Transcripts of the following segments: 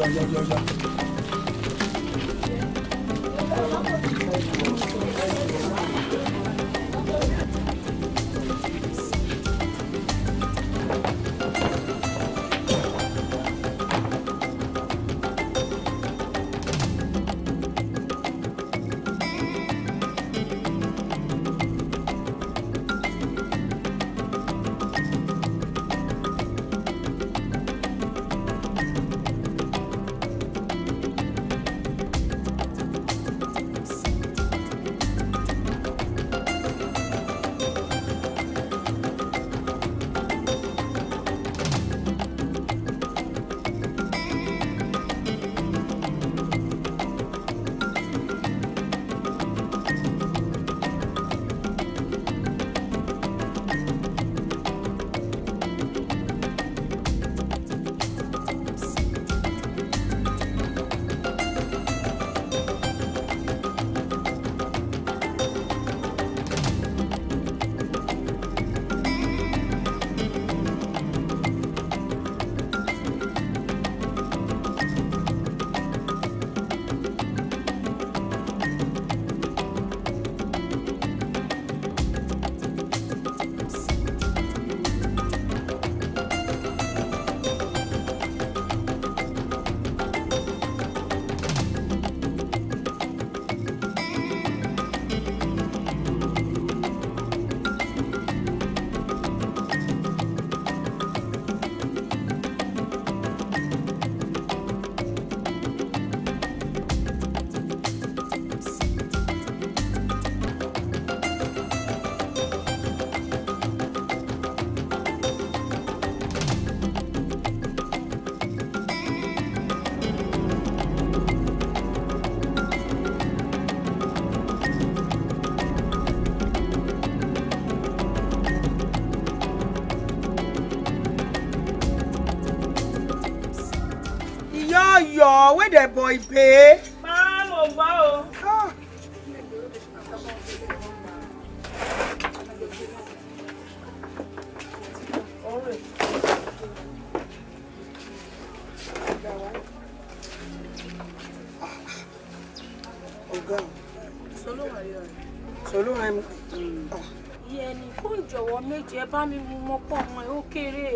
要要要要 dẹ̀ bọ̀ ìpè. máa mò ń gbọ́ o. Ah. ọ̀gá o. sọlọ́ wà rí ọ̀rẹ́. sọlọ́ wà rí bá mi mú mọ́ pọ̀ mọ́ ẹ ó kéré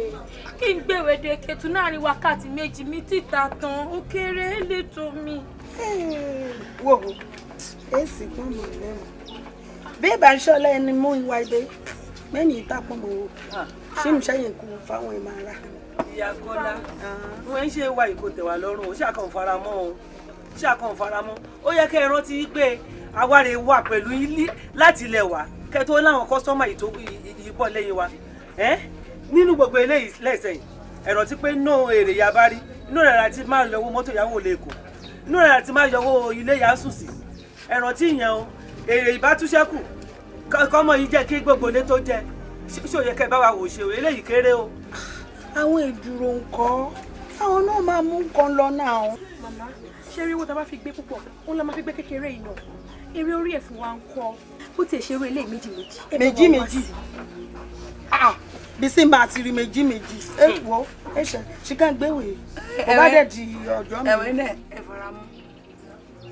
kí n gbé wèdèké tún láàrin wákàtí méjì mi títa tán ó kéré. bébà ṣọlá ẹni mú ìwà ibẹ mẹ́ni ìtàkùn mọ̀ o ah. ṣé mi ṣẹ́yìn kú fáwọn ìmọ̀ ara. ìyá kọ́lá wọ́n ah. ń ṣe wa ìkó tẹ̀wà lọ́rùn ó ṣàkàn fara mọ́ o ṣàkàn fara mọ́ ó yẹ kẹ́ ẹ rántí pé àwárẹ̀ wà pẹ̀lú ilé láti ilẹ̀ wá kẹ́ tó láwọn kọ́sọ́mà ìbọ̀ lẹ́yìn wa nínú gbogbo eléyìí lẹ́sẹ̀ yìí ẹ̀rọ ti pé no èrè yabari no, rẹ̀ àti máa yọwọ́ mọ́tò yàwó lẹ́kọ̀ọ́ inú rẹ̀ àti máa yọwọ́ ilé yà sùn sí ẹ rántí ìyẹn o èrè ìbátúṣẹ́kù kọ́mọ yìí jẹ́ kí gbogbo ilé tó jẹ ṣòye kẹ bá wa wò ṣe eléyìí kéré o. àwọn èdùrò nǹkan àwọn náà máa mú nǹkan lọ náà màmá ṣé rí owó tá a bá fi gbé púpọ̀ òun la máa fi gbé kékeré yìí náà eré orí ẹ̀fún wa ń kọ́ bó ti ṣeré ilé méjì méjì. méjì méjì bísí ah, ah. máa ti rí méjì méjì ẹ wo ẹ ṣe ṣìkàǹgbéwèé ọba dẹ̀ di ọjọ́ mi. ẹ̀wẹ̀ náà ẹ fara mọ́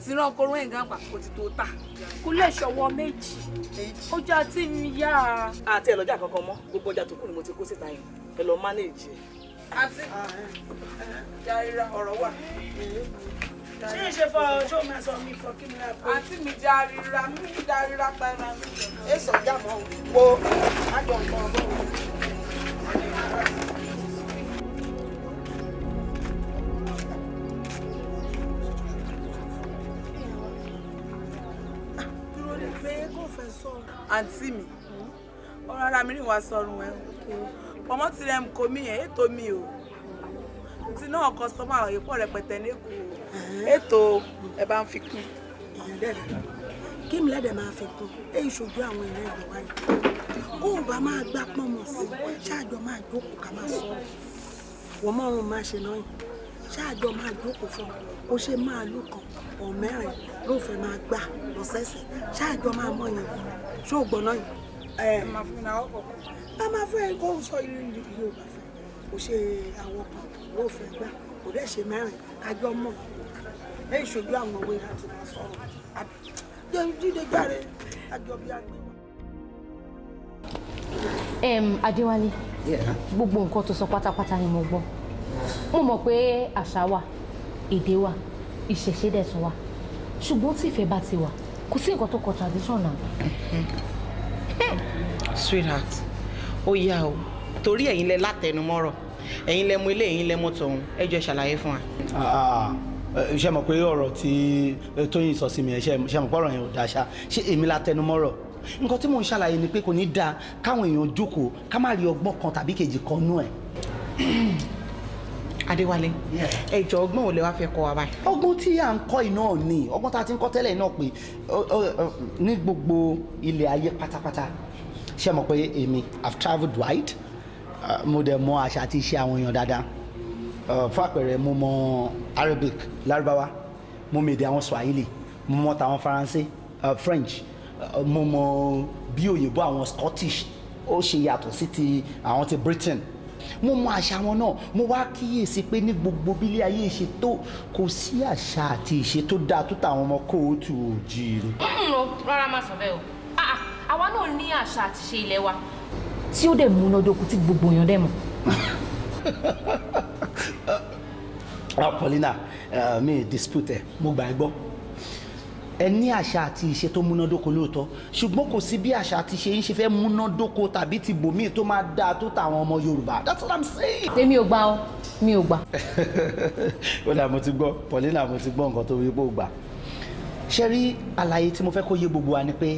tí rán kóró ẹ̀ gánpa kò ti tó tà. kúlẹ̀ ṣọwọ́ méjì ọjà tí ń yá. àti ẹ̀lọ́jà kankan mọ́ gbogbo ọjà tó kù ni mo ti kó síta yẹn ẹ lọ mánéèjì ẹ. àti jarira ah, eh, eh, eh. ọ̀rọ̀ wà. ṣé ìṣe fọ ọjọ́ mẹ́sàn-án mi fọ kí mi rà pé. àti mi jarira mi jarira para mi. èso ọjà mọ́ wo ájọ nǹkan ọgbọ́n. àǹtí mi ọ̀rọ̀ ara mi rìn wá sọ́run ẹ̀ pọ̀mọ́ tirẹ̀ ń kó mi yẹn ètò mi o ti náà kọ́sọ́mà ìpọ̀ rẹpẹtẹ lẹ́kọ̀ọ́ ètò ẹ̀ bá ń fi kún. kí mi lẹ́dẹ̀ máa fi kún èyí ṣojú àwọn èèyàn ìlú wa yìí kó o bá máa gbá pọ́nmọ̀ sí i ṣáàjọ máa jókòó ká máa sọ wọ́n máa ń máa ṣe náà yìí ṣáàjọ máa jókòó fún kó ṣe máa lù kan ọ̀mẹ́rin ló fẹ́ máa gbà lọ́sẹ̀ẹ̀sẹ̀ ṣáàjọ máa mọ̀ yẹn ṣé o gbọ́n náà yìí ẹ máa fún mi ọkọ̀ a máa fẹ́ kó o sọ ìrírí Yorùbá fẹ́ o ṣe àwọn kan owó fẹ́ gbà kò dẹ́ ṣe mẹ́rin kájọ mọ̀ ẹ ìṣojú àwọn òwe àti máa sọ̀rọ̀ àbí jíde jáde àjọ bí agbé wa. Adéwálé gbogbo nǹkan tó sọ pátápátá ni mo gbọ́ mo mọ̀ pé àṣà wa èdè wa ìṣẹ̀ṣe dẹ̀ tún wa ṣùgbọ́n tí ìfẹ́ bá ti wà kò sí nǹkan tó kọ tradition mm-hmm. sweetheart ó yá o torí ẹ̀yin lẹ látẹnumọ́rọ̀ ẹ̀yin lẹ mú ilé ẹ̀yin lẹ mú tòun ẹ jọ ṣàlàyé fún wa. Ah, ah, ah. ṣé mọ̀ pé ọ̀rọ̀ tí Tóyìn sọ sí mi ẹ̀ ṣé mọ̀ pé ọ̀rọ̀ yẹn ò dáa ṣá ṣé èmi látẹnumọ́rọ̀ nǹkan tí mò ń ṣàlàyé ni pé kò ní dáa káwọn èèyàn jókòó ká má rí ọgbọ́n kan tàbí kejì kan nú ẹ̀ adéwálé ẹjọ ọgbọ́n ò lè wá fẹ́ kọ́ wa báyìí. ọgbọ́n tí à ń kọ́ iná ni ọgbọ́n tá a ti ń kọ́ tẹ́lẹ̀ náà pé ní gbogbo ilẹ̀ ayé pátápátá ṣé mọ̀ pé èmi i've travelled wide uh, mo dẹ̀ mọ àṣà àti iṣẹ́ àwọn èèyàn dáadáa uh, fún àpẹẹrẹ mo mọ arabic lárúbáwá mo mọ èdè àwọn swahili mo mọ tàwọn faransé uh, french mo mọ bí òyìnbó àwọn scottish ó ṣe yàtọ̀ sí ti àwọn ti britain mo mọ àṣà wọn náà mo wá kíyèsí pé ní gbogbo bílé ayé ìṣe tó kò sí àṣà àti ìṣe tó dáa tó tàwọn ọmọ kóòtù òjìire. Mm, rárá má sọ bẹ́ẹ̀ o ah, ah, àwa náà ní àṣà àti ìṣe ilé wa tí ó dẹ̀ múnádóko tí gbogbo èèyàn dẹ̀ mọ̀. Ah, Paulina eh, mi dispute ẹ mo gbà ẹ gbọ́ ẹ ní àṣà àti ìṣe tó múnádóko lóòótọ́ ṣùgbọ́n kò sí bí àṣà àti ìṣe yín ṣe fẹ́ múnádóko tàbí ti bòmíì tó máa dáa tó tàwọn ọmọ Yorùbá that's what I'm saying. èmi ò gbà ọ mi ò gbà. ó dà mo ti gbọ́ Paulina mo ti gbọ́ nǹkan tó wípé ó gbà. ṣe rí àlàyé tí mo fẹ́ kó yé gbogbo wa ni pé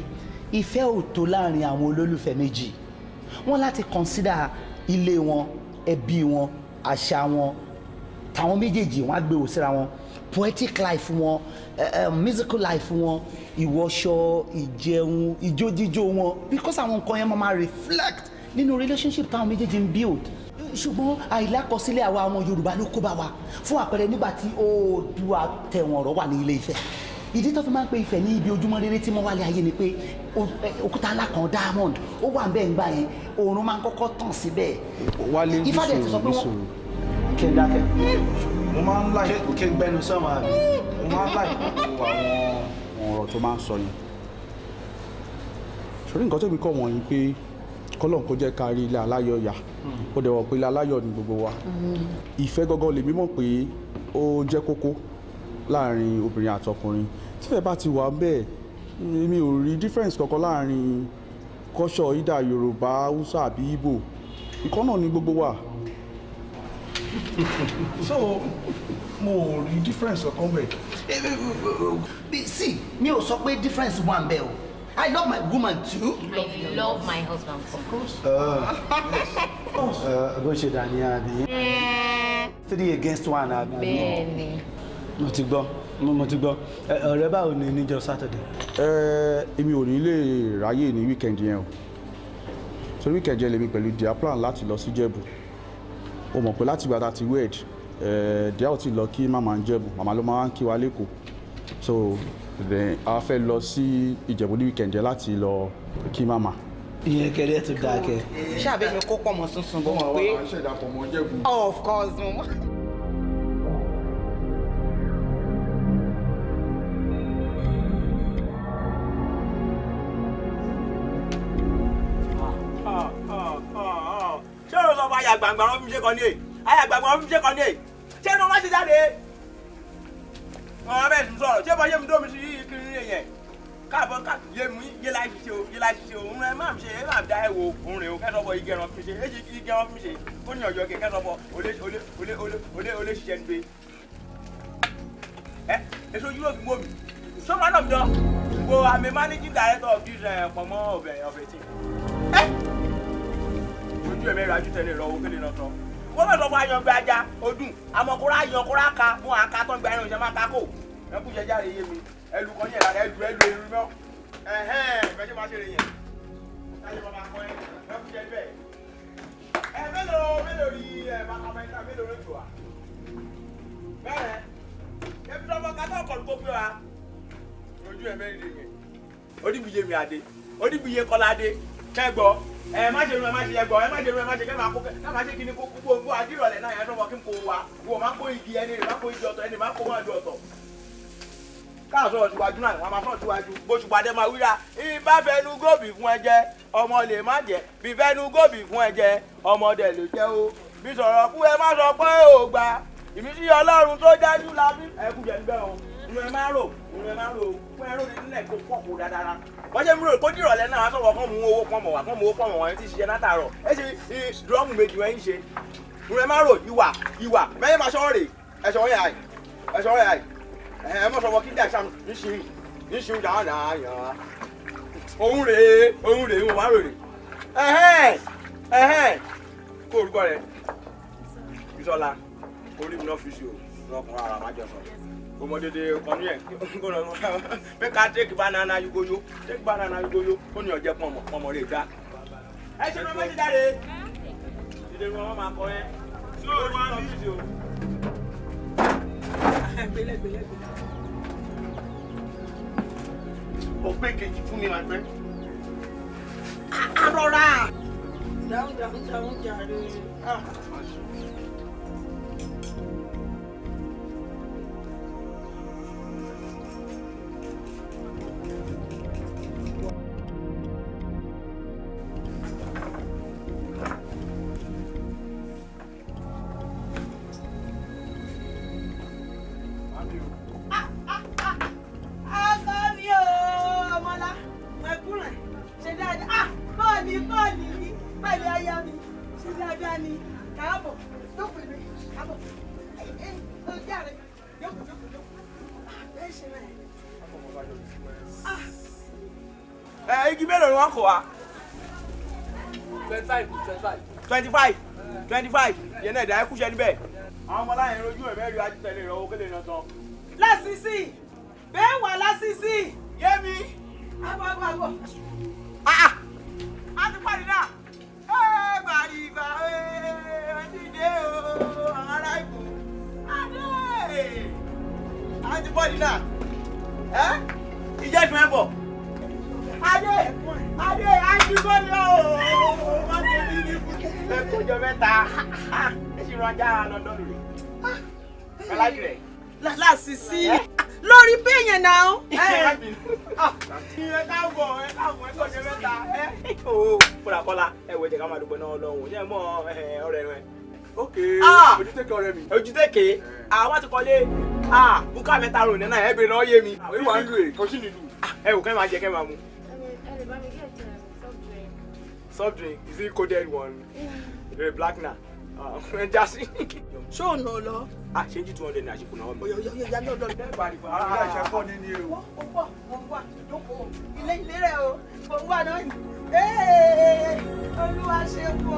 ìfẹ́ ò tó láàrin àwọn olólùfẹ́ méjì wọ́n láti consider ilé wọn ẹbí wọn àṣà wọn tàwọn méjèèjì wọn á gbé òsíra wọn poetic life wọn uh, uh, musical life wọn ìwọṣọ ìjẹun ìjójíjó wọn because àwọn nǹkan yẹn máa reflect nínú relationship táwọn méjèèjì ń build ṣùgbọ́n àìlákọsílẹ̀ àwa ọmọ Yorùbá ló kó bá wa fún àpẹẹrẹ nígbà tí Oòduà tẹ̀wọ̀n ọ̀rọ̀ wà ní ilé Ifẹ̀ ìdí tó fi máa ń pe Ifẹ̀ ní ibi ojúmọ́ rere tí wọ́n wálé ayé ni pé òkúta ńlá kan diamond ó wà bẹ́ẹ̀ ń gbà yẹn oòrùn máa ń kọ́kọ́ tàn síbẹ̀ Ifádẹ̀ ti sọ pé wọ́n kí n dákẹ́ mo máa ń láì kò kí n gbẹnu sọ́mọ àbí mo máa ń láì kó àwọn ọ̀rọ̀ tó máa ń sọ yẹn sórí nǹkan tóbi kọ̀ wọ̀nyí pé kọ́lọ́n kó jẹ́ ká rí ilé aláyọ̀ yá ó dẹ̀ wọ̀ pé ilé aláyọ̀ ni gbogbo wa ìfẹ́ gọ́gọ́ lè mímọ̀ pé ó jẹ́ kókó láàrin obìnrin àtọkùnrin tífẹ́ bá ti wà bẹ́ẹ̀ mi ò rí difference kankan láàrin kọ́ṣọ̀ ìdá Yorùbá Hausa àbí Igbo ìkọ́ ni gbogbo wa. Mm so mo ò rí difference ọkàn bẹ́ẹ̀. Eh, eh, eh, see mi ò sọ pé difference wà ń bẹ o I love my woman too. I love, my husband Of course. Uh, uh, bó ṣe dà ní àbí? Three against one àbí? Bẹ́ẹ̀ni. Mo ti gbọ́ mo ti gbọ́ ọ̀rẹ́ báwo ni níjọ́ Saturday? Èmi ò ní lè ráyè ní weekend yẹn o. So weekend yẹn lèmi pẹ̀lú their plan láti lọ sí Jẹ̀bú ó mọ̀ pé láti ìgbà tá a ti wed eh, díẹ̀ ò ti lọ kí màmá ń jẹ̀bù màmá ló máa ń kí wa lẹ́kọ̀ọ́ so then a fẹ́ lọ sí ìjẹ̀bù ní wíkẹ̀ndì láti lọ kí màmá ìyẹn kẹrẹ tó dáa kẹ. ṣáà bẹ́ẹ̀ kó pọ̀ mọ́ tuntun bó mọ̀ pé of course. àgbàgbà wọn fi ṣe kàn ní èyí ayé àgbàgbà wọn fi ṣe kàn ní èyí ṣé inú wọn ṣe jáde ọ̀rọ̀ bẹ́ẹ̀ tún sọ̀rọ̀ ṣé bọ́ yé mi dómi sí kiri yẹn káàbọ̀ káàbọ̀ yé mi yé láì ṣe o yé láì ṣe o òun ẹ máa ṣe é máa da ẹ wo òun rè o kẹ́sọ̀ bọ̀ igi ẹran fi ṣe èyí igi ẹran fi ṣe ó ní ọ̀yọ́ kẹ kẹ́sọ̀ bọ̀ olé olé olé olé olé olé ṣiṣẹ́ nígbè ẹ èso yúrò fi gbó mi so one of them go i'm a managing director of this uh, pomo of uh, of a team. Eh? ojú ẹ̀mí ìrajú tẹ̀lé lọ òkèlè náà tán wọ́n fẹ́ sọ fún ayan gbé ajá odùn àmọ́ kó ráyan kó ráka mú àka tán gba ẹran ìṣẹ́ máa kákò ẹkú jẹjá rẹ yé mi ẹlù kan yẹn lára ẹlù ẹlù ẹlù mọ́ ẹ̀hẹ́n ìfẹ́jọ́ máa ṣe rè yẹn táyé bàbá kọ́ ẹ ẹkú jẹ bẹ́ẹ̀ ẹ mélòó mélòó rí ẹ bàbá mẹ́ta mélòó rẹ̀ tó wa bẹ́ẹ̀ ẹbí tó ọmọ kátó ọkọ̀ ló gbé wa ojú ẹ̀ mẹ́rin rè yẹn oníbìyẹ mi adé oníbìyẹ kọ́ládé kẹ́gbọ́ ẹ má ṣe irun ẹ má ṣe ẹgbọ ẹ má ṣe irun ẹ má ṣe kẹ máa kó kẹ máa ṣe kíni kó kó kó àdírọ̀lẹ̀ náà yẹn lọ́wọ́ kí n kó wa wò má kó igi ẹni rè má kó igi ọ̀tọ̀ ẹni má kó má ju ọ̀tọ̀ káàsọ̀rọ̀ tiwájú náà wọ́n máa sọ̀rọ̀ tiwájú bó ṣùpàdé máa wíra ibà fẹnu góòbì fún ẹ jẹ ọmọ lè má jẹ bí fẹnu góòbì fún ẹ jẹ ọmọdé lè jẹ o bí sọ̀rọ̀ kú ẹ má sọ pé ò gbà ìmísí ọlọ́run tó dájú la bí ẹ kú jẹ níbẹ̀ o ìrìn ẹ má rò ìrìn ẹ má rò fún ẹ rò nílẹ̀ kó pọ̀ kó dáadáa bọ́jẹ́ mi kó dìrọ̀lẹ́ náà aṣọ wọn mú owó pọ̀nmọ̀ wá kàn mú owó pọ̀nmọ̀ wọn ti ṣiṣẹ́ látàárọ̀ ẹ ṣe dúrọ́mù méjì wọn ń ṣe rẹ má rò ìwà ìwà mẹ́yìn máa ṣọ́ ẹ̀ṣọ́ rẹ̀ àì ẹ̀ṣọ́ rẹ̀ àì ẹ̀ mọ̀ sọ̀wọ́ kí dà ṣàm níṣìí níṣìí dáadáa yàn òun rèé òun rèé wọn má rò rè ẹ̀hẹ́n ẹ̀hẹ́n kó orúkọ rẹ̀ kò mọ dédé kọnú ẹ make i take banana you go yo take banana you go yo ó ní ọjẹ pọnmọ pọnmọ rẹ gbá. ẹ ṣe ló méjì jáde dídé wọn wọn máa kọ ẹ tí ó rí wọn bí o. òpè kejì fún mi máa gbẹ. arọra. dáhùn dáhùn dáhùn jàre. Ah. twenty five twenty five yẹn náà ìdáyẹ kúṣẹ níbẹ̀. àwọn ọmọ láyẹn rojú ẹ̀ mẹ́rin ajú tẹ̀lé ìrọ̀wọ́ kélé iná tán. lásìsì bẹ́ẹ̀ wà lásìsì. yémi. àbọ̀ àbọ̀ àbọ̀. Ah, ah. a ti pàdé náà. ẹ gbàrí ìgbà ẹ dídé o àwọn ará ìbò. adé. a ti pàdé náà. ẹ ìjẹ́ ìfẹ́ bọ̀ adé adé ajíbọ́lá o má ṣe ní ní fún ẹ̀kọ́jọ mẹ́ta ẹ̀ṣin ránjá lọ́dọ́ lórí ọlájúrẹ̀. lásìsí lórí péyàn náà. ẹ káàbọ̀ ẹ káàbọ̀ ẹ̀kọ́jọ mẹ́ta ẹ. o kódà kọ́lá ẹ wọ ẹ̀jẹ̀ ká máa dúpẹ́ náà lọ́hùn-ún ní ẹ̀ mọ́ ọ̀rẹ́ rẹ ok ah! ojútèké ọ̀rẹ́ mi. ojútèké àwọn eh. ah, ti kọ́lé ah, bùkà mẹ́ta rò nínú ẹ̀ bẹ̀rẹ̀ náà yé mi. àwọn ìwà ń lu èrè kọ́sí nílùú. ẹ wò kẹ́ máa jẹ kẹ́ máa mu soft drink is it coded one the blackener jasi. ṣé ò nà lọ. a ah, ṣe jí two hundred naira ṣekú náà mi. oyo oyo ya lọ lọ. ara ẹ̀ṣẹ̀ pọ̀ ní ni o. mo pọ̀ mo pọ̀ ìdókòwò ilé ilé rẹ̀ o mo wà náà yìí. olúwa ṣe kó.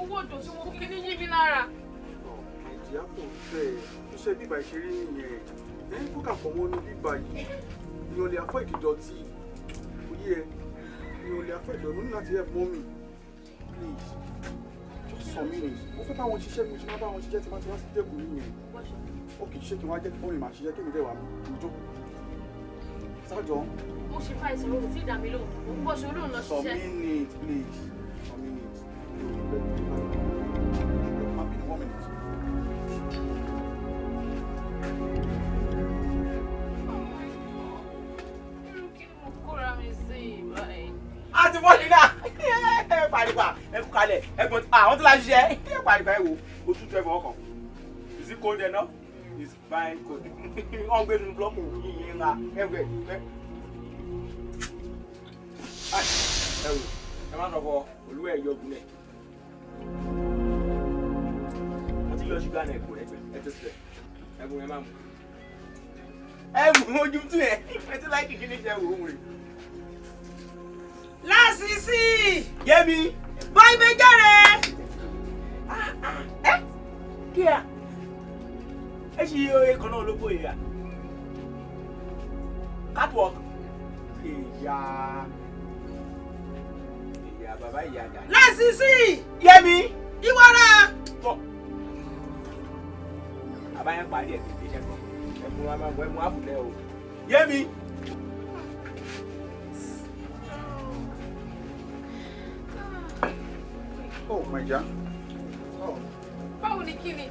owó ọdọ tí mo kí ní yí mi lára. ìyá kò fẹ́ iṣẹ́ bíbá ìṣeré nìyẹn ẹ̀ bùkà fọwọ́ ní bíbá yìí ìyọ̀lẹ̀ àfọ̀ ìdìdọ̀tì hear you only affect your money láti help mommy please just some minutes mo fẹ́ báwọn ṣiṣẹ́ mi ṣe máa báwọn ṣiṣẹ́ tí wọ́n ti wá sí tèkù yìí yẹn ok ṣé kí wọ́n á jẹ́ kí mommy máa ṣiṣẹ́ kí mi dẹ̀ wá mi jókòó sájọ. mo ṣe fa ìṣòro tí ìdàmí lòun mo ń some minutes please. mo àwọn ah, tí la ṣiṣẹ́ ẹ pariwo ẹ wo ojú tó fọwọ́ kàn is it cold enough is fine cold wọ́n gbé nu blọ́ọ̀kù yìnyín ńlá ẹ gbẹ ẹ wò ẹ má nọ̀bọ olúwa ẹ̀ yọ gúnlẹ̀ wọ́n ti yọ ṣúgà náà ẹ̀kọ́ ẹ̀gbẹ́ ẹ̀ tó sílẹ̀ ẹ̀gbọ́n má mú ẹ̀ mú ojú tún ẹ̀ ẹ̀ tó láì kìkì ní ìṣẹ́ wò ó wò rè. lásìsì. yẹ́mi. Yeah, bọ́ ibẹ̀ járe. Ah, ah, eh, ẹ kí a ẹ ṣe oye kan náà lóko yìí à catwalk ìyá ìyá bàbá ìyá dàní. láti sí yẹmi ìwọra. bọ àbáyẹn parí ẹ tètè ṣẹkọ ẹ mú wa máa bọ ẹ mú àbùlẹ o yẹmi. Oh, my dear. Oh. Báwo ni kí ni?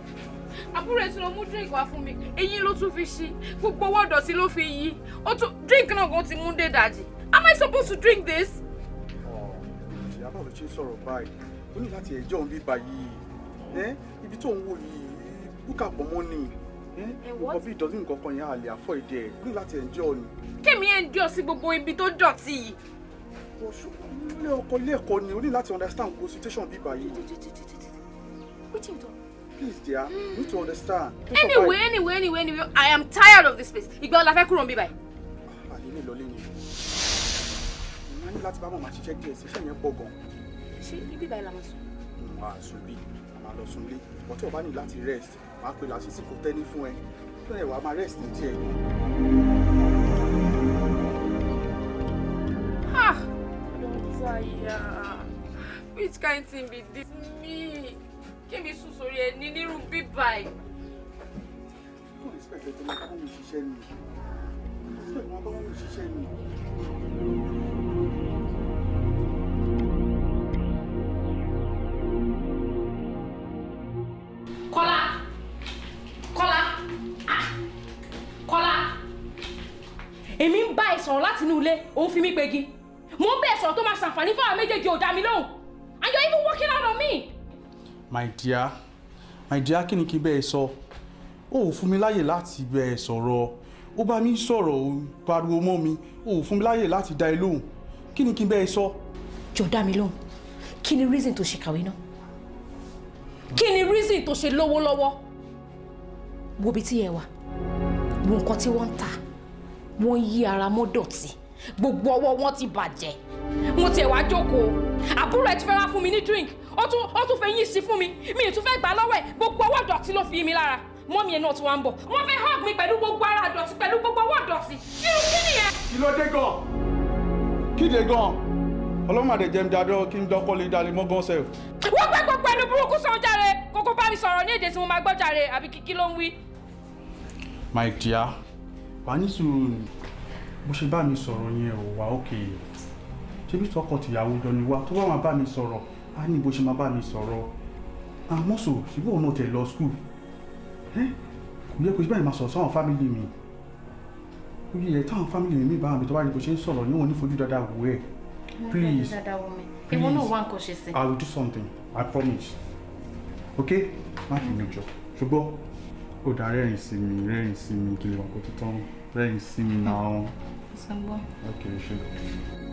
Àbúrò ẹ̀ tí lọ mú drink wá fún mi. Eyín ló tún fi ṣí. Gbogbo owó ọ̀dọ̀tí ló fi yí. Ó tún drink náà gan ti mú dé dàjì. Am I supposed to drink this? Ìyá báwo ló ṣe sọ̀rọ̀ báyìí? O ní láti ẹ̀jọ́ òun bí báyìí. Eh? Ibi tó ń wò yìí, búkà pọ̀ mọ́ ni eh? Eh, nǹkan bí ìdọ̀tí nǹkan kan yẹn a lè àfọ ìdí ẹ̀ ní láti ẹ̀njọ́ ni. kémi ẹ̀njọ́ sí gbogbo ibi tó dọ̀tí yìí. oṣù ilé ọkọ ilé ẹ̀kọ́ ni o ní láti understand gbogbo situation bíbá yìí. please dear you need to understand. anyway anyway anyway anyway i am tired of this place ìgbà ọ̀la fẹ́ kúrò ń bíbá yìí. Ah, àlè mi lọlé ni mo ní láti bá màmá ṣiṣẹ́ díẹ̀ ṣiṣẹ́ yẹn pọ̀ gan. ṣé ibi báyìí la máa sùn. mo máa sùn bí màmá lọ sùn lé ọtí ọba ní láti rest màá pe làṣìṣì kò tẹ́ ní fún ẹ kí ẹ wàá máa rest ní tiẹ̀. ah Wáyà, which kind thing be this me? Give me so sorry, ẹni nírú bíbá ẹ̀. Kú respect ẹ̀tọ́ máa kọ́ mi ṣiṣẹ́ ni. Respect máa kọ́ mi ṣiṣẹ́ ni. Kọ́lá! Kọ́lá! Ah! Kọ́lá! Èmi ń bá ẹ sọ̀rọ̀ fi mí pegi mo ń bẹ̀ sọ̀rọ̀ tó máa ṣàǹfààní fáwọn méjèèjì ò dá mi lóhùn and you are even working out on me. my dear my dear kí ni kí bẹ́ẹ̀ sọ ó ò fún mi láyè láti bẹ́ẹ̀ sọ̀rọ̀ ó bá mi sọ̀rọ̀ ó pariwo mọ́ mi ó ò fún mi láyè láti dá ẹ lóhùn kí ni kí bẹ́ẹ̀ sọ. jọ̀ọ́ dá mi lóhùn kí ni reason tó ṣe kàwé náà kí ni reason tó ṣe lówó lọ́wọ́ wo ibi tí ẹ wà wo nǹkan tí wọ́n ń ta wọ́n yí ara mọ́ dọ̀tí gbogbo ọwọ́ wọn ti bàjẹ́ mo tiẹ̀ wá jókòó àbúrò ẹ̀ ti fẹ́ fún mi ní drink ó tún ó tún fẹ́ yín sí fún mi mi ì tún fẹ́ gbà lọ́wọ́ ẹ̀ gbogbo ọwọ́ ìdọ̀tí ló fi mi lára mọ́mí ẹ̀ náà ti wá ń bọ̀ wọ́n fẹ́ hug mi pẹ̀lú gbogbo ara ìdọ̀tí pẹ̀lú gbogbo ọwọ́ ìdọ̀tí irú kí nìyẹn. kí ló dé gan kí dé gan ọlọ́run àdẹ̀jẹ̀ ń dadọ́ kí n dọ́kọ́ lè dalẹ̀ mọ́ gan sẹ́f. wọ́n gbẹ́ gbogbo ẹnu burúkú sọ járe kókó bá mi sọ̀rọ̀ ní èdè tí mo máa gbọ́ járe àbí kí ló ń wí. my dear wà ní sùúrù bó ṣe bá mi sọ̀rọ̀ yẹn ò wá òkè ṣebí tọkọ tìyàwó jọ ni wá tó bá máa bá mi sọ̀rọ̀ á ní bó ṣe máa bá mi sọ̀rọ̀ àmọ́sò ṣebí òun náà tẹ̀ lọ skul kò yẹ kó ṣe báyìí máa sọ̀rọ̀ sáwọn fámìlì mi kò yẹ táwọn fámìlì mi bá mi tó bá rí bó ṣe ń sọ̀rọ̀ yẹn wọn ní fojú dáadáa wò ẹ́ please please I will do something I promise okay má fi mi jọ ṣùgbọ́n ó dá rẹ́rìn sí mi rẹ́rìn sí mi kí lè wà kó tó tán rẹ́rìn sí mi náà. 好吧。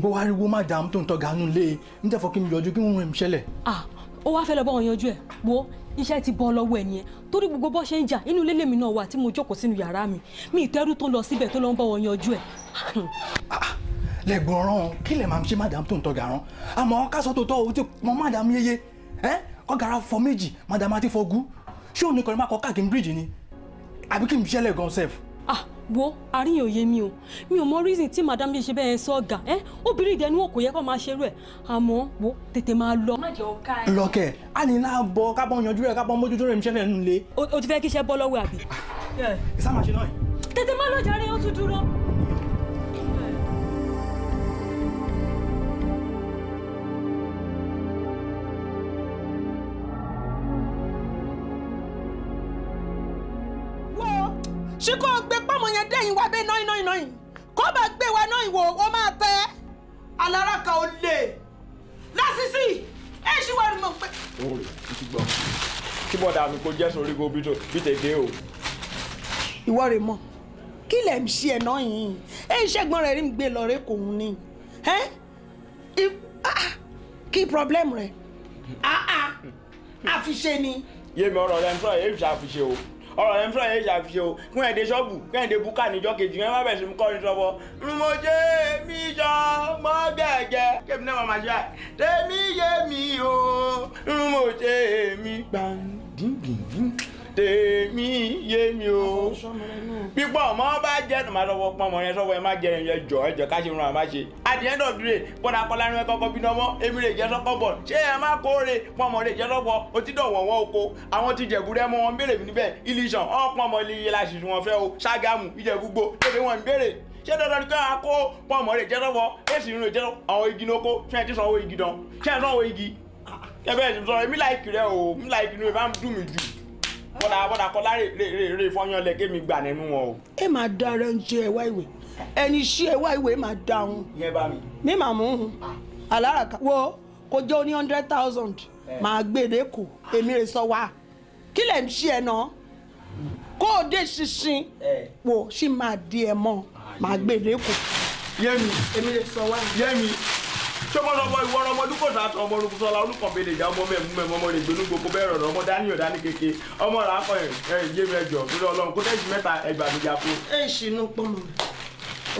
ń gbọ́ wáríwó má dààmú tó ń tọ́ ganú lé e ń tẹ̀fọ́ kí n yọjú kí n rìn ṣẹlẹ̀. ah ó wá fẹ́ lọ bá wọn yanjú ẹ̀ wo iṣẹ́ ti bọ́ lọ́wọ́ ẹ̀ nìyẹn torí gbogbo bọ́ ṣe ń jà inú ilé lèmi náà wà tí mo jókòó sínú yàrá mi mi ìtẹ́rù tó ń lọ síbẹ̀ tó lọ ń bá wọn yanjú ẹ̀. lẹ́gbọ̀n rán kí lè máa ṣe mádàm tó ń tọ́ gàrán àmọ́ kásán tó tọ́ o ti mọ mádàm yeye ọ̀gàrà fọ méjì mádàm àti fọ gú ṣé òun ni kọ́ni máa kọ́ káàkiri bíríìjì ni àbí kí n ṣẹlẹ̀ gan sef. ah wo àríyàn òye mi o mi ò mọ reason tí madam yìí ṣe bẹ́ẹ̀ sọ ọ̀gá ẹ obìnrin ìdẹnu wọn kò yẹ kó máa ṣerú ẹ àmọ́ wo tètè máa lọ. má jẹ́ ọ̀ka ẹ̀. lọ́kẹ̀ a ní náà bọ kábọ̀ yanjú rẹ̀ kábọ̀ mójútó rẹ̀ níṣẹ́ nínú ilé. o ti fẹ́ kí iṣẹ́ bọ́ lọ́wọ́ àbí. ìsámàṣe náà. tètè má lọ jàre ó tún dúró. ṣé kó o gbé pọ́nmọ́ yẹn dẹ́yìn wá bẹ́ẹ̀ náà náà náà kó o bá gbé wa náà wò ó máa tẹ́ alára kan ò lè lásìsì ẹ ṣì wà nínú pé. oore n ti gbọ́ kí bọ́dà mi kò jẹ́ sórí gobi tó bí tètè o. ìwọ rẹ mọ kí lẹ ń ṣe ẹ̀nà yìí ẹ ṣẹ́gbọ́n rẹ̀ rí mi gbé lọ́ọ́rẹ́ kò ń ní ah, ah, kí problem rẹ̀ ah, àfi ṣe ni. yémi ọ̀rọ̀ rẹ̀ ń sọ èyí ṣàfiṣe o ọ̀rọ̀ yẹn fúnra yẹn ṣàfihàn o kún ẹ̀dẹ̀ ṣọ́ọ̀bù kún ẹ̀dẹ̀ búkà níjọ́ kejì yẹn má bẹ̀rẹ̀ sí kọrin sọ́wọ́. rumojé mi jọ mọ gẹ́gẹ́ kébì náà màmá ṣe à tèmi yé mi o rumojé mi gbàǹdìǹdìǹdìǹ tèmi yé mi o pípọ̀ ọmọ bá jẹ́ ẹ̀dùn máa lọ́wọ́ pọ́n ọmọ yẹn sọ́wọ́ ẹ má jẹ ẹ̀yìn ẹjọ́ ẹjọ́ ká ṣe ń ran àmá ṣe àdìyẹ́ndọ̀ dúró bọ́dà kọ́lá ní ẹ̀kọ́kọ́ bí nọmọ́ èmi lè jẹ́ sọ́kọ́ bọ̀ ṣé ẹ má kóore pọ́n ọmọ lè jẹ́ sọ́kọ́ otítọ̀ wọ̀n wọ́n oko àwọn ti jẹ̀bú rẹ́ mọ́ wọn béèrè mi níbẹ̀ ilé-iṣàn ọ̀pọ̀ ọmọ ilé yẹn láṣìṣ wọn fẹ́ o Ṣàgámù Ìjẹ̀bú-Igbó tèmi wọn ń béèrè ṣé dandan tó yà kó pọ́n ọmọ lè jẹ́ sọ́kọ́ èsì ìrìn ìjẹ́ àwọn igi ní oko ṣé ẹ ti sanwó igi dán ṣé ẹ sanwó igi kẹfẹ́ ẹ̀ sọ èmi láìkì rẹ o mi láìkì ni o ìbá ń dùn mí jù wọ́n la wọ́n la kọ́ láre rèrè fọ́yán lẹ kémi gbà nínú wọn o. ẹ máa da ara ń jẹ ẹwà ìwé ẹni iṣẹ ẹwà ìwé máa da òun. mi. máa mú un ah. alára kan wo kò jẹ́ ó ní hundred thousand eh. máa gbé e lẹ́kọ̀ọ́ ah. èmi rè sọ wá kí lẹ̀ ń ṣe ẹ̀ náà kó o dé ṣinṣin eh. wò ṣì máa di ẹ̀ mọ́ ah, máa gbé lẹ́kọ̀ọ́. yẹ́mi e èmi rè sọ wá. yẹ́mi sọmọlọmọ ìwọrọmọ dúkọsá àtọ ọmọ olùkọsọlá olùkọbẹlẹ ìjà ọmọ mẹmú mẹmú ọmọ rẹ gbẹlú gbogbo bẹẹ rọrọ ọmọ dání ọdání keke ọmọ rà ápọ ẹ yé mi ẹjọ lórí Ọlọ́run kó tẹsí mẹ́ta ẹgbà mi jà fún. ẹ ṣìnú pọnmọ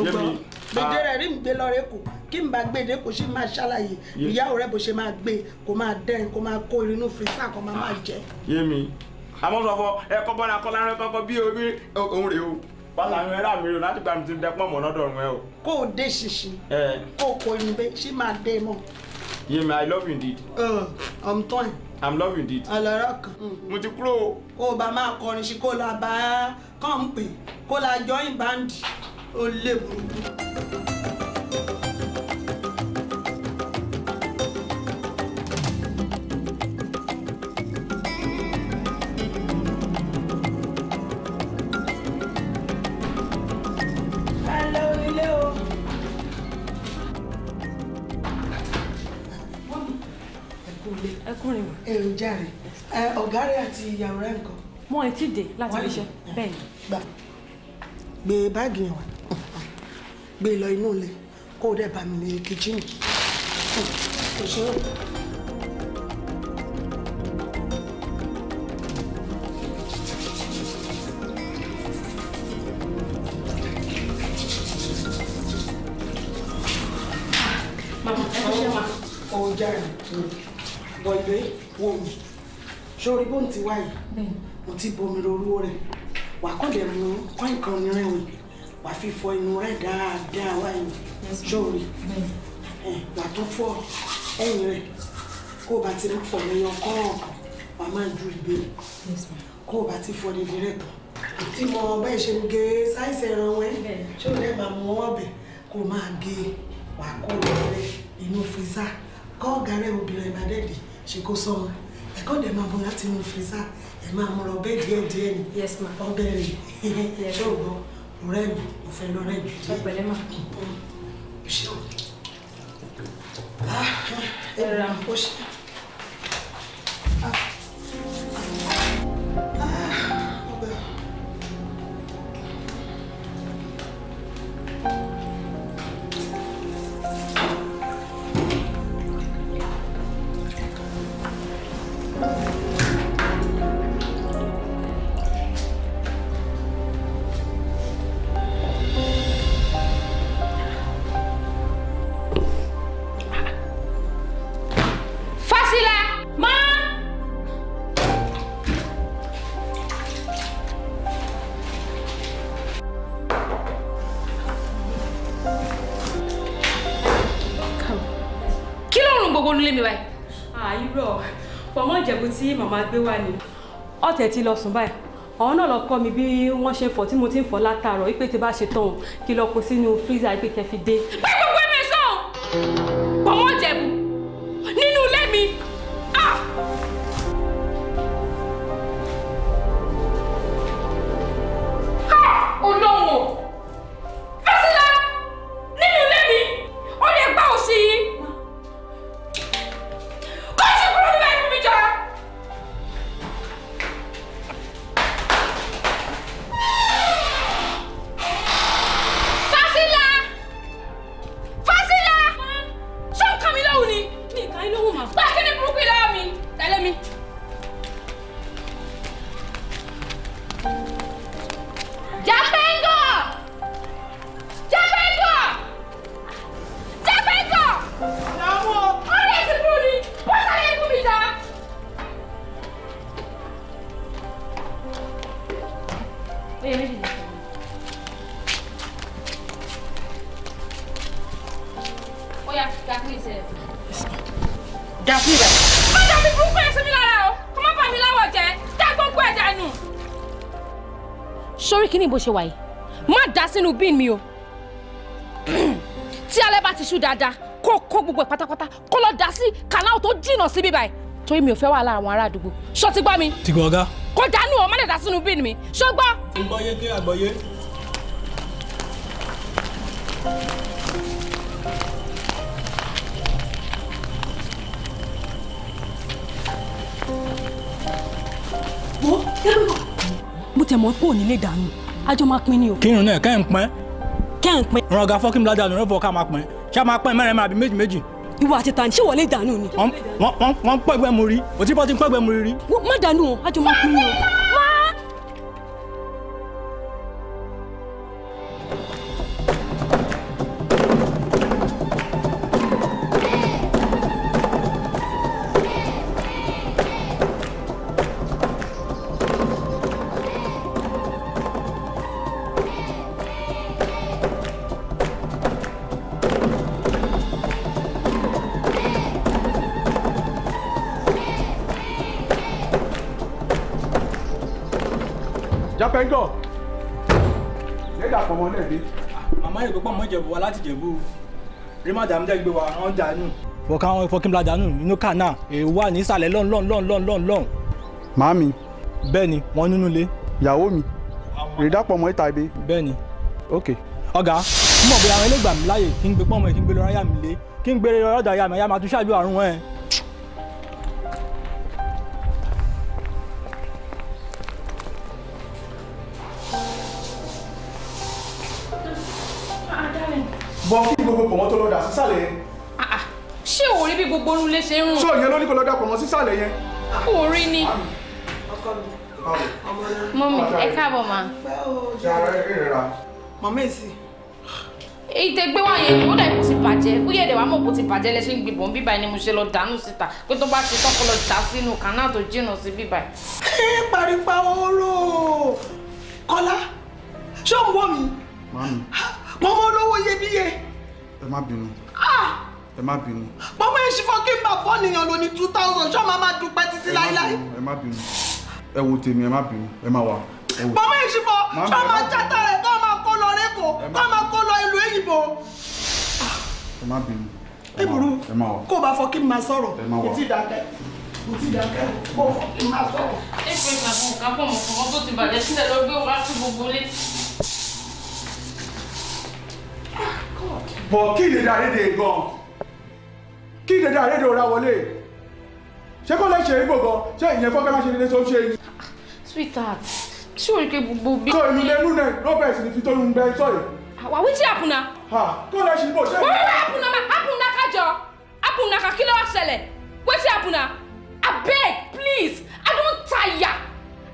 ọgbọn gbèdé ah. rẹ rí gbé lọrẹ kù kí n bá gbèdé kò sí máa ṣàlàyé ìyàwó rẹ bó ṣe máa gbé kó máa dẹrin kó máa kó irinú fìsà kó máa ah. máa jẹ. yé àmọ́ sọ fọ ẹ kọ́ bọ́lá kọ́lá rẹ kọ́kọ́ bí omi òun rèé o pàtàkì àwọn ẹ̀rọ àmì rẹ̀ láti gba mi ti dẹ pọ̀ mọ́ lọ́dọ̀ o. kó dé ṣinṣin kó kò ní bẹ́ẹ̀ ṣé máa dé mọ́. Yemi I love you indeed. ọ̀m tán ẹ̀. I'm loving indeed. ọlọ́rọ̀ kan. Mm, mo ti kúrò. kó o bá máa kọrin sí kó o la bá a kàn pé kó o la join band ó lè burúkú. èròjà rẹ̀ ọ̀gá rẹ̀ àti ìyàwó rẹ̀ nǹkan. wọn ò tí ì dé láti fi ṣe bẹ́ẹ̀ ni. gbé báàgì yẹn wá gbé lọ inú ilé kó o dẹ̀ bá mi ní kìchínì kò é. Mama, ẹ ṣe ma. Ọjà rẹ̀ bọ̀ ìdè wò mí sórí bó ń ti wáyé mo ti bomi rorú rẹ̀ wà kọ́ dẹ̀ mú kọ́ìn kan ní rẹ̀wìn wà fi fọ inú rẹ̀ dáadáa wáyé sórí wà tó fọ ẹ̀yìn rẹ̀ kó o bá ti fọ lẹ́yìn kọ́ọ̀kan wà máa ju ìgbé kó o bá ti fọ níbi rẹ̀ tán tí mo bẹ́ẹ̀ ṣe ń gé sáìsì ẹran wẹ́ ṣé o lẹ́ẹ̀ máa mú ọwọ́ bẹ̀ kó o máa gé e. wà kó o lọ rẹ̀ nínú fíìsà kọ́ ọ̀gá rẹ̀ obìnrin ìbàdẹ́dì She go sọmọ I dẹ̀ máa mú láti inú in ẹ̀ máa mú ọbẹ̀ díẹ̀ díẹ̀ ni ọbẹ̀ rẹ̀ ṣọ́ọ̀gbọ́n ọ̀rẹ́ mi mo fẹ́ lọ́rẹ́ jù díẹ̀. ọ̀pẹ̀lẹ́ mà kì í pọ́n ṣé o. ẹ ra ah, ó tí màmá gbé wá ni. ọ̀tẹ̀ ti lọ sùn báyìí àwọn náà lọ kọ́ mi bí wọ́n ṣe fọ̀ tí mo ti ń fọ̀ látàárọ̀ wípé tí bá ṣe tán kí lọ kó sínú freezer wípé kẹ́ fi dé. bẹ́ẹ̀ bó ṣe wà yìí má dá sínú bíìn mi o tí alẹ́ bá ti ṣú dáadáa kó kó gbogbo ẹ̀ pátápátá kó lọ dá sí kànáà tó jìnnà sí bíbá ẹ̀ torí mi ò fẹ́ wà lára àwọn ará àdúgbò ṣó ti gbọ́ mi. ti gbọ́ ọ̀gá. kò dánú ọ má lè dá sínú bíìn mi ṣó gbọ́. àgbọ̀yé dé àgbọ̀yé. mo tẹ̀ mọ́ kó o nílé dànù àjọ máa pin ni o. kírun náà kẹ́ ń pín. kẹ́ ń pín. ràn ọ̀gá fọ́kí mi ládàá lórí ọ̀fọ̀ ká máa pín ṣá máa pín mẹ́rin máa bí méjì méjì. ìwà àti tani ṣé wọlé ìdànù ni. wọ́n pẹ́gbẹ́ mu rí òtí bọ́ ti pẹ́gbẹ́ mu rí. má dànù o àjọ máa pin ni o. pẹ́ńgọ̀ lẹ́dà pọ̀mọ́ náà dé. màmá yìí pọ̀ mọ́ ìjẹ̀bù wa láti jẹ̀bù rí màdàmú jẹ́ gbé wa wọ́n dànù. fọkà àwọn ìfọkínbí ládàánù inú kà náà èyí wà ní ìsàlẹ̀ lọ́n lọ́n lọ́n lọ́n lọ́n lọ́n. màámi. bẹ́ẹ̀ ni wọ́n nínú ilé. ìyàwó mi rìdàpọ̀ mọ́ ìta ibi. bẹ́ẹ̀ ni. ok. ọ̀gá mọ̀ bí àwọn ẹlẹ́gbàá mi láàyè kí n gbé pọ́nmọ́ kí n gbé lọ́ráyà mi lé kí n gbé lọ́rọ̀dà mi àyà máa tún ṣáájú àrùn ẹ̀. bọ́ kí gbogbo pọ̀mọ́ tó lọ dà sísàlẹ̀ yẹn. Ah, ah. ṣé o rí bí gbogbo orun lè ṣe ń rùn. sọ yẹn ló ní kó lọ dà pọ̀mọ́ sísàlẹ̀ yẹn. o rí ni. mọ́mí ẹ káàbọ̀ mà. mọ̀mí èsì. èyí tẹ gbé wá yẹn ó dà kó ti bàjẹ́ ó yẹ ẹ̀dẹ̀wà mọ̀ kó ti bàjẹ́ lẹ́sẹ̀ ń gbìbọn bíbá ẹni mo ṣe lọ dànù síta pé tó bá ti tọ́kọ lọ dà sínú kànáà tó jìnnà sí bíbá ẹ̀. ẹ pariwo oró kọlá ṣé òun wọ mi. màmí mọ́mọ́ olówó iyebíye. ẹ má bínú. Ah! ẹ má bínú. mọ́mọ́ èsì fọ́kí ń bà fọ́nìyàn lò ní two thousand ṣọ́ máa máa dúpẹ́ títí láíláí. ẹ má bínú ẹ wo tèmi ẹ má bínú ẹ má wà. mọ́mọ́ èsì fọ́ ṣọ́ máa játà rẹ̀ tó máa kó lọ rẹ́kọ̀ọ́ tó máa kó lọ ìlú èyìnbó. ẹ má bínú. ẹ burú kó o bá fọ́kí máa sọ̀rọ̀ ìtì dákẹ́ ẹ fẹ́ ìgbà kan kà pọ̀ mọ̀ fún ọmọ tó ti bàjẹ́ sílẹ̀ lọ gbé wá sí gbogbo létí bọ̀ kí ìdèdè àrédè gan kí ìdèdè àrédè ò ra wọlé ṣé kọ́ lẹ́sẹ̀ ibo gan ṣé ìyẹn fọ́n fẹ́ràn ṣe dédé tó ṣe yìí. sweetheart ṣé o rí pé gbogbo bí. sọ ìlú lẹ́nu náà robert ni fi tóyún bẹ́ẹ̀ sọ̀rọ̀. àwa wí tí àpùnà. kọ́ lẹ́sẹ̀ ibo ṣé. wọ́n wá àpùnà ma àpùnà kájọ àpùnà ká kí ló wá ṣẹlẹ̀ wetin happen na abeg please i don tire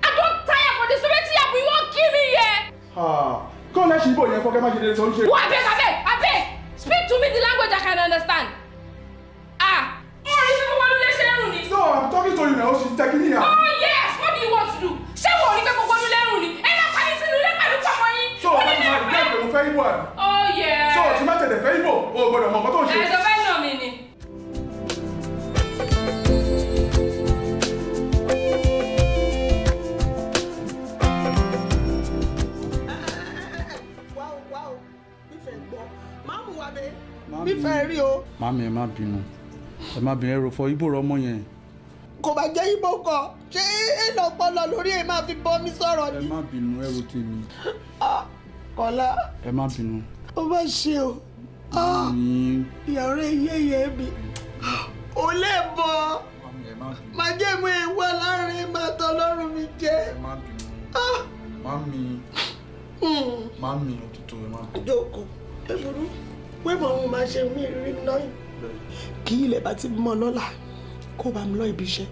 i don tire for this wetin happen you wan kill me here. Yeah? Ah. Come let Shibo here for Kema Sonche. Who abeg abeg abeg? Speak to me the language I can understand. Ah. Oh, you people want to let Sharon ni? No, I'm talking to you now. She's taking me out. Oh yes, what do you want to do? Ṣé wo ni pé kò gbọ́dọ̀ lẹ́rù ni? Ẹ máa parí sínú ilé pẹ̀lú So ọ̀rọ̀ mi to gbé àgbẹ̀ mo fẹ́ ibo Oh yeah. So ọ̀tí má tẹ̀lé fẹ́ ibo, o gbọ́dọ̀ mọ̀ nǹkan tó ń ṣe. Ẹ̀sọ́ nífẹ̀ẹ́ rí o. mami ẹ má bínú ẹ má bínú ẹrù fọ ibo rọmọ yẹn. kò bá jẹ́ ibo kọ ṣé èèlò ọpọlọ lórí ẹ máa fi bọ́ mi sọ̀rọ̀ ni. ẹ má bínú ẹrù tèmi. kọ́lá. ẹ má bínú. ó bá ṣe o. ìyàrá eyéyé mi ò lè bọ̀ máa jẹ́ mú ewa láàrin máa tọ́ lọ́rùn mi jẹ́. ẹ má bínú. mami hmm. mami òtútù ẹ má bínú. jókòó ẹ burú pé mo ń máa ṣe mí rí náà kí ilẹ̀ bá ti mọ́ lọ́la kó bá mi lọ ibi iṣẹ́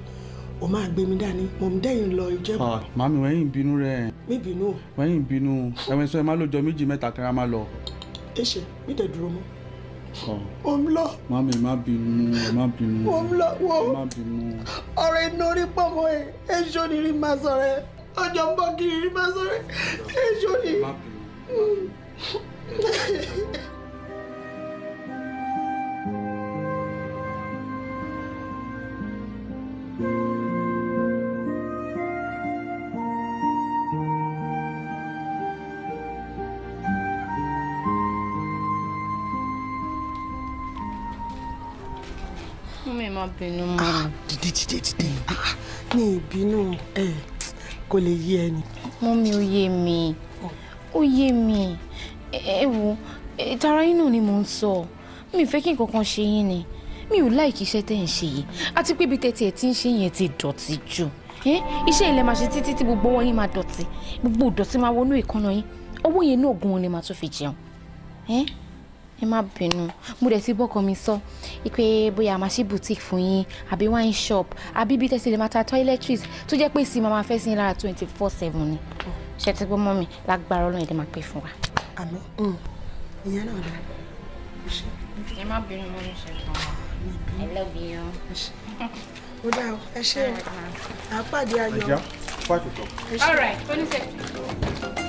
o máa gbé mi dání mò ń dẹ́yìn lọ ìjẹ́bù. Ah, màmí wẹ́yìn bínú rẹ̀. mi bínú. wẹ́yìn bínú ẹ̀wẹ̀n sọ ẹ má lójọ méjì mẹ́ta kára má lọ. ẹ ṣe mi tẹ̀ dúró mọ́. Ah. mo ń lọ. màmí ẹ má bínú ẹ má bínú. mo ń lọ wo ọ̀rọ̀ inú orí pọ̀mọ́ ẹ èso ni rí máa sọ̀rọ̀ ẹ ọjọ́ ń bọ́ kiri rí máa sọ̀rọ̀ ẹ èso hmm. ni. má bínú mọ́. Ah, dìde dìde dìde ní ah, ìbínú ah, ẹ kò lè yé ẹni. mọ mi ò yé mi oh. ó yé mi ẹ wo tara yín náà ni mò ń sọ mi ò fẹ́ kí nǹkan kan ṣe yín ni mi ò láìkí iṣẹ́ tẹ̀ ń ṣe yìí àti pé ibi tẹ̀tì ẹ̀ tí ń ṣe yẹn ti dọ̀tí jù iṣẹ́ ilẹ̀ máa ṣe títí tí gbogbo ọwọ́ yín máa dọ̀tí gbogbo ìdọ̀tí máa wọnú ìkànnà yín owó yẹn náà oògùn ni màá tún fi jẹun ẹ má bínú mo dẹ̀ ti bọ́kọ mi sọ pé bóyá máa ṣí boutique fún yín àbí wine shop àbí bí tẹ́sí lè máa ta toiletries tó jẹ́ pé sí máa fẹ́ sí lára twenty four seven ni ṣe ti gbọ́ mọ́ mi lágbára ọlọ́run ẹ̀dẹ̀ máa pè fún wa. àmì mm. ìyẹn náà dá ẹ má bínú mo ní ṣe tán ẹ yẹn. ó dá o ẹ ṣe àpàdé ayọ̀. all right oníṣẹ́.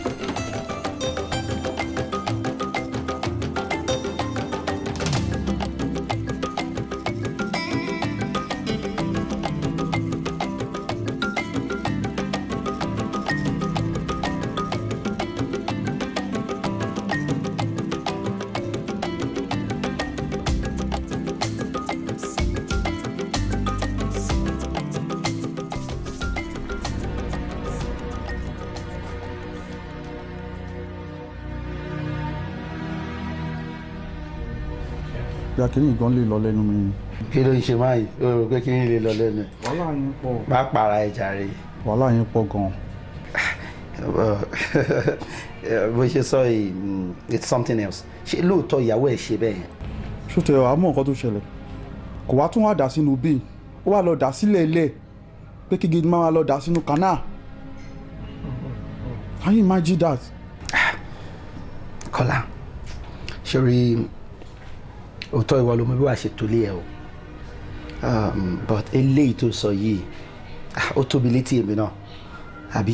kíní gan lè lọ lẹ́nu mi. kí ló ń ṣe máa yìí o rò pé kíní lè lọ lẹ́nu wàhálà yín pọ̀. má para ẹ̀ jàre. wàhálà yín pọ̀ gan. bó ṣe sọ mm, it's something else ṣé lóòótọ́ ìyàwó ẹ̀ ṣe bẹ́ẹ̀ yẹn. ṣùtò àmọ́ nǹkan tó ṣẹlẹ̀ kò wá tún wá dà sínú bíi ó wà lọ dà sílẹ̀ ilẹ̀ pé kí gidi máa lọ dà sínú kanáà can you imagine that. Ah, Kọ́lá sori òótọ́ ìwà ló bí wàá ṣe tó lé ẹ o um, but eléyìí tó sọ yìí ah, ó tóbi létí èmi náà àbí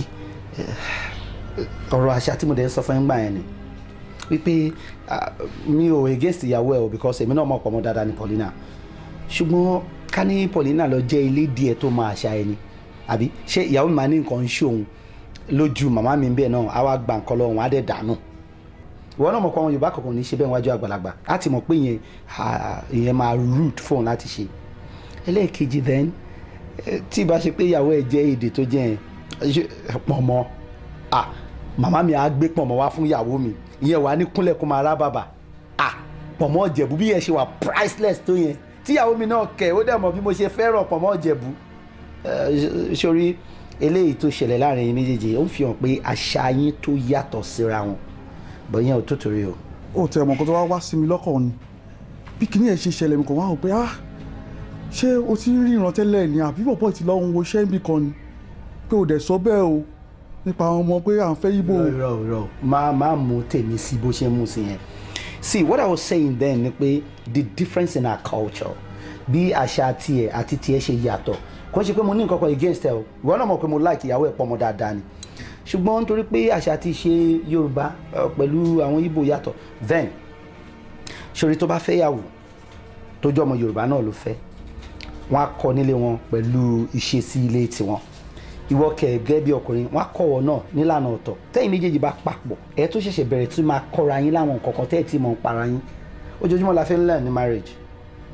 eh, ọ̀rọ̀ àṣà tí mo dẹ̀ ń sọ fún ẹ̀ngbà yẹn ni wípé ah, mi ò against ìyàwó ẹ o because èmi náà mọ̀ pọ̀ mọ́ dáadáa ní Paulina ṣùgbọ́n ká ní Paulina lọ jẹ́ ilé díẹ̀ tó máa ṣá ẹni àbí ṣé ìyàwó mi máa ní nǹkan ń ṣe òun lójú màmá mi ń náà á wá gba nǹkan lọ́wọ́ wọn á dẹ̀ dànù. No ìwọ náà mọ̀ pé àwọn yorùbá kọ̀ọ̀kan ní í ṣe bẹ́ẹ̀ wájú àgbàlagbà láti mọ̀ pé ìyẹn ìyẹn máa rude fóun láti ṣe ẹlẹ́ẹ̀kejì then eh, tí ìbá ṣe pé ìyàwó ẹ̀ jẹ́ èdè tó jẹ́ pọ̀nmọ́ ah màmá mi á gbé pọ̀nmọ́ wá fún ìyàwó mi ìyẹn wà ní kúnlẹ̀ kó máa rá bàbà ah pọ̀nmọ́ ọ̀jẹ̀bú bí yẹn ṣe wà priceless tó yẹn tíyàwó mi náà kẹ̀ ó dẹ̀ mọ̀ bí mo ṣe fẹ́ràn pọ̀nmọ́ ọ̀jẹ̀bú sórí eh, eléyìí tó ṣẹlẹ̀ láàrin méjèèjì ó fi hàn pé àṣà yín tó yàtọ̀ síra wọn bọ̀yẹn ò tútù rí o. ó tẹ ọmọ kan tó wá wá sí mi lọ́kàn ni bí kinní ẹ̀ ṣe ṣẹlẹ̀ mi kàn wá wò pé ah ṣé o ti rí ìran tẹ́lẹ̀ àbí bọ̀bọ̀ ti lọ́ọ́ ń wo kan ni pé ò dẹ̀ sọ bẹ́ẹ̀ o nípa àwọn ọmọ pé à ń fẹ́ yíbo. rọ rọ máa máa mú tèmi sí bó ṣe mú sí yẹn see what i was saying then ni pé the difference in our culture bí àṣà tiẹ̀ àti tiẹ̀ ṣe yàtọ̀ kò ń ṣe pé mo ní nǹkan kan against ẹ o ìwọ náà mọ̀ pé mo like ìyàwó ẹ̀ pọ̀ dáadáa ni ṣùgbọ́n nítorí pé àṣà ti ṣe Yorùbá eh, pẹ̀lú àwọn Ìgbò yàtọ̀ then ṣòrí tó bá fẹ́ yàwó tó jọ ọmọ Yorùbá náà ló fẹ́ wọ́n á kọ nílé wọn pẹ̀lú ìṣesí ilé tiwọn ìwọ kẹ̀gẹ́ bí ọkùnrin wọ́n á kọ́ ọ náà nílànà ọ̀tọ̀ tẹ́yìn méjèèjì bá papọ̀ ẹ tó ṣẹ̀ṣẹ̀ bẹ̀rẹ̀ tí máa kọ́ra yín láwọn nǹkan kan tẹ́ẹ̀ tí mọ̀ ń para yín ojoojúmọ́ la fi ń learn ní marriage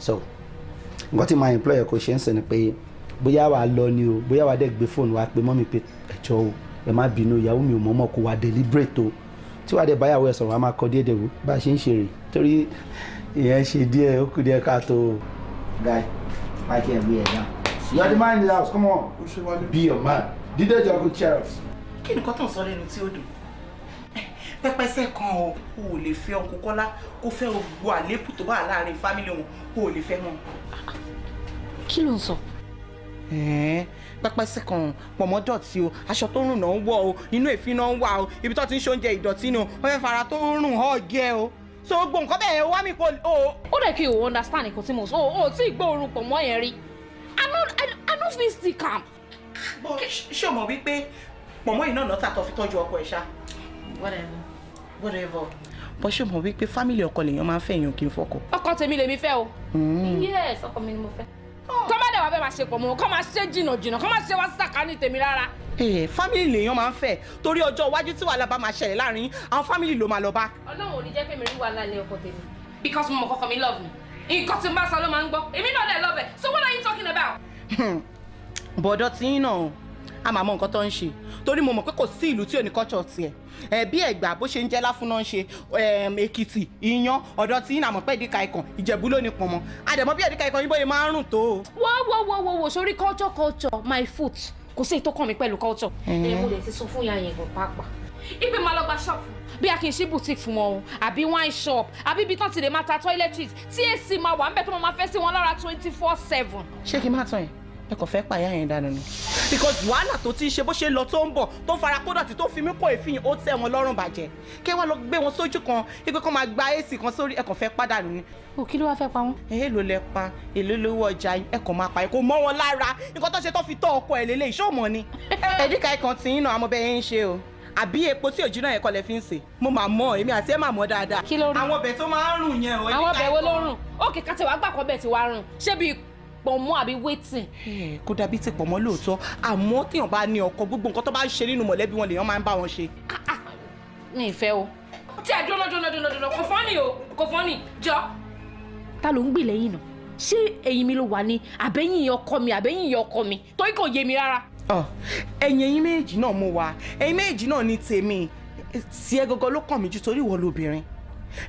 so nǹkan tí my employer kò ṣe ń sìn ni pé bóyá wàá lọ ni o bóyá wàá dẹ̀ gbé fóònù wàá pe mọ́mí pé ẹ̀jọ̀ o ẹ má bínú ìyàwó mi ò mọ̀ọ́mọ̀ kó wá deliberate o tí wàá dé báyàwó ẹ sọ̀rọ̀ a máa kọ díẹ̀ dẹ̀wò bá a ṣe ń ṣe rè torí ìyẹn ṣe díẹ̀ ó kù díẹ̀ káàtó. guy i can be here now you are the man in the house come on be your man dídé jọ kó chair us. kí nǹkan tó ń sọ lẹ́nu tí ó dùn pẹ́pẹ́sẹ́ kan o ò lè fẹ́ ọkọ kọ́lá kó fẹ́ gbogbo àlébù tó wà láàrin fámìlì wọn o ò lè fẹ́ wọn. kí ló ń sọ. ẹ̀ẹ́ pẹ́pẹ́sẹ̀ kan pọ̀mọ́ dọ̀tí o aṣọ tó rùn náà ń wọ̀ o inú èéfín náà ń wà o ibi tó ti ń ṣoúnjẹ ìdọ̀tí ni o wọ́n fẹ́ fara tó rùn hàn gẹ́ o so gbogbo nǹkan bẹ́ẹ̀ wá mi kò o. ó dẹ̀ kí o understand nǹkan tí mo sọ o ò tí ì gbọ́ orun pọ̀ mọ́ yẹn rí i no fit still calm. ṣé o mọ̀ wípé pọ̀mọ́ yìí náà nọ́tà tó fi tọ́jú ọkọ ẹ̀ ṣá. whatever whatever bó ṣe mọ̀ wípé fámìlì ọkọ lèèyàn máa ń fẹ́ èèyàn kì í fọkọ. ọkọ tèmi lèmi fẹ́ o. Hmm. yes ọkọ mi ni mo fẹ́ tó bá dẹ̀ wá fẹ́ máa ṣe pọ̀ mọ́ kó máa ṣe jìnnà jìnnà kó máa ṣe wá sàkà ní tèmi rárá. ee eh, fámìlì lèèyàn máa ń fẹ́ torí ọjọ́ iwájú tí wàhálà bá máa ṣẹlẹ̀ láàrin àwọn fámìlì ló máa lọ bá. Ọlọ́run ò ní jẹ́ pé mi rí wàhálà ilé ọkọ tèmi because mo mọ̀ kọ́kọ́ mi love me nǹkan tí n bá sọ ló máa ń gbọ́ èmi náà dẹ̀ love ẹ̀ so what are you talking about. Hmm. bọ̀dọ̀ tí ń náà a máa mọ nǹkan tó ń ṣe torí mo mọ̀ pé kò sí ìlú tí ò ní culture tiẹ̀ ẹ bí ẹ̀gbá bó ṣe ń jẹ́ láfún náà ń ṣe èkìtì ìyan ọ̀dọ́ tí ìnàmọ̀ pẹ́ ìdíkà ikàn ìjẹ̀bú ló ní pọ̀nmọ́ àdẹ̀mọ́ bí ẹ̀díkà ikàn yín bóyá máa ń rùn tó. wá wá wá wá wò sórí culture culture my foot kò sí ìtókàn mi pẹ̀lú culture. ẹ mo lè ti sọ fún yàyẹn shop fún. bí a kì í ṣí boutique fún wọn o àbí wine shop àbí ibi tán ti lè máa ta toiletries tí èsì máa wà ń bẹ̀ tó máa fẹ́ sí wọn lára twenty four seven. ṣé kí n má tán yẹn ẹ kò fẹ́ pààyà yẹn dànù ni. because wàhálà tó ti ń ṣe bó ṣe lọ tó ń bọ̀ tó fara kódà tí tó fi mí kó èéfín ó tẹ́ wọn lọ́rùn bàjẹ́ kẹ́ wá lọ gbé wọn sójú kan ipe kan máa gba ac kan sórí ẹ kò fẹ́ padà nù ni. o kí ló wá fẹ́ pa wọn. èló lẹ pa èló lówó ọjà ẹ kò máa pa ẹ kò mọ wọn lára nǹkan tó ṣe tó fi tọ́ ọkọ ẹ lélẹ̀ ìṣòmọ ni. ẹdíkà ẹkàn tí yín ń ṣe o àbí epo tí òjì náà yẹ kọlẹ̀ fi ń sè mo máa mọ èmi àti ẹ máa mọ dáadáa. kí ló rún àwọn ọbẹ̀ tó máa ń rùn yẹn o. àwọn ọbẹ̀ wo ló rùn ó kàtẹ́wàá gbàkọ́ bẹ̀ tí wàá rùn ṣé bíi pọ̀nmọ́ àbí wetin. Eh, kó dàbí ti pọ̀nmọ́ lóòótọ́ àmọ́ téèyàn bá ní ọkọ gbogbo nǹkan tó bá ń ṣe nínú mọ̀lẹ́bí wọn lèèyàn máa ń bá wọn ṣe. Ah, ah, mi ì fẹ́ o. tí ẹ dúró dúró dúró dúró kò fọ́nì o kò fọ́nì jọ. ta ló ń gbè lẹ́yìn náà ṣé ẹ̀yìn mi ló wà ní àbẹ́yìn ọkọ mi àbẹ́yìn ọkọ mi torí kò yé mi rárá. Ah, ẹ̀yìn ẹ̀yìn méjì náà mo wà ẹ̀yìn méjì náà ní tèmi tiẹ̀ gọ́gọ́ ló kàn mí ju torí ìwọ lóbìnrin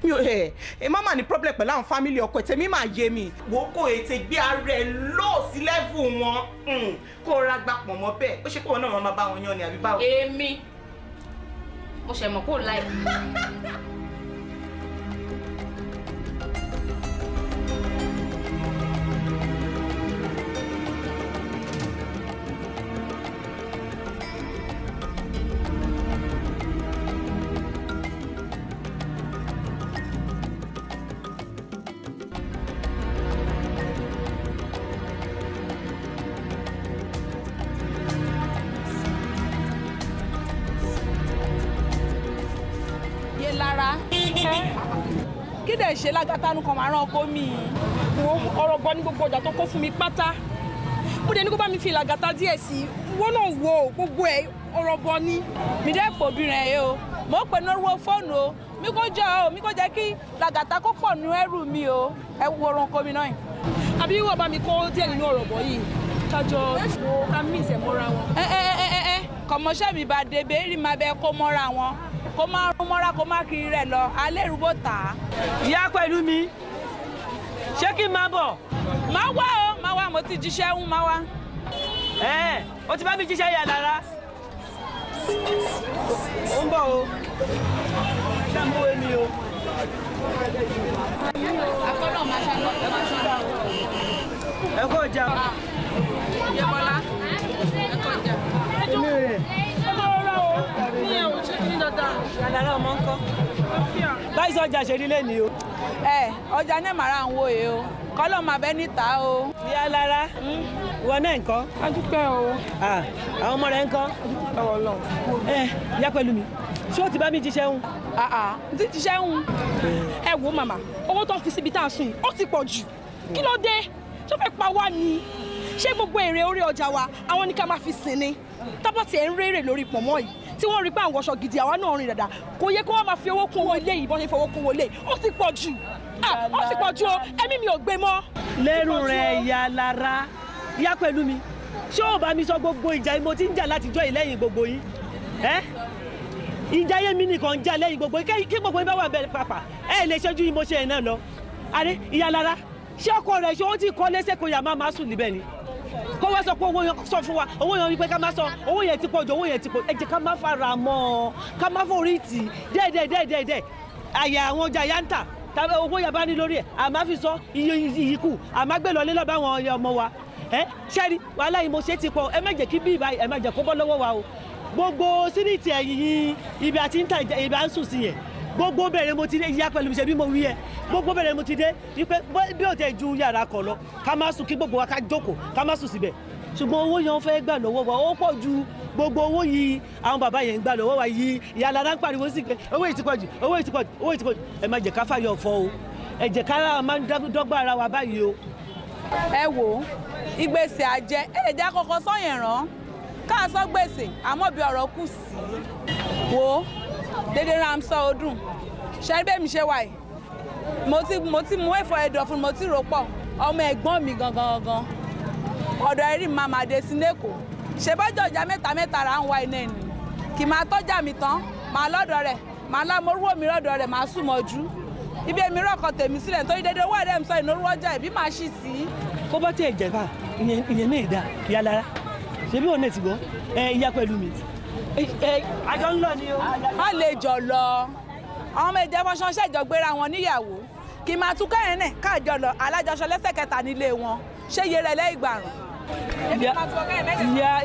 mi ò ẹ eh, ẹ má mà ní problem pẹ̀lú àwọn family ọkọ ẹ̀ tèmi mà yé mi. wo kò ètè gbé ara ẹ lọ sí lẹ́fù wọn hmm, kó o ra gba pọ̀ mọ́ bẹ́ẹ̀ ó ṣe pé òun náà wọn máa bá wọn yan ni àbí báwo. èmi mo ṣẹ̀ mọ̀ kó o láì. dẹ̀ ṣe lágátánú kan máa rán ọkọ mi ọ̀rọ̀ gbọ́ ní gbogbo ọjà tó kó fún mi pátá mo dẹ̀ ní kó bá mi fi làgàtà díẹ̀ sí wọ́n náà wo gbogbo ẹ̀ ọ̀rọ̀ bọ ní. mi dẹ́ pò obìnrin ẹ̀ o mo pè ní orúkọ fóònù o mi kò jẹ́ o mi kò jẹ́ kí làgàtà kó pọ̀ nínú ẹrù mi o ẹ wo ọ̀rọ̀ nǹkan mi náà. àbí wọ́n bá mi kó díẹ̀ nínú ọ̀rọ̀ bọ̀ yìí kájọ ká mí ìsẹ̀ wọn. ẹ ẹ ẹ ẹ kọ̀mọ́ṣẹ́ mi bá débè rí máa bẹ kó mọ́ra wọn kó má rà kó má kiri rẹ̀ lọ alẹ́ ìrúbó tà á. ìyá pẹ̀lú mi ṣé kí n máa bọ̀. má wá o má wá mo ti jíṣẹ́ ń má wá. ẹ o ti bá mi jíṣẹ́ yà lára. ó ń bọ̀ o ṣé mo wé o. ẹ kò jà. ẹ kò jà yàrá ọmọ ńkọ́. báyìí sọjà ṣe nílé ni o. ẹ ọjà náà màrà ń wo yìí o kọ́lọ́ máa bẹ́ níta o. ìyá lára hmm? ìwọ náà ńkọ́. a dúpẹ́ o. àwọn ọmọ rẹ ńkọ́. a dúpẹ́ Ọlọ́run. ẹ ìyá pẹ̀lú mi ṣé o ti bá mi jíṣẹ́ ń. ti jíṣẹ́ ń. ẹ wo màmá owó tó fi síbi tá a sùn yìí ó ti pọ̀ jù kí ló dé tó fẹ́ pa wá ni ṣé gbogbo èrè orí ọjà wa àwọn ní ká máa fi sìn ni tábọ̀tì ẹ̀ ń rèrè lórí pọ̀nmọ́ yìí tí wọ́n rí pé àwọn ọ̀ṣọ́ gidi àwa náà rìn dáadáa kò yẹ kí wọ́n máa fi owó kún owó ilé yìí bọ́n ṣe fowó kún owó ilé ó ti pọ̀ jù ó ti pọ̀ jù o ẹ̀mí mi ò gbé mọ́. lẹ́rù rẹ̀ ìyá lára ìyá pẹ̀lú mi ṣé ò bá mi sọ gbogbo ìjà mo ti ń jà látijọ́ yìí lẹ́yìn gbogbo yìí ẹ́ ìjà yẹn mi nìkan ń jà lẹ́yìn gbogbo yìí kí gbogbo yìí bá wà bẹ́ẹ̀ pàpà ẹ lè ṣẹ́jú yìí mo ṣe ẹ̀ náà lọ. ṣé ọkọ rẹ̀ ṣé ó ti kọ́ lẹ́sẹ̀ kó yà má má sùn níbẹ̀ ni kó wá sọ pé owó yẹn sọ fún wa owó yẹn wípé ká má sọ owó yẹn ti pọ̀ jù owó yẹn ti pọ̀ ẹ jẹ́ ká má fara mọ́ ọ ká má forí tì í dẹ́ẹ̀dẹ́ẹ̀dẹ́ẹ̀dẹ́ àyà àwọn ọjà yá ń tà tàbí owó yẹn bá ní lórí ẹ̀ àmá fi sọ iye iyì kù àmá gbé lọ lé lọ́dọ̀ ọmọ wa ẹ ṣẹ́ni wàhálà yìí mo ṣe ti pọ̀ ẹ má jẹ́ kí bí ìbá ẹ má jẹ́ kó bọ́ lọ́wọ́ wa o gbogbo sírìtì ẹ̀yìn ibi àti ìbá ń sùn sí yẹn gbogbo bẹ̀rẹ̀ mo ti dé ìyá pẹ̀lú ìṣẹ́ bí mo wí ẹ gbogbo bẹ̀rẹ̀ mo ti dé wípé bí ó tẹ̀ ju yàrá kan lọ ká má sùn kí gbogbo wa ká jókòó ká má sùn síbẹ̀ ṣùgbọ́n owó yẹn fẹ́ gbà lọ́wọ́ wa ó pọ̀ ju gbogbo owó yìí àwọn bàbá yẹn ń gbà lọ́wọ́ wa yìí ìyá alára ń pariwo sí pé owó yìí ti pọ̀ jù owó yìí ti pọ̀ jù owó yìí ti pọ̀ jù ẹ má jẹ́ ká fàyọ̀ fọ́ o ẹ jẹ́ ká máa ń dọ́gba ara wa báyìí o. ẹ wo ìgbésẹ̀ àjẹ ẹ lè jẹ́ àkọ́kọ́ sọ́yìn rán káà sọ gbèsè àmọ́ bí ọ̀rọ̀ kù sí wo dédé Ramsọ Odùn ṣẹ́ríbẹ́ mi ṣe wà yìí mo ti mo ti mú ẹ̀fọ́ ẹ̀dọ̀fún mo ti rò pọ̀ ọmọ ẹ̀gbọ́n mi gangan gangan ọ̀dọ̀ ẹ̀rí máa máa dé sí lẹ́kọ̀ọ́ ṣe bọ́jọ́ ọjà mẹ́ta mẹ́ta rà ń wá iná ẹ̀nì kì máa tọ́jà mi tán máa lọ́dọ̀ rẹ̀ máa lámorúwò mi lọ́dọ̀ rẹ̀ máa sùn mọ́jú ibi èmi rọ̀kọ̀ tèmi sílẹ̀ nítorí dédé owó ẹ̀rẹ́ mi sọ ìnáwó ọjà ìbí máa ṣì sí. kó bá tiẹ̀ jẹ̀fà ìyẹn náà dá ìyá lára ṣebí òun náà ti gbọ́ ẹ ìyá pẹ̀lú mi àjọ ń lọ ni o. a lè jọ lọ àwọn ọmọ ìjẹun fọṣọ ṣẹjọ gbéra wọn níyàwó kì í máa tún kẹrin náà káàjọ lọ alájọṣọ lẹ́sẹ̀ kẹta nílé wọn ṣé yẹrẹ lẹ́ìgbàrún.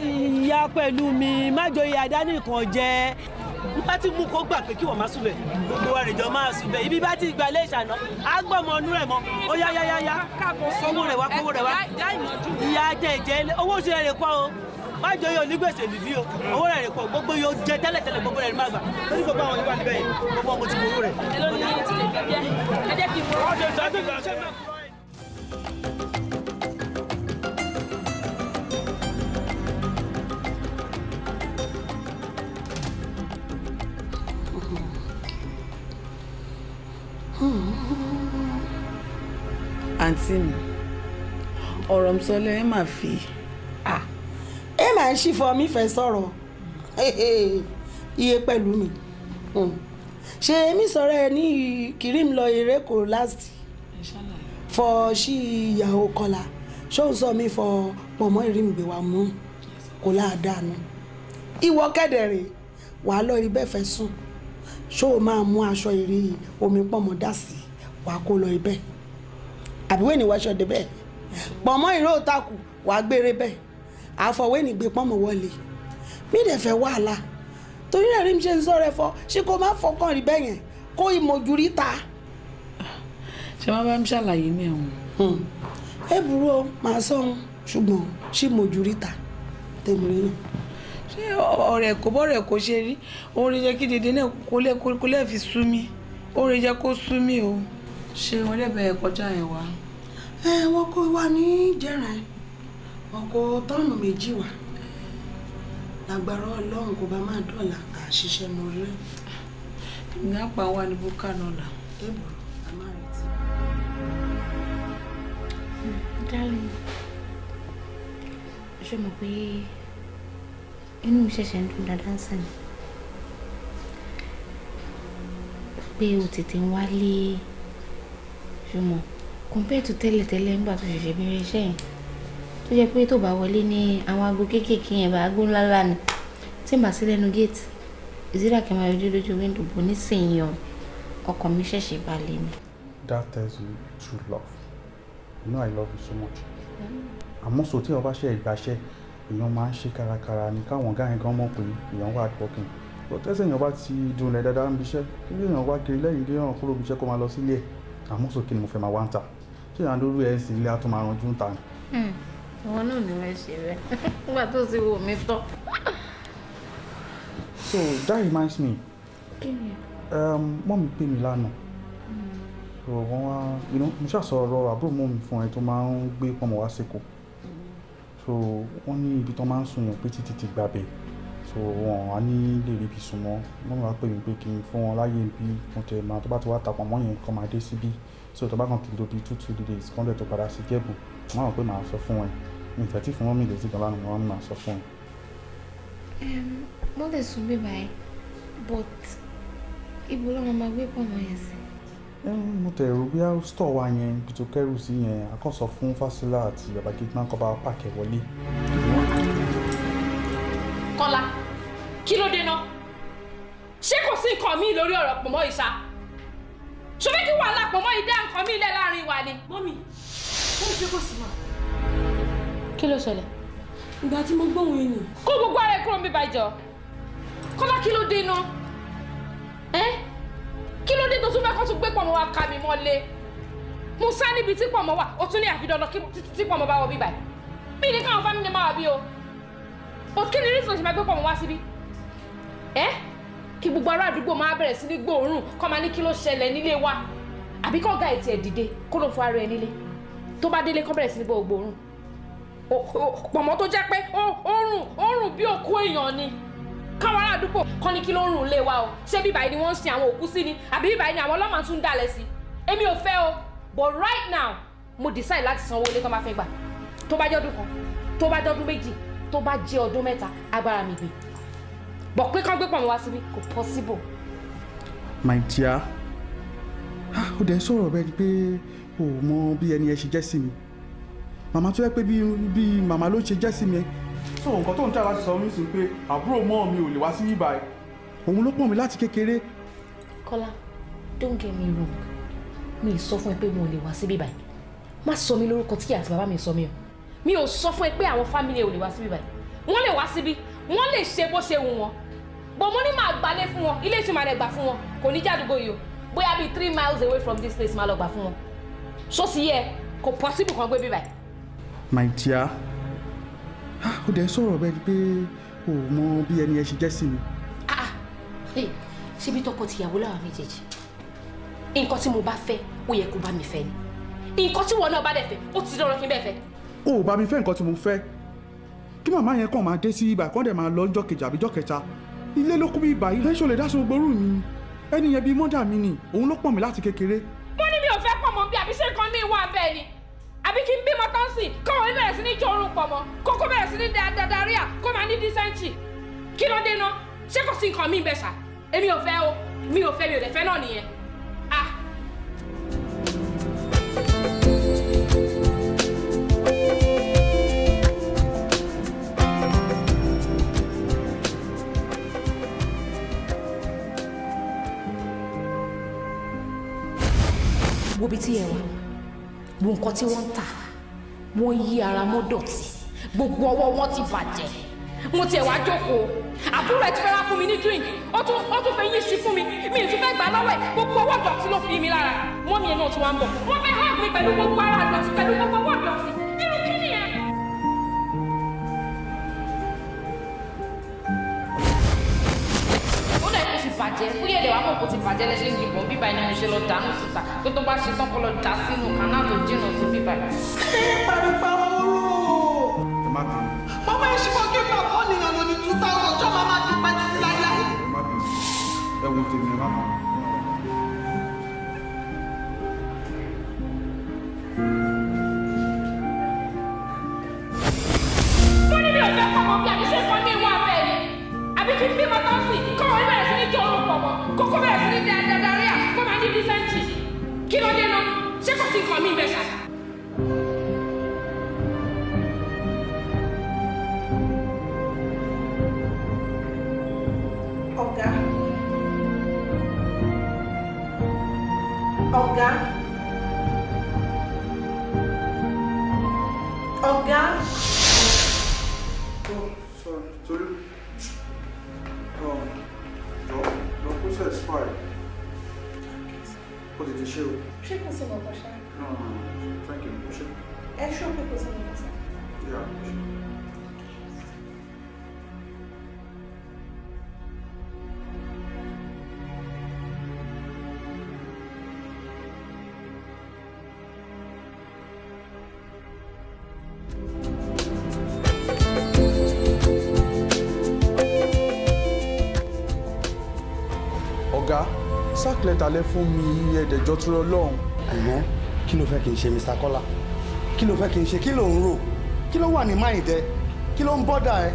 ìyá pẹ̀lú mi májòyè adánìkan jẹ́ bá ti mú kó gbà pé kí wọ́n má súnlẹ̀ gbogbo àrèjọ máa sùn bẹ́ẹ̀ ibi bá ti gba ilé ìṣàná á gbọ́ ọmọ ọdún rẹ̀ mọ́ ó yá yá yá yá owó rẹ̀ wá kówó rẹ̀ wá ìyá jẹ ìjẹ́ owó má jẹ́ yóò ní gbèsè lùdí o owó rẹ̀ pọ̀ gbogbo yóò jẹ tẹ́lẹ̀tẹ́lẹ̀ gbogbo rẹ̀ má gbà lórí gbogbo àwọn ìwà níbẹ̀ yìí gbogbo ọmọ ti mọ̀rọ̀ rẹ̀. ẹ ló ní ẹ ti lè gbé jẹ ẹ jẹ́ kí n mọ̀. àǹtí mi ọ̀rọ̀ mi sọ lẹ́yìn máa fi ẹ máa ń ṣìfọ mi fẹ́ sọ̀rọ̀ iye pẹ̀lú mi hmm. ṣe mi sọ̀rọ̀ ẹ ní kirim lọ ereko last fọ sí ìyàwó kọlà ṣóun sọ mi fọ pọ̀mọ́ ìrìngbè wa mú kò láàdánù ìwọ kẹdẹrẹ wàá lọ rí bẹ́ẹ̀ fẹ́ sùn ṣó o máa mú aṣọ ìrí omi pọ̀mọ́ dà sí wàá kó lọ ibẹ̀ àbíwẹ̀ ni wàá ṣọdẹ ìró òtakù wàá gbére bẹ́ẹ̀ àfọwé ní gbé pọ́nmọ́ wọlé mi dẹ̀ fẹ́ wàhálà torí rẹ̀ rí mi ṣe ń sọ̀rọ̀ ẹ̀fọ́ ṣé kó má fọkàn rí bẹ́ẹ̀ yẹn kó ìmọ̀jú rí ta. ṣé wọn bá ń ṣàlàyé ní ẹ̀wọ̀n. Hmm. ẹ burú o màá sọ̀hún ṣùgbọ́n ṣì mọ̀jú rí ta tẹ̀mí rí náà. ṣé ọ̀rẹ́ kò bọ́rẹ̀ kò ṣe rí oore jẹ́ kí dèdè náà kó lè fi sú mi oore jẹ́ kó sú mi o ṣé wọn lè bẹ̀rẹ̀ kọjá ẹ̀ wá. ẹ wọn kó wa ní ìjẹrin ọkọ̀ tọ́ọ̀nù méjì wà lágbára ọlọ́run kò bá máa dọ̀la àṣìṣe mọ́ rẹ́. ìgbà pa wà ní búkà lọ́la. èèbù a máa retí. Hmm, darling ṣé mo pé inú mi ṣẹ̀ṣẹ̀ ń dùn dáadáa sàn pé o tètè ń wálé ṣùgbọ́n compared to tẹ́lẹ̀tẹ́lẹ̀ nígbà tó ṣẹ̀ṣẹ̀ bẹ̀rẹ̀ iṣẹ́ yẹn tó jẹ́ pé tó bá wọlé ní àwọn aago kéékèèké yẹn bá aago ńláńlá ni tí màá sí lẹ́nu gate ìzíra kí n máa rí lójú wíńdò bò nísìnyí o ọkàn mi ṣẹ̀ṣẹ̀ balẹ̀ ni. that tells you true love you know i love you so much àmọ́ sọ tí ọba ṣe ìgbàṣẹ èèyàn máa ń ṣe kárakára ni káwọn ọ̀gá yẹn gan mọ̀ pé èèyàn wà working but tẹ́sán èèyàn bá ti dùn rẹ̀ dáadáa ń bíṣẹ́ kí èèyàn wá kiri lẹ́yìn dé hàn kúrò bíṣẹ́ kó máa lọ sílé ẹ̀ àmọ́ sọ kí ni mo fẹ́ máa wá ń ta ṣé ìyàn lórí ẹ̀ sí ilé àtúmọ̀ àrùn ojú ń ta ni. Hmm wọn náà ní wọ́n ṣe rẹ̀ nígbà tó ti wò mí tán. so that reminds me um, mọ́ mi pè mí lánàá hmm. wọ́n wá mo ṣàṣọ̀rọ̀ àbúrò mọ́ mi fún ẹ tó máa ń gbé pọ̀mọ̀ wá sí kò hmm. so wọ́n ní ibi tó máa ń sùn yàn pé títí ti gbàbẹ̀ so wọn á ní lè rí ibi sùn mọ́ wọ́n mi wá pè mí pé kí n fún wọn láyè bí wọ́n tẹ̀ máa tó bá ti wá tapọ̀ mọ́ yẹn kọ́ máa dé síbí so tó bá kàn kí n tó two two days kọ́ńdẹ̀ tó padà sí jẹ́bù wọ́n á rò pé sọ fún wọn mi tẹ̀tí fún mọ́mí ìdọ̀tí kan lánàá wọn máa sọ fún un. wọ́n lè sùn bí báyìí but ibo ló máa gbé pọ̀nmọ́ yẹn sí. mo tẹ̀ rò bí stọ̀ wa yẹn ibi tó kẹ́rù sí yẹn akọ́sọ fún Fásilà àti bàbá gígbà kọ́ bá pàkẹ́ wọlé. Kọ́lá kí ló dé náà ṣé kò sí nǹkan míì lórí ọ̀rọ̀ pọ̀nmọ́ ìṣá ṣùgbọ́n kí wàhálà pọ̀nmọ́ ìdá nǹkan míì lẹ́ láàrin wa ni. mọ́mì ó ń ṣe kó sì máa kí ló ṣẹlẹ̀. ìgbà tí mo gbóhùn yìí nì. kó gbogbo ara ẹ kúrò níbi ìbàjọ́ kọ́lá kí ló dé iná ẹ́ kí ló dé tó tún fẹ́ kó tún gbé pọ̀mọ́ wa ka mi mọ́lé mo sá níbi tí pọ̀mọ́ wà ó tún ní àfi dandan tí pọ̀mọ́ bá wọ bí báyìí bí ní káwọn fámìlì máa bí o o kí ni reason ṣe máa gbé pọ̀mọ́ wá síbí ẹ́ kí gbogbo ará àdúgbò máa bẹ̀rẹ̀ sí ní gbòòrùn kó máa ní kí ló ṣẹlẹ̀ nílé wa àbí kó ga ètì ẹ̀ dìde kó ló fọ ara ẹ nílé tó bá délé kó bẹ̀rẹ̀ sí ní gbòòrùn pọ̀mọ́ tó jẹ́ pé ó rùn ó rùn bí òkú èèyàn ni káwọn àdúgbò kọ́ ni kí ló rùn lé wa o ṣé bí báyìí ni wọ́n ń sin àwọn òkú sí ni àbí bí báyìí ni àwọn ọlọ́mà tún ń dalẹ̀ sí èmi ò fẹ́ o but right now mo decide láti sanwó ilé tó máa fẹ́ gbà tó bá jẹ́ ọdún kan tó bá jẹ́ ọdún méjì tó bá jẹ́ ọdún mẹ́ta agbára mi gbé bọ̀ pé kán gbé pọ̀ mi wá síbí kò possible. my dear ah, ó dẹ̀ sọ̀rọ̀ bẹ́ẹ̀ ni pé o mọ bí ẹni ẹ ṣe jẹ́ sí mi màmá tó yẹ pé bí màmá ló ṣe jẹ́ sí mi. so nǹkan tó ń tẹ́ sọ mí sí pé àbúrò mọ́ mi ò lè wá sí yíba ẹ̀. òun ló pọ̀ mí láti kékeré. kọ́lá don't get me wrong mi ì sọ fún ẹ pé mo ò lè wá sí bíbá ẹ má sọ mi lórúkọ tí àti bàbá mi sọ mi o mi ò sọ fún ẹ pé àwọn fámìlì ò lè wá sí bíbá ẹ wọ́n lè wá síbí wọ́n lè ṣe bó ṣe wù wọ́n bọ̀ mo ní màá gbalé fún wọn ilé ìtumọ̀ rẹ̀ gbà fún wọn kò ní jádùgbò yìí o bóyá bíi three miles away from this place máa lọ gbà fún wọn ṣó yẹ kò possible kan gbé bíbá my dear ah, ó dẹ̀ sọ̀rọ̀ bẹ́ẹ̀ pé kò mọ bí ẹni ẹ ṣe jẹ́ sí mi. Ah, ah, ṣebí tọkọ tìyàwó làwọn méjèèjì nǹkan tí mo bá fẹ́ ó yẹ kó bá mi fẹ́ ni nǹkan tí wọn náà bá dẹ̀ fẹ́ ó ti dọ̀rọ̀ kí n bẹ́ẹ̀ fẹ́. o ò bá mi fẹ́ nǹkan tí mo fẹ́ kí màmá yẹn kàn máa dé sí ibà kán dẹ̀ máa lọ ọjọ́ kejì àbíjọ́ kẹta ilé ló kú bí ibà yìí lẹ́sọ̀ lè dá sóun gbórù mi ẹni yẹn bíi mọ́dà mi ni òun ló pọ̀ mí láti kékeré. mo ní mi ò fẹ́ pọ̀ mọ́ bí àbíṣe kan mi wà bẹ́ẹ̀ ni àbí kí n bímọ tán sí kọ́wọ́ ní bẹ̀rẹ̀ sí ní jọrun pọ̀ mọ́ kókó bẹ̀rẹ̀ sí ní dáadáa kó máa ní dísẹ́ǹtì kí ló dé náà ṣé kò sí nǹkan mi bẹ̀ ṣá èmi ò fẹ́ o mi ò fẹ́ mi ò dẹ̀ fẹ́ náà nìyẹn ah wo bi ti yẹ wa wo nǹkan tí wọ́n ń tà wọ́n yí ara mọ́ dọ̀tí gbogbo ọwọ́ wọn ti bàjẹ́ mo tiẹ̀ wá jókòó àbúrò ẹ̀ ti fẹ́ wá fún mi ní drink ó tún ó tún fẹ́ yí sí fún mi mi ì tún fẹ́ gbà lọ́wọ́ ẹ̀ gbogbo ọwọ́ dọ̀tí ló fi mi lára mọ́mí ẹ̀ náà tún wá ń bọ̀ wọ́n fẹ́ hàn mí pẹ̀lú gbogbo ara dọ̀tí pẹ̀lú gbogbo ọwọ́ dọ̀tí bàjẹ́ fúyẹ́ ìdẹ̀wà mọ̀ kó ti bàjẹ́ lẹ́sẹ̀ ń gbìbọn bíbá iná ẹ̀ṣẹ̀ lọ dànù síta pé tó bá ṣe tán kọ́ lọ dà sínú kaná tó jìnnà sí bíbá. pàrọ̀pà ooru. mama ẹ ṣùgbọ́n kí ìgbà kan nìyànjú ní two thousand ọjọ́ mama ti pẹ́ títí láyé. ẹ wo tèmi ẹ má bọ̀. talẹ́ fún mi ẹ̀dẹ̀jọ́ tó lọ́hùn. àná kí ló fẹ́ kí n ṣe Mr. Kọ́lá kí ló fẹ́ kí n ṣe kí ló ń rò kí ló wà ní mind kí ló ń bọ́dà ẹ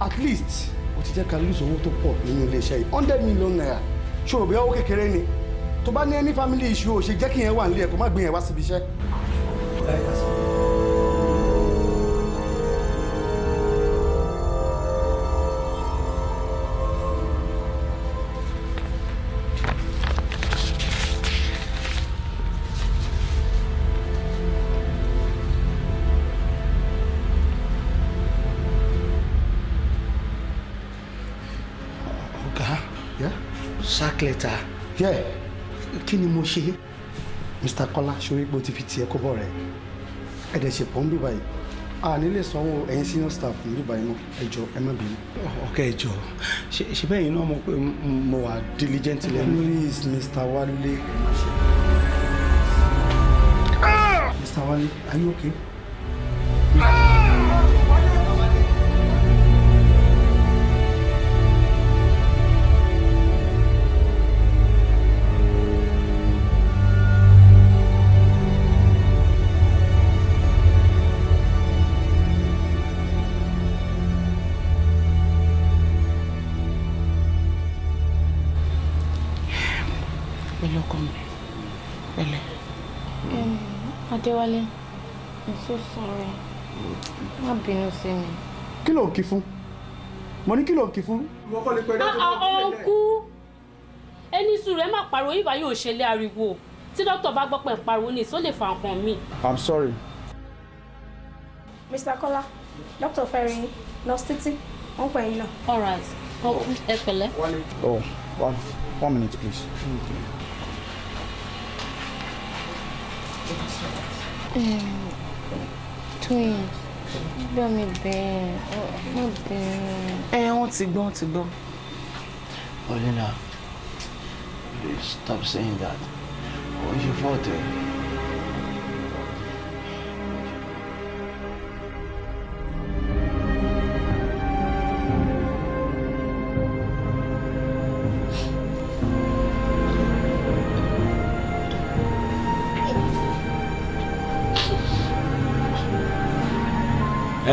at least o ti jẹ́ ká lose owó tó pọ̀ nínú iléeṣẹ́ yìí hundred million naira ṣòro bí ọwọ́ kékeré ni tó bá ní ẹni family issue o ṣe jẹ́ kí yẹn wà nílé ẹ̀ kó má gbé wá síbi iṣẹ́. letter. yeah kí ni mo ṣe mr kọ́lá sori pé o ti fi tiẹ̀ kó bọ̀ rẹ̀ ẹ̀dẹ̀ ṣe pọ̀ ń bí báyìí a nílé sanwó ẹ̀yin senior staff ń bí báyìí mọ́ ẹ jọ̀ọ́ ẹ má bínú. ọ̀kẹ́ ẹ jọ̀ọ́ ṣe bẹ́ẹ̀ yín náà mọ̀ pé mo wà diligent lẹ́nu. please mr wale. mr wale are you okay. Adéwálé, I'm so sorry. Má bínú sí mi. Kí ló ń kí fún? Mo ní kí ló ń kí fún? Ìwọ kọ́ lè pẹ́ dọ́tò tó ń ah, kú. Ẹni sùn rẹ̀ máa pariwo yìí bá yóò ṣẹlẹ̀ ariwo. Tí dókítà bá gbọ́ pẹ̀ pariwo ni ìsó lè fa nǹkan mi. I'm sorry. Mr. Kola, dókítà fẹ́ rí nọ́ọ̀sì títí, wọ́n pẹ̀ yín náà. All right, ẹ pẹ̀lẹ́. Oh, one, one minute please. Okay. Um, Twin, gbọ́ mi bẹ́ẹ̀ mo bẹ̀rẹ̀. ẹ wọ́n ti gbọ́ ti gbọ́. Olina, please stop saying that. Ó ṣe fọ́ọ̀tẹ̀.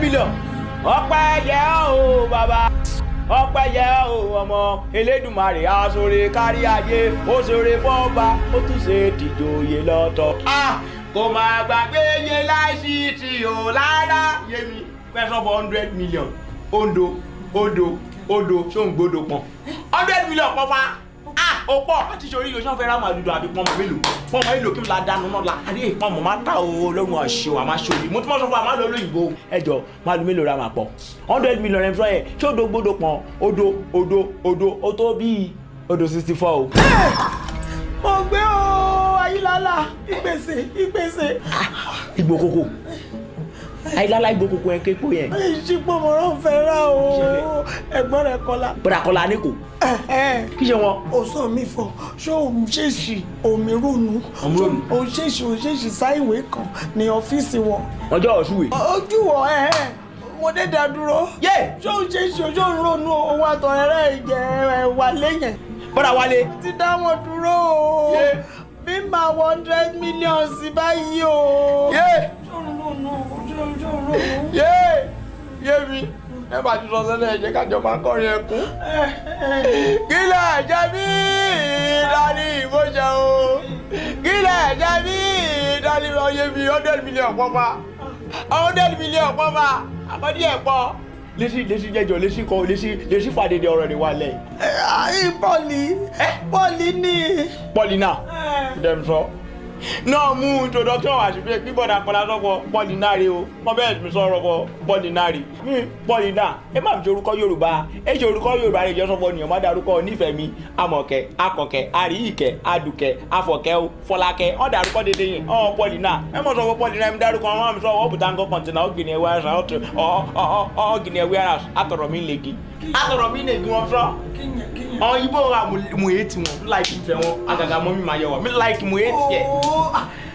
ten million ọpẹ́ yẹ o baba. ọpẹ́ yẹ o ọmọ Elédùmarè aṣọre kárí ayé ó ṣoore fọ́ba ó tún ṣe dìjòyè lọ́tọ̀. kò máa gbàgbé yé láìsí ti ò lára yémi pẹ́sọ́ fún hundred million ondo odo odo ṣóǹgbódo pọ̀ hundred million pọ̀ fa ó pọ̀ láti ṣe orí yóò ṣàn fẹ́ ra àbí pọ́nmọ́ mélòó pọ́nmọ́ mélòó kí n la dànù náà la àdé máa ta o lọ́rùn ọ̀ṣẹ́ wa máa ṣòrí mo tún máa sọ fún wa máa lọ lóyìnbó ẹjọ́ màdù mélòó ra màá pọ̀ hundred million ẹ̀ fúnra yẹn ṣé odò gbódò pọ̀n odò odò odò ó tó bíi odò sixty four o. mo gbé o ayílálà ìgbèsè ìgbèsè. ìgbòkókò àìláláì gbogbo ẹ képo yẹn. ṣùgbọ́n mo rán fẹ́ rà o ẹ̀gbọ́n rẹ̀ kọ́lá. bọ̀dà kọ́lá ní kò. kí ṣe wọn. o sọ mi fọ ṣé òun ṣèṣì omi rònú òun ṣèṣì òun ṣèṣì sáìwé kan ní ọ́fíìsì wọn. ọjọ́ ọ̀ṣùwẹ̀. ojú wọ ẹ ẹ mo dé dá dúró. ṣé òun ṣèṣì ojú òun rònú òun àtọ̀rẹ́rẹ́ ìjẹ́ wà lẹ́yìn. bọ́dà wálé. ti dá wọn dúró o bí máa wọ hundred million sí báyìí o. yé yé yé mi ẹ bá ti sọ sẹ́lẹ̀ ẹ jẹ́ kájọ máa kọrin ẹkún. kílẹ̀ ẹ̀jẹ̀ mi dání ìmọ̀ṣẹ́ o kílẹ̀ ẹ̀jẹ̀ mi dání ọyẹ mi hundred million pọ́pá hundred million pọ́pá àkọ́dí ẹ̀ pọ́ léṣi léṣi jẹjọ léṣi kọ léṣi léṣi fàdédé ọ̀rọ̀ rẹ̀ wà lẹ̀. ayé pọ́ọ̀lì pọ́ọ̀lì ni. pọ́ọ̀lì na? dẹ́mi sọ náà mú introduction wá sí pé bíbọ̀dà kọ́lá sọ́kọ pọ́línárì o wọ́n bẹ̀rẹ̀ mi sọ̀rọ̀ kọ pọ́línárì mi pọ́línà ẹ má fi orúkọ yorùbá ẹ ṣe orúkọ yorùbá rẹ jọ́sọ̀ fọ́ nìyẹn má darúkọ onífẹ̀mí amọ̀kẹ́ akọ̀kẹ́ àríyìkẹ́ adùkẹ́ afọ̀kẹ́ o fọlákẹ́ ọ̀ darúkọ dédé yẹn ọ̀ pọ́línà ẹ mọ̀ sọ̀rọ̀ pọ́línà ẹ mi darúkọ wọn mi sọ̀rọ̀ ọ̀bùtà ńkọ kọ̀ǹtìnà ọ̀gìnì ẹ̀wẹ̀ àṣà ọ̀gìnì ẹ̀wẹ̀ àṣà àtọ̀rọ̀ mi lè gi àtọ̀rọ̀ mi lè gi wọn sọ. kí ni àwọn yìí bọ̀ wà mo yé ti wọn mi like ìfẹ́ wọn àgàgà mọ́ mi máa yẹ wà mi like mo yé tiẹ̀.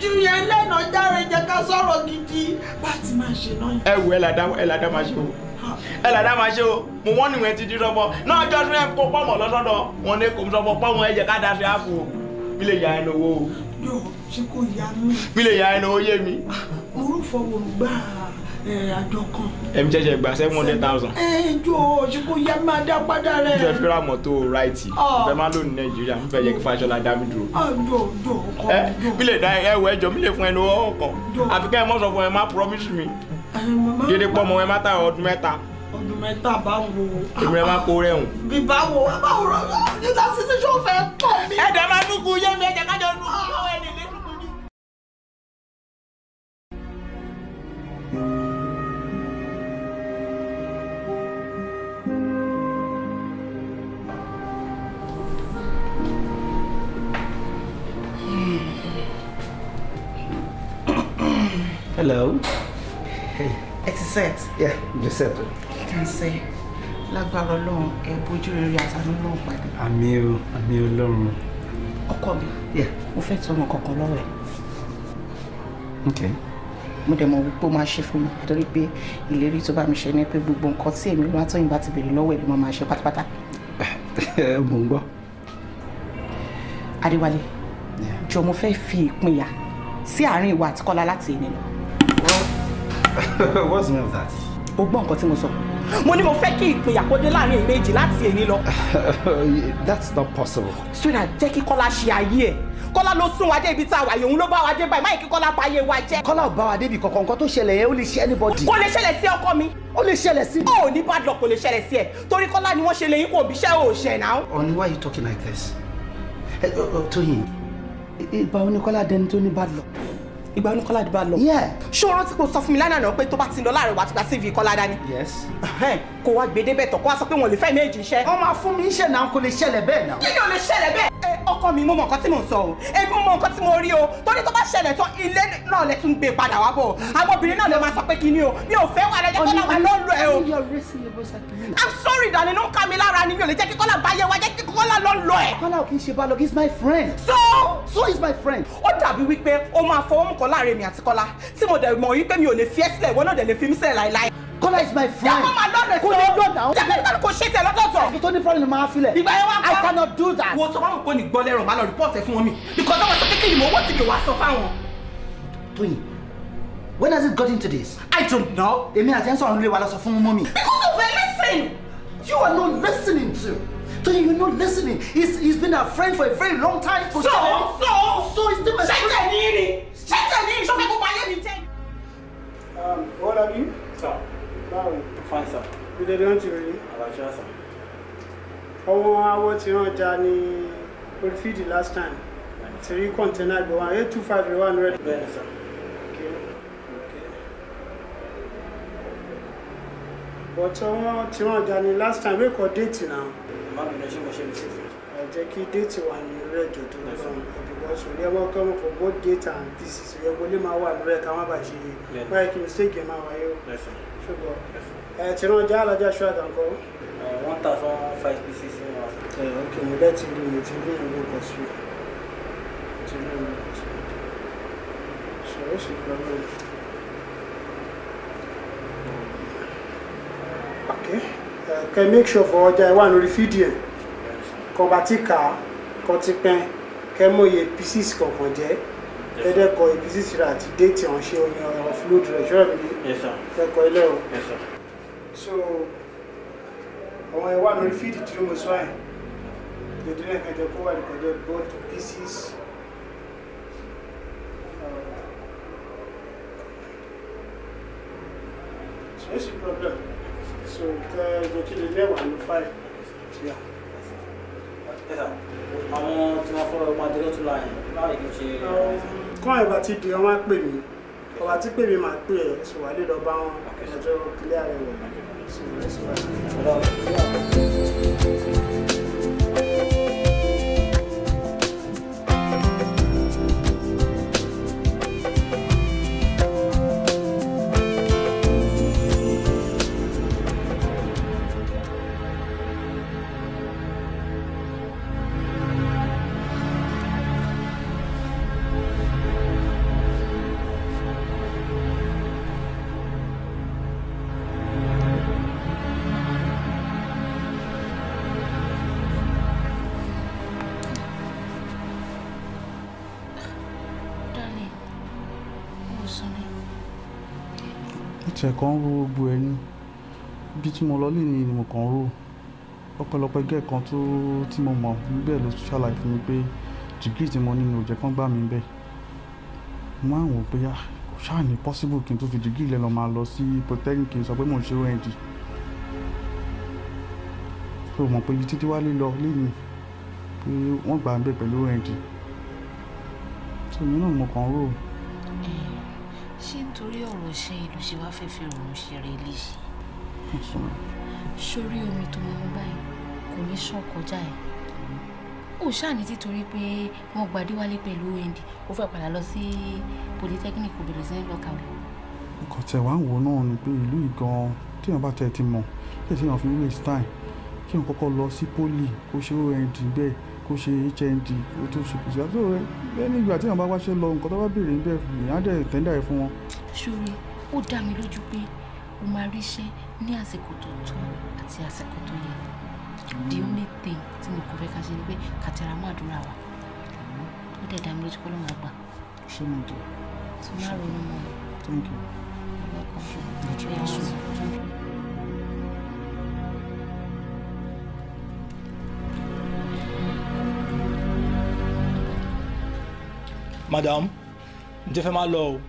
jùyẹn lẹ́nà járe jẹ́ ká sọ̀rọ̀ gidi bá a ti máa ṣe náà. ẹ wo ẹ làdá ẹ làdá máa ṣe o ẹ làdá máa ṣe o mo wọ́n nìwọ̀n ti di rọ́bọ náà jọ tún ẹ kó pọ́mọ̀ lọ́sọ́dọ̀ wọn ní kò sọ́bọ̀ pọ́mọ̀ ẹ jẹ́ ká daṣẹ́ àpò mi lè yà ẹ lówó o. yóò ṣe kó yá mi. mi lè yà ẹ lówó yé mi. mo ah, rúfọ wòlùgbà àjọkan. ẹ̀mí ṣẹ̀ṣẹ̀ gba seven hundred thousand. ẹ jọ òṣìkò yẹ máa dá padà rẹ. ìfẹ́ fẹ́ra mọ́tò ráìtì ìfẹ́ máa lò ní nàìjíríà ń fẹ́ yẹ kí fàṣọlá dá mi dúró. jọ jọ kọ jọ. mi lè dá ẹwọ ẹjọ mi lè fún ẹ ní owó kan àfi ká ẹ mọ̀ sọ fún ẹ má promise mi. dédé pọ́ mọ́ ẹ má ta ọdún mẹ́ta. ọdún mẹ́ta bá wo. èmi ẹ má kó rẹ̀ hùn. bí bá wo ẹ bá wo nígbà sísè ṣó fẹ́ tọ̀ mí. ẹ dẹ̀ máa dúkú yé mi ẹ jẹ́ kájọ dúkú lọ́wọ́ Hello. Hey. Ẹ set. Yeah, I'm just set. You can say. Lágbára Ọlọ́run ẹ bójú rere àtàlú Ọlọ́run pàdé. Àmì o, àmì Ọlọ́run. Ọkọ mi. Yeah. Mo fẹ́ tọmọ kankan lọ́wọ́ ẹ̀. Okay mo dẹ̀ mọ̀ wípé ó máa ṣe fún mi torí pé ìlérí tó bá mi ṣe ni pé gbogbo nǹkan tí èmi wá tóyìn bá ti bèrè lọ́wọ́ ẹ̀ mo máa ṣe pátápátá. mo ń gbọ́. Adéwálé jọ mo fẹ́ fi ìpínyà sí àárín ìwà àti lati ni. ènìyàn what's the meaning of that? o gbọ́ nǹkan tí mo sọ mo ní mo fẹ́ kí ìpínyà kó dé láàrin ìméjì láti èyí lọ. that's not possible. sọ́dà jẹ́ kí kọ́lá ṣe ayé ẹ̀ kọ́lá ló sún wa dé ibi tá a wà yòówù ló bá wa dé báyìí máyì kí kọ́lá bá yé wa jẹ́. kọ́lá ò bá wa débi kankan nǹkan tó ṣẹlẹ̀ yẹn ó lè ṣe anybody. kò lè ṣẹlẹ̀ sí ọkọ mi. ó lè ṣẹlẹ̀ sí. ó ní bad luck kò lè ṣẹlẹ̀ sí ẹ torí kọ́lá ni wọ́n ṣe lè yín kò bí iṣẹ́ why you talking like this? Eh, oh, oh, Tóyìn ìgbà oníkọ́lá dẹni tó ní bad luck ìgbà ní kọ́ládé bá lọ. ṣé o rántí pé o sọ fún mi lánàá náà pé tó bá ti lọ láàrin wa ti gba cv kọ́ládé ni. kó wá gbèdébẹ̀ tọ̀ kó wá sọ pé wọn ò lè fẹ́ méjì iṣẹ́. ọmọ fún ń ṣẹ̀ náà kò lè ṣẹlẹ̀ bẹ́ẹ̀ náà. kí ni ò lè ṣẹlẹ̀ bẹ́ẹ̀ ọkọ mi mọ nǹkan tí mò ń sọ o èmi mọ nǹkan tí mo rí o torí tó bá ṣẹlẹ̀ tán ilé náà lẹ tún gbé padà wá bọ̀ àwọn obìnrin náà lè máa sọ pé kí ni o mi ò fẹ́ wà lẹ́jọ́ kọ́lá wà lọ́lọ́ ẹ o. I'm sorry darling ló ń ká mi lára ni mi ò lè jẹ́ kí kọ́lá báyẹ̀ wá jẹ́ kí kọ́lá lọ́lọ́ ẹ̀. kọ́lá ò kì í ṣe bá lọ he's my friend. so so he's my friend. ó dàbí wípé ó máa fọwọ́ mú kọ́ láàrin mi àti kọ́lá tí mo dẹ̀ mọ̀ wípé mi ò lè fi ẹ́ sílẹ̀ ìwọ náà dẹ̀ lè fi mí Kọ́lá is my friend. Yàrá máa lọ́nà ìfọ́. Kó lè lọ náà. Jẹ́ pẹ́ẹ́tà kò ṣe tẹ̀ lọ́tọ̀ọ̀tọ̀. Ibi tó ní problem máa filẹ̀. Ìgbà yẹn wá kọ́. I cannot do that. Wo sọ fún àwọn kò ní gbọ́ lẹ́rọ̀ máa lọ report ẹ̀ fún wọn mi. Because àwọn sọ kékeré mọ̀ owó ti mi wá sọ fáwọn. Tóyìn, when has it got into this? I don't know. Èmi àti Ẹ̀sán Ọ̀run lè wà lọ sọ fún mọ́mì. Because of her listening. You are not listening to. Tóyìn, you are not listening. He's, he's been our friend for a very long time. So, so, so he's still my friend. Ṣé tẹ̀lé ni? Ṣé tẹ̀lé ni? Ṣọ́fẹ́ gbogbo Um, what have you? Sir báwo fine sir ìdẹ̀dẹ̀ ń tìrì àlàáfíà sir ọwọ́n awọ tí wọ́n já ní orí last time tìrí kọ̀ǹtẹ́nà àgbẹ̀ wa eight two five one hundred. bẹ́ẹ̀ni sir. bọ̀tọ̀ wọn tí wọ́n já ní last time wékọ̀ déètì náà. má bínú ṣé mo ṣe mi sí fún jẹ́ kí déètì wà ní rẹ̀ jòjò lọ́sàn because we never come for both date and this is we wọlé máa wà ní rẹ̀ ká má bàa ṣe báyìí kí mistake yẹn máa wáyé o ṣùgbọ́n ẹ ti rán jẹ́ alájà ṣọ́ àdàkọ́. one thousand five pieces ní wa. ẹ ok mo bẹ́ẹ̀ ti rí mo ti rí ìlú kọ̀sùn mo ti rí ìlú kọ̀sùn ṣòro sì gbọ́ lórí. ok kẹ make sure fọ ọjà ẹ wà lórí fídíò kọba tí kà á kọ ti pẹ́ kẹ mọ̀ iye pieces kọ̀ọ̀kan jẹ́ tẹ́lẹ̀ kọ APC síra àti déètì ọ̀hún ṣe oyin offload rẹ̀ ṣọ́ọ̀ mi kẹ́kọ̀ọ́ ilé o. so àwọn ẹ̀wà lórí fíìdì tí ó mọ̀ sọ́ọ̀ ẹ̀ jẹ̀dínlẹ̀ kẹjọ kó wà nìkan jẹ́ both pieces. so it's a problem so kẹjọ kí lè lẹ́wà ló fáì. Yeah àwọn tí wọ́n fọ́ ọmọ adé lọ́tún láàyè láàyè kí n ṣe. Um, kọ́ ẹ̀ bá ti di wọn pè mí ọba tí pè mí máa pè ẹ̀ sùwálé lọ bá wọn ọjọ́ kílẹ̀ rẹ̀ wọ̀ ọ̀dọ̀ ṣe kàn ń ro gbogbo ẹ ní tí mo lọ lè ní ni mo kàn ń ro ọpẹ́lọpẹ́ gẹ́ẹ̀ kan tó tí mo mọ̀ níbẹ̀ ló ṣàlàyé fún mi pé dìgírì tí mo ní ni ò jẹ́ kán gbà mí bẹ́ẹ̀ mo máa ń wò pé ah, kò ṣáà ní possible kí n tó fi dìgírì lẹ́nu máa lọ sí polytechnic sọ pé mò ń ṣe ond pé o mọ̀ pé ibi títí wá lílọ lẹ́yìn pé wọ́n gbà ń bẹ̀ pẹ̀lú ond tòmí náà mo kàn ń rò ó torí ọ̀rọ̀ iṣẹ́ ìlú ṣe wá fẹ́fẹ́ òun ṣeré léṣe. sórí omi tó mọ báyìí kò ní sàn kọjá ẹ̀ ó ṣàní títorí pé wọ́n gba adéwálé pẹ̀lú ond ó fẹ́ padà lọ sí polytechnic kò bẹ̀rẹ̀ sí ní lọ́kàwé. nǹkan tẹ̀ wá ń wò náà ni pé ìlú ìgan téèyàn bá tẹ̀ ti mọ̀ téèyàn fi waste time kí n kọ́kọ́ lọ sí poli kó ṣe ond bẹ́ẹ̀ kó ṣe HND kó tó ṣe kùsà tó rẹ lẹ́ni ìgbà tí àwọn bá wáṣẹ́ lọ nǹkan tó bá béèrè ń ìyá dẹ̀ tẹ́ndà ẹ̀ fún wọn. ṣòro ó dá mi lójú pé o máa rí iṣẹ́ ní àsìkò tó tó àti àsìkò tó yẹ the only thing tí mo kò fẹ́ ká ṣe ni pé ká tẹra mọ́ àdúrà wa ó dẹ̀ dá mi lójú pé lóun àgbà. ṣé mo dé. tí mo máa ronú mọ́ thank you. you're welcome. madam n ti fẹ́ máa lọ o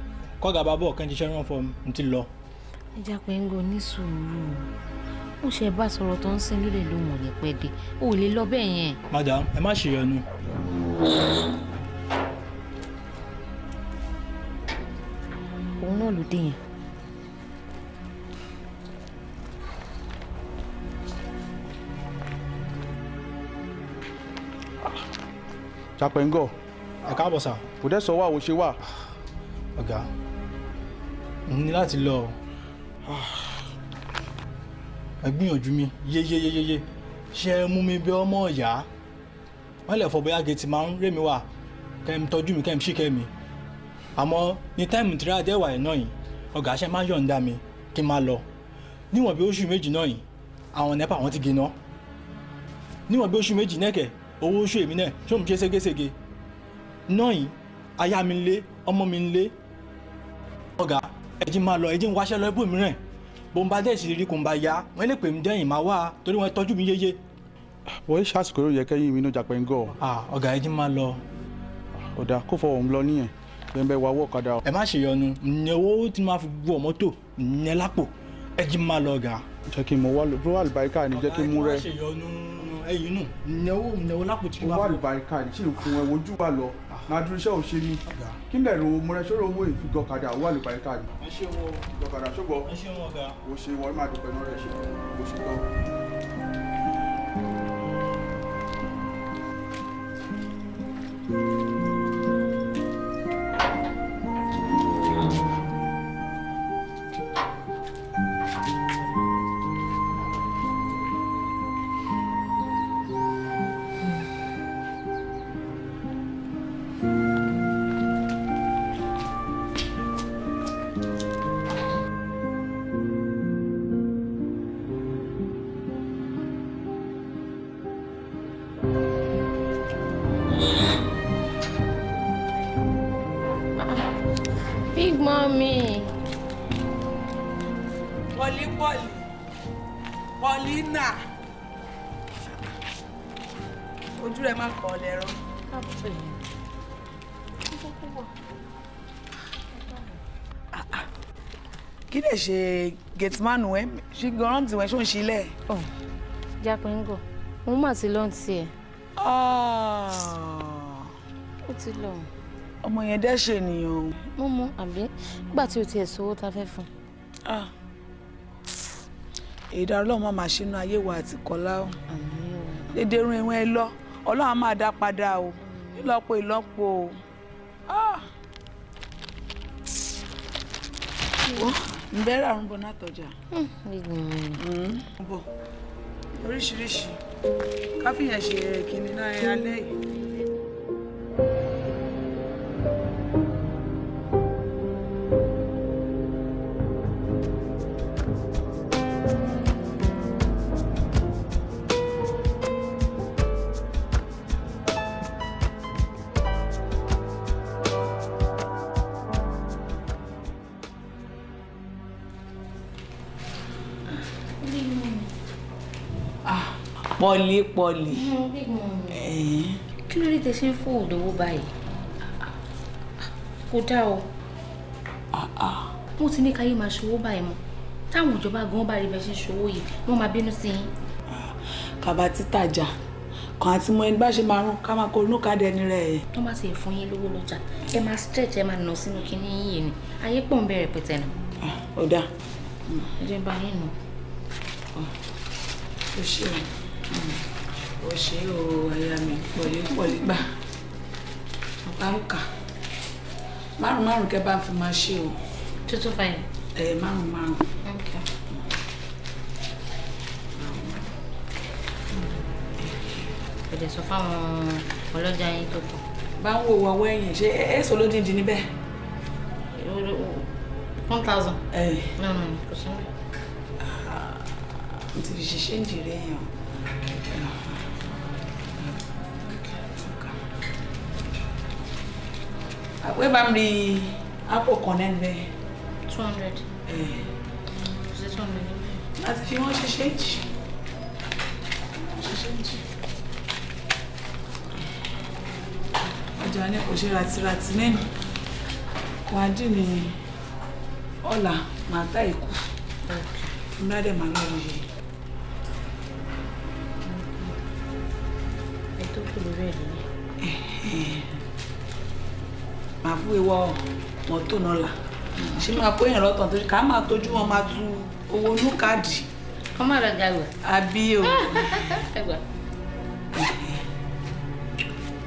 kọ́gà bá bọ̀ kẹ́ ń ṣiṣẹ́ rán fún mi n ti lọ. ẹja pẹ́ńgò ní sùúrù mo ṣe bá sọ̀rọ̀ tó ń sin lóde ló mọ̀ yẹn pẹ́ẹ́dẹ́ o ò lè lọ bẹ́ẹ̀ yẹn. madam ẹ má ṣèyọnu. òun náà ló dé yẹn. Chapengó. Ẹ káàbọ̀ sá kò dẹ́ sọ wá ò ṣe wà. ọ̀gá mo ní láti lọ ọ ẹ gbìyànjú mi yéyéyéyé ṣé ẹ mú mi bí ọmọ ọ̀yá wọ́n lè fọ bóyá gẹ̀ẹ́tì máa ń rémi wá kẹ́ mi tọ́jú mi kẹ́ mi ṣìkẹ́ mi àmọ́ ní táìmù tí ráàdé wà náà yìí ọ̀gá ṣe máa yọ̀ǹda mi kí n máa lọ níwọ̀n bí oṣù méjì náà yìí àwọn nẹ́pà wọn ti gbiná níwọ̀n bí oṣù méjì nẹ́kẹ̀ owó oṣù èmi náà ṣé òun ṣe ségesège náà yìí aya mi ń lé ọmọ mi ń lé ọ̀gá ẹ̀jẹ̀ máa lọ ẹ̀jẹ̀ ń wáṣẹ́ lọ ẹ̀bùn mìíràn bó ń bá dé ìṣìírí kò ń bá ya wọ́n lè pè mí dẹ́yìn máa wá torí wọ́n tọ́jú mi yéye. wọ́n yé ṣàṣìkò yóò yẹ kẹ́yìn mi náà jàpẹ́ ń gọ̀. ọ̀gá ẹ̀jẹ̀ máa lọ. ọ̀dà kó fọ òun lọ nìyẹn bẹ́ẹ̀ bẹ́ẹ̀ wá wọ́ ọ̀kadà. ẹ má ṣèyọnu ǹyẹn owó tí máa fi wọ mọ́tò ǹyẹn lápò ẹ̀jẹ̀ máa lọ ọ̀gá. jẹ́ kí n mọ wá lọ bro àlùbáríkà ni jẹ́ kí n mú rẹ. ọ̀gá ẹyin nù nẹwó nẹwó lápòtí kí n bá fún. owó àlùbáríkà ní ṣì ń fún ẹ wojú wa lọ nàdúró ah. iṣẹ́ òṣè ni kí n lẹ̀rọ mọ̀rẹ́sọ́rọ̀ owó ìfigọ́kadà owó àlùbáríkà ni. ẹ ṣe wọn ìfigọ́kadà ṣùgbọ́n ẹ ṣe wọn ọ̀gá. o ṣe wọn máa dúpẹ́ náà rẹ̀ ṣe o ṣe lọ. thank you ṣe gateman oh. ẹ ṣe gan rántí wọn ṣó ń ṣílẹ̀. japingo òun mà ti lọ tiẹ̀. ó ti lọ. ọmọ yẹn dẹ́ ṣe ènìyàn o. mo mọ àbí nígbà tí o tiẹ̀ sówó ta fẹ́ fún. Ah. èdè ọlọ́run máa ṣe inú ayé wa àti kọ́lá o dédé rún ẹ̀wọ̀n ẹ lọ ọlọ́run á máa dá padà o ìlọ́po ìlọ́po o. Ah. Oh ǹbẹ́rẹ́ àrùn bọ̀ náà tọjà. Hmm, hmm. bọ̀ oríṣiríṣi káfíyàn ṣe eh, kìnìún náà eh, alẹ́ yìí. pọ̀lìpọ̀lì. Mm-hmm. Eh. kí ló dé tẹ ṣe ń fún òdòwó báyìí kò dá o ah, ah. mo ti ní káyé máa ṣòwò báyìí mọ́ táwọn ìjọba gan bá rí bẹ ṣe ń ṣòwò yìí wọ́n máa bínú sí yín. kàbá títàjà kan àti mọ ẹni bá ṣe máa rún ká máa koronú ká dẹni rẹ. tó bá ti fún yín lówó lọ́jà ẹ máa stretch ẹ máa nà sínú kinní yìí ni ayé pọ̀ ń bẹ̀rẹ̀ pẹ̀tẹ̀ nù. Ah, ó dáa. ẹ jẹ́ bá yín nù. ó ṣe é ó ṣe o aya mi pọ̀lẹ́ pọ̀lẹ́ gbà ọ̀kárùkà márùn márùn kẹ bá ń fi máa ṣe o. two two five. ẹ márùn márùn. ẹ̀dẹ̀ sọ fáwọn ọlọ́jà yín tó tọ̀. bá ń wo ọwọ́ ẹ̀yìn ṣe ẹ sọ ló dín dín níbẹ̀. one thousand. ẹ ẹ kò sí. Ah, mo ti fi ṣe ṣéǹjì rẹ̀ yàn. Wema mli hapo konenbe. 200. Eh. Ze 200. Ati fi won sise nji. Sise nji. Ọjà ni kò ṣe ratirati nẹ́nu. Kò á dì ní ọ̀la màá tá ìkú. Ìmúládẹ̀ màá lọ́rọ̀ yìí. fún ìwọ mọ́tò náà là ṣé máa kó èèyàn lọ́tàn tó ká máa tójú wọn máa tu owó inú káàdì. kọ́ má lọ ga ìwà. àbí o.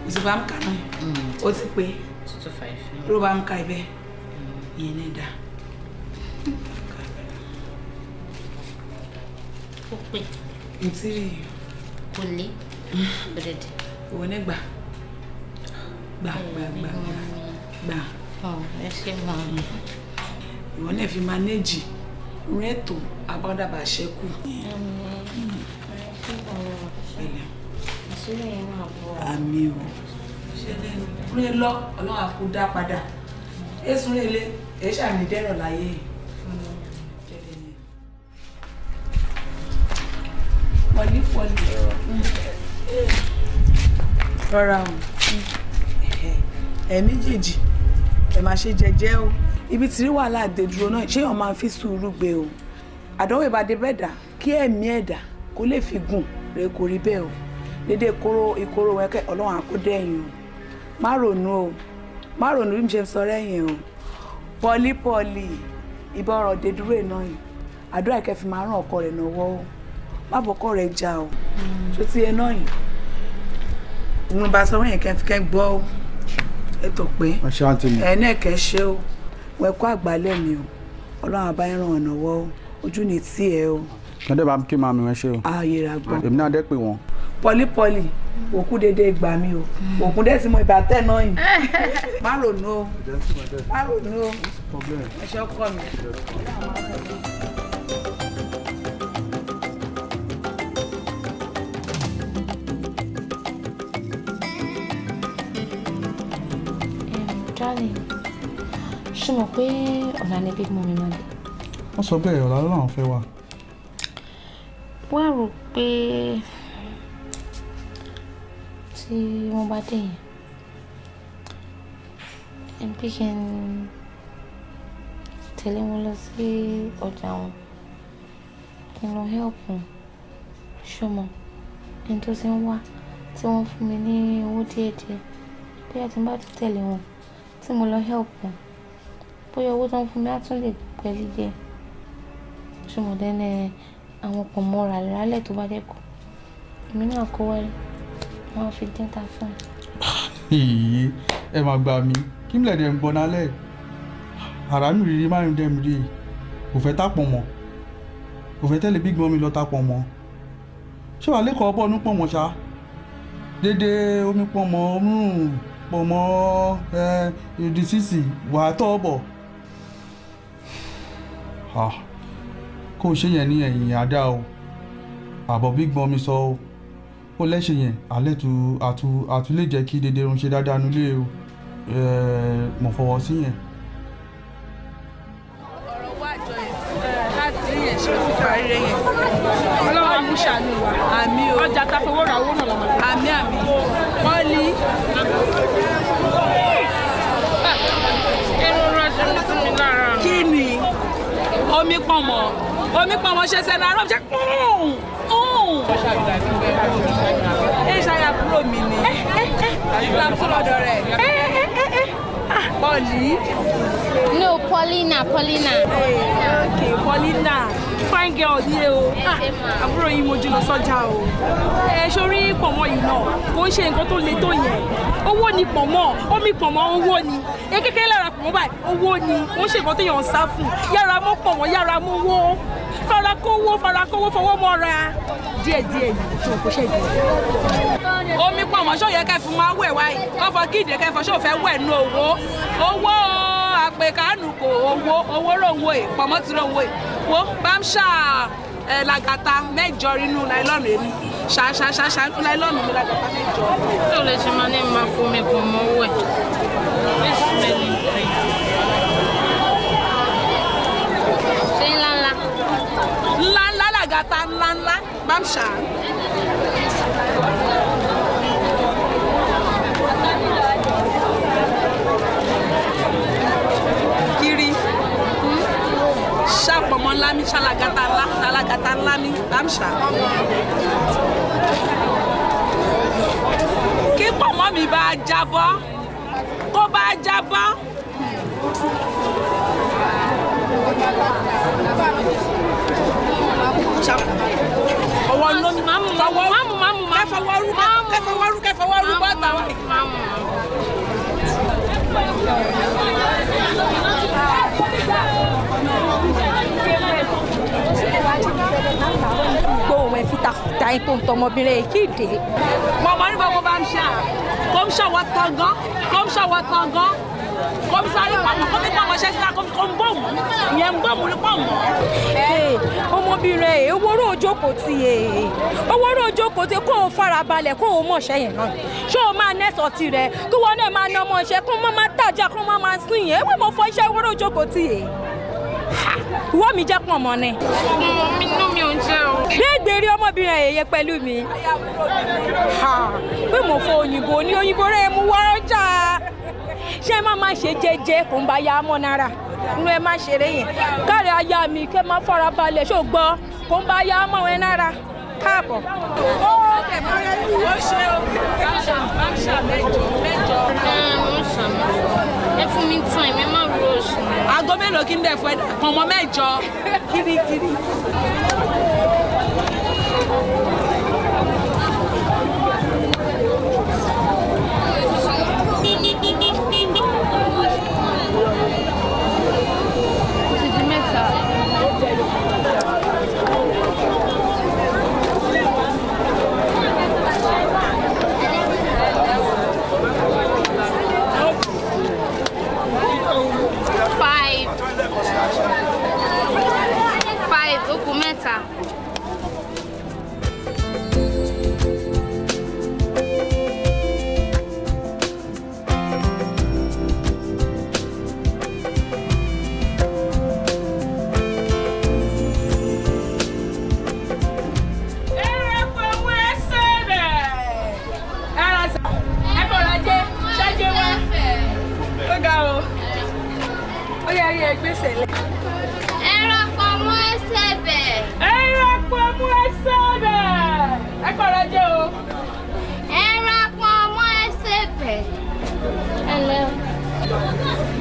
o ti bá ń kà náà o hmm. ti pé ló bá ń ka ibẹ̀ ìyẹn ní ìdá. ó pè. n ti rí i. kò ní. òdèdè. òun ní gbà gbà gbà gbà gbà. ẹ ṣe máa ń. ìwọ náà fi manéjì rin ètò abádàbà ṣẹ́kù. àmì o ṣẹlẹ̀ rẹ lọ Ọlọ́run àkú dá padà èsùn rẹ lé èyí ṣàmì dẹ́rọ̀ láyé. Mm. wọlé wọlé mm. rọra o ẹ méjèèjì ẹ máa ṣe jẹ́jẹ́ o ibi tí rí wàhálà dé dúró náà ṣé èèyàn máa fi sùúrù gbé o àdánwò ìbàdí bẹ́ẹ̀ dà kí ẹ̀mí ẹ̀dà kó lè fi gùn rẹ kò rí bẹ́ẹ̀ o dédé kóró ìkóró wẹ́kẹ́ ọlọ́run àkódẹ́yìn o má ronú o má ronú bí mo ṣe sọ rẹ́yìn o pọ́lípọ́lì ìbọn ọ̀rọ̀ dé dúró iná yìí àdúrà ìkẹfì máa ràn ọkọ rẹ̀ nọ́wọ́ o má bọ́kọ rẹ̀ jà o tó ẹ tọpẹ ẹnẹ kẹṣẹ o wẹ kó àgbálẹ̀ mi o Ọlọ́run àbá ẹran ọ̀nà wọ o ojú ni tí ẹ o. kẹ́ndé bá kí màmí wọn ṣe o. ààyè rà gbọ́. èmi náà dé pè wọ́n. pọlípọlì òkú dédé gbà mí o òkú dé sí mo ìbátẹ́ náà yìí má ronú o má ronú o ẹ̀ṣọ́ kọ́ mi. ṣe mọ̀ pé ọ̀la ni big mummy máa dé. wọ́n sọ bẹ́ẹ̀ ọ̀la ló làwọn fẹ́ wà. wọ́n á rò pé tí wọ́n bá dé yẹn ẹ̀ kí n tẹ̀lé wọn lọ sí ọjà wọn kí n lọ help wọn ṣọmọ ẹni tó ti ń wá tí wọ́n fún mi ní owó díẹ̀díẹ̀ bí a ti bá tẹ̀lé wọn tí mo lọ help wọn bóyá owó tó ń fún mi á tún lè pẹ́lí díẹ̀ ṣùgbọ́n dẹ́nẹ́ àwọn kan mọ́ra lálẹ́ tó bá dẹ́kọ̀ èmi náà kó wáyé wọn fi dín ta fún ẹ. ẹ máa gbà mí kí mílẹ̀ dẹ̀ ń gbọ́n nálẹ̀ àràmì rírí márùn dẹ̀ mi rí kò fẹ́ tàpọ̀ mọ́ kò fẹ́ tẹ́lẹ̀ bí gbọ́n mi lọ tàpọ̀ mọ́ ṣé wàá lẹ́kọ̀ọ́ bọ́ ọdún pọ̀ mọ́ ṣá dédé omi pọ̀ mọ́ ọmú hmm, pọ̀ mọ́ ẹ eh, ìdí wàá tọ́ ọ bọ̀ kó o ṣe yẹn ní ẹ̀yìn àdá o àbọ̀ bí gbọ́n mi sọ o ó lẹ́sẹ̀ yẹn alẹ́ tu àtú àtú lè jẹ́ kí dédé irun ṣe dáadáa nulẹ̀ o mọ̀ fọwọ́ sí yẹn. ọlọ́wọ́ àmúṣàánú wa ọjà tá a fowó ra owó náà lọ́mọdé àmì àmì wọ́n omi pọ̀nmọ́ omi pọ̀nmọ́ ṣe sẹ́nu arọ́ ṣe kún un. ẹ ṣayà kúrò mi ni. ìgbà tó lọ́dọ̀ rẹ̀. Polly? No, Paulina, Paulina. Hey, okay, Paulina. Fine girl ni e o. Ah, àbúrò yín mojú lọ sọ́jà o. Ẹ sórí pọ̀mọ́ yìí náà, kò ń ṣe nǹkan tó le tó yẹn. Owó ni pọ̀mọ́, omi pọ̀mọ́ owó ni. Ẹ kékeré lára pọ̀mọ́ báyìí, owó ni. Kò ń ṣe nǹkan tó yàn sá fún. Yára mọ́ pọ̀mọ́, yára mọ́ owó. Farakówó, farakówó, fọwọ́ mọ́ra. Díẹ̀díẹ̀ yìí, jọ̀ọ́ kò ṣe é. Omi pọ̀ mọ́ ṣó yẹ kẹ́ máa wẹ̀ wáyé kọ́ fọ kíde kẹ́ ṣó fẹ́ wẹ̀ nu owó owó àpèkánù kò owó owó lòwò è pọ̀mọ́ ti lòwò è wo bámṣà ẹ̀ làgàtà mẹ́jọ inú láìlọ́nù èmi ṣàṣàṣàṣà láìlọ́nù mi làgàtà mẹ́jọ. tó lè ṣe máa ní máa fomi bò mọ́ wẹ̀ ṣé ńláńlá. ńláńlá làgàtà ńláńlá bámṣà. lami ṣàlàgàtà ńlá ṣàlàgàtà ńlá mi bàmṣà. kí pọ̀nmọ́ mi bá jábọ́ kó bá jábọ́. ọwọ́ lómi mamu mamu mamu kẹfọwọ́rú kẹfọwọ́rú kẹfọwọ́rú bọ́ta wáyé. Thank you gbóhùn ẹ̀ fìtàfìtà ẹ̀ tó ń tọmọbìnrin yìí kì í dé. mọ̀mọ́ ní gbogbo bá ń ṣá kọ́mṣọ́ wọ tán gan kọ́mṣọ́ wọ tán gan kọmísárì pàmò kọmí pàmò ṣe síra kọmí kọmí bọ́ọ̀mù ìyẹn ń bọ́ọ̀mù ní pàmò. ọmọbìnrin owó oró ojókòó ti yé owó oró ojókòó ti kó o fara balẹ̀ kó o mọ̀ ṣẹ́yìn náà ṣé o máa nẹ́sọ̀ tirẹ̀ kí wọ́n náà máa ná ọmọ iṣẹ́ kó o máa tajà kó o máa sin yẹn wọ́n mọ̀ fọ iṣẹ́ owó oró ojókòó ti yé ìwọ mi jẹ́ pọ̀nmọ́ ni. inú mi ò jẹ́ o. gbẹ́gbẹ́rẹ́ ọmọbìnrin ẹ̀yẹ pẹ̀lú mi. pé mo fọ òyìnbó ní òyìnbó rẹ̀ mú wọ́n ọjà. ṣé má má ṣe jẹ́jẹ́ kó ń bá ya mọ́ náírà inú ẹ má ṣeré yẹn káàrí aya mi kẹ́ má fọ́ra balẹ̀ ṣó gbọ́ kó ń bá ya mọ́ ẹ náírà káàbọ̀. ó ṣe o. ó ṣe o. mẹ́jọ mẹ́jọ. ẹ ń ṣàmì ẹ fún mi time ẹ má rush. aago mélòó kí n dẹ̀ fún ẹ dà pọ̀ mọ́ mẹ́jọ kirikiri.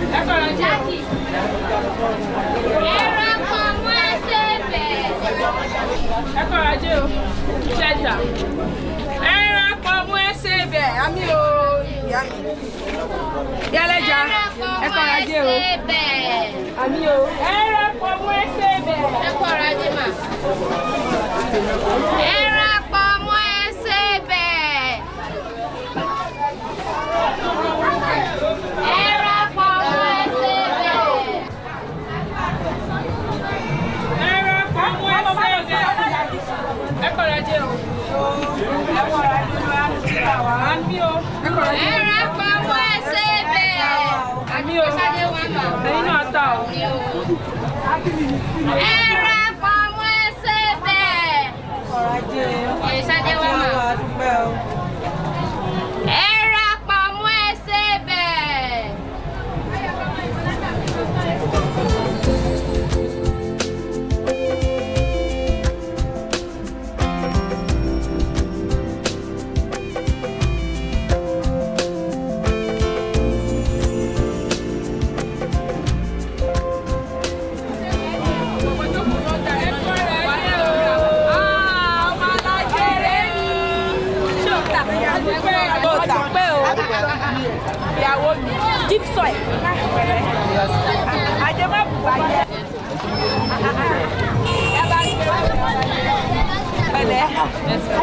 ẹ̀rọ kan mọ́ ẹsẹ̀ bẹ̀. ẹ kọ̀rọ̀ ajé o ṣẹ̀dá ẹ̀rọ kan mọ́ ẹsẹ̀ bẹ̀ àmì o ìyá mi. yálẹ́jà ẹ kọ̀rọ̀ ajé mà. ẹ̀rọ. ọ̀rọ̀ jẹ́ o. ẹ̀wọ̀n ọ̀rọ̀ ni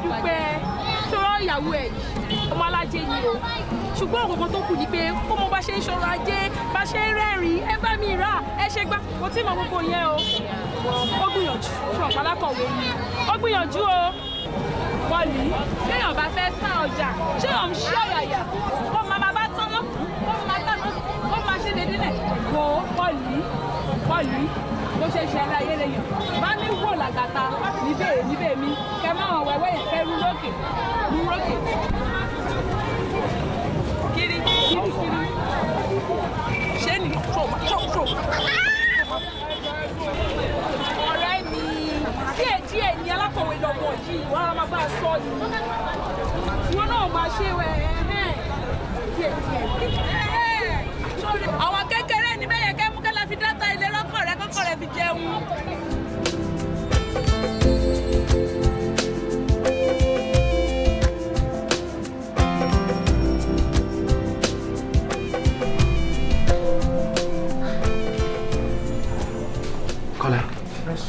dúpẹ́ ṣọ́rọ́ ìyàwó ẹ̀ ọmọ alájẹ ni o ṣùgbọ́n òkòkò tó kù ni pé kó mo bá ṣe ń ṣọrọ̀ ajé bá ṣe ń rẹ́rìn ẹ bá mi rà ẹ ṣe gbá kò tí mọ gbogbo yẹn o ó gbìyànjú ṣùgbọ́n pálákọ̀wé ni ó gbìyànjú o wọ́ọ̀lì kéèyàn bá fẹ́ tán ọjà ṣé òun ṣe ọ̀yàyà ó máa máa bá tán náà ó máa tán náà ó máa ṣe dédé lẹ̀ wọ́ọ̀lì wọ́ọ̀lì ló ṣe ṣe aláyé lẹ́yìn bá ní wò làgàtà níbẹ̀ níbẹ̀ mi kẹ má hàn wẹ́wẹ́ yẹn lókè rú lókè. kiri kiri kiri ṣé ni tó tó tó. ọ̀rẹ́ mi díẹ̀ díẹ̀ ni alákọ̀wé lọ́wọ́ yìí wọ́n á máa bá a sọ yìí wọn náà máa ṣe wẹ̀ ẹ́ díẹ̀ díẹ̀. fi Kola, please.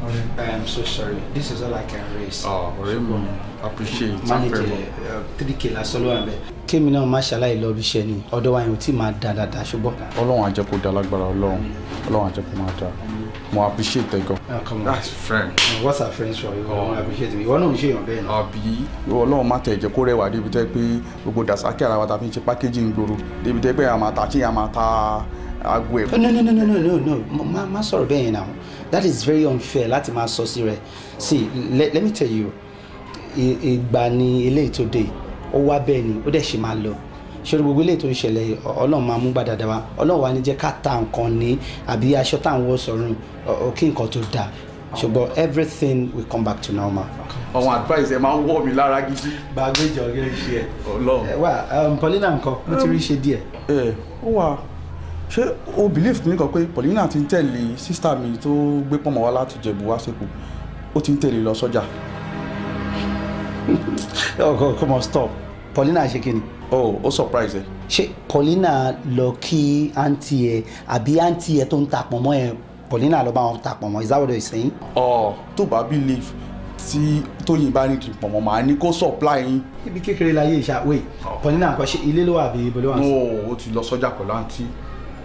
I am so sorry. This is all I can raise. Oh, ah, really? appreciate it. Manager, kémi náà má ṣàlàyé lọ bí iṣẹ́ ni ọ̀dọ̀ wa yẹn ò tí máa da dáadáa ṣùgbọ́n. ọlọ́run á jẹ́ kó da lágbára ọlọ́run ọlọ́run á jẹ́ kó máa da mo appreciate ẹ gan. Ah, that's friend. Ah, what's our friend for you. ọ̀hún appreciate mi ìwọ náà ń ṣe èèyàn bẹ́ẹ̀ náà. àbí ọlọ́run má tẹ̀ jẹ́ kó rẹwà débi tẹ́ pé gbogbo dàsákì ara wa ta fi ń ṣe pákéjì ń gbòòrò débi tẹ́ pé àwọn àtàtì àwọn àtà àgọ ẹ̀. no no no no no no má má sọ̀rọ̀ bẹ́ẹ̀ yẹn náà that is very unfair láti máa sọ sí rẹ see let, let me tell you ìgbà ni eléyìí tó dé ó wá bẹ́ẹ̀ ni ó dẹ̀ ṣe máa lọ ṣòro gbogbo ilé tó ń ṣẹlẹ̀ ọlọ́run máa mú gbàdàdà wa ọlọ́run wa ní jẹ́ ká ta nǹkan ní àbí aṣọ táwọn wọ sọ̀rùn kí nǹkan tó dáa ṣùgbọ́n everything will come back to normal. àwọn advice ẹ máa ń wọ̀ mí lára gidi. gbàgbé ìjọ̀gẹ́ ṣe ẹ̀. ọlọ́run. wà um, Paulina nǹkan mo ti rí ṣe díẹ̀. Um, ẹ ó wà ṣé o believe mi kan pé Paulina ti ń tẹ̀lé sísítà mi tó gbé pọ́nmọ́ wa láti Jẹ̀bú wá sẹ́kù ó ti ń tẹ̀lé lọ sọ́jà ọkọ oh, come on stop Paulina ṣe kí ni. oh ó surprise ẹ. ṣé Paulina lọ kí àǹtí ẹ àbí àǹtí ẹ tó ń ta pọ̀nmọ́ ẹ Paulina lọ bá wọn ta pọ̀nmọ́ is that what you're saying. ọ oh, tó bá believe tí tóyìn bá ní di pọ̀nmọ́ màá ní kó supply yín. ibi kékeré la yé ìṣá wait oh. Paulina nǹkan ṣe ilé ló wà bí ibo ló wà sí. no o ti lọ sọ́jà pẹ̀lú àǹtí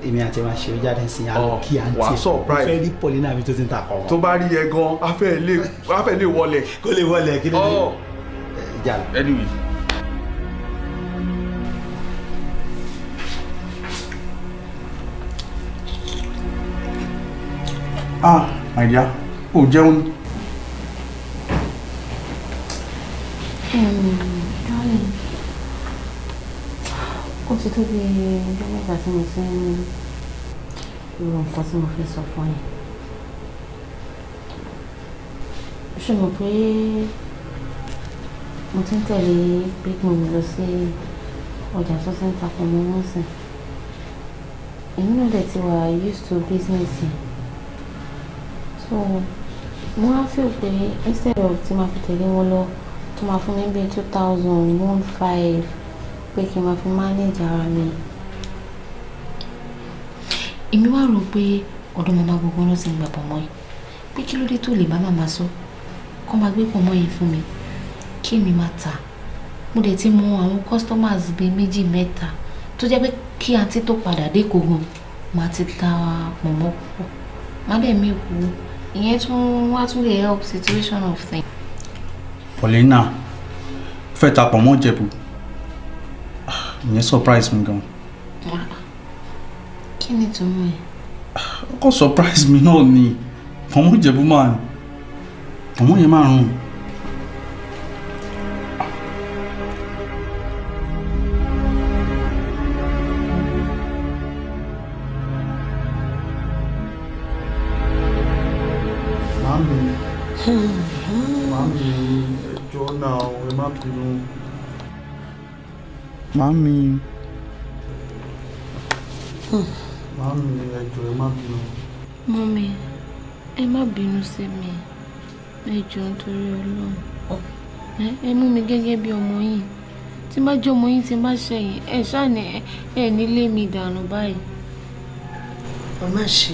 èmi àti ẹ̀ máa ṣe ojú àdánsì àlọ́ kí àǹtí ẹ̀ surprise! fẹ́ rí Paulina mi tó ti ń ta pọ̀nmọ́. tó bá rí ẹ gan-an a fẹ́ lè wọlé. kó lè wọlé kí ló dé jà lọ. anyway. ah my dear Oh jẹun. Hmm, darling ó ti tó bí ọjọ́ mẹ́ta tí mo ti ń ro nǹkan tí mo mo ti ń tẹ̀lé big mom lọ sí ọjà tó ti ń ta pọ̀ mọ́ wọn sìn èmi náà dẹ̀ ti wà used to business yẹn so mo á feel pé instead of tí máa fi tẹ̀lé wọn lọ tó máa fún mi bíi two thousand one five pé kí n máa fi manage ara mi èmi wá rò pé ọ̀dọ́ màmá gbogbo ló ti ń gbà pọ̀ mọ́ yìí pé kí ló dé tó lè bá màmá sọ kó máa gbé pọ̀ mọ́ yìí fún mi kí mi máa tà mo dẹ̀ ti mọ àwọn customers bíi méjì mẹ́ta tó jẹ́ pé kí àǹtí tó padà dé kogun màá ti ta pọ̀nmọ́ púpọ̀ má dẹ̀ mí kú ìyẹn tún wá tún lè help situation of things. Paulina fẹ́ ta pọ̀nmọ́ jẹ̀bù ah, ìyẹn surprise mi gan. Ah, kí ni tó mú ẹ. ọkọ surprise mi náà ni pọ̀nmọ́ jẹ̀bù máa pọ̀nmọ́ yẹn máa rùn. Màámi. Màámi hmm. ẹ jọ̀ọ́ ẹ má bínú. Mọ́mi ẹ má bínú sí mi ẹ jọ̀ọ́ nítorí Ọlọ́run. Ẹ mú mi gẹ́gẹ́ bí ọmọ yìí tí má jẹ́ ọmọ yìí tí má ṣẹ̀yìn ẹ ṣáàní ẹ nílé mi dànù báyìí. Ọmọ ṣe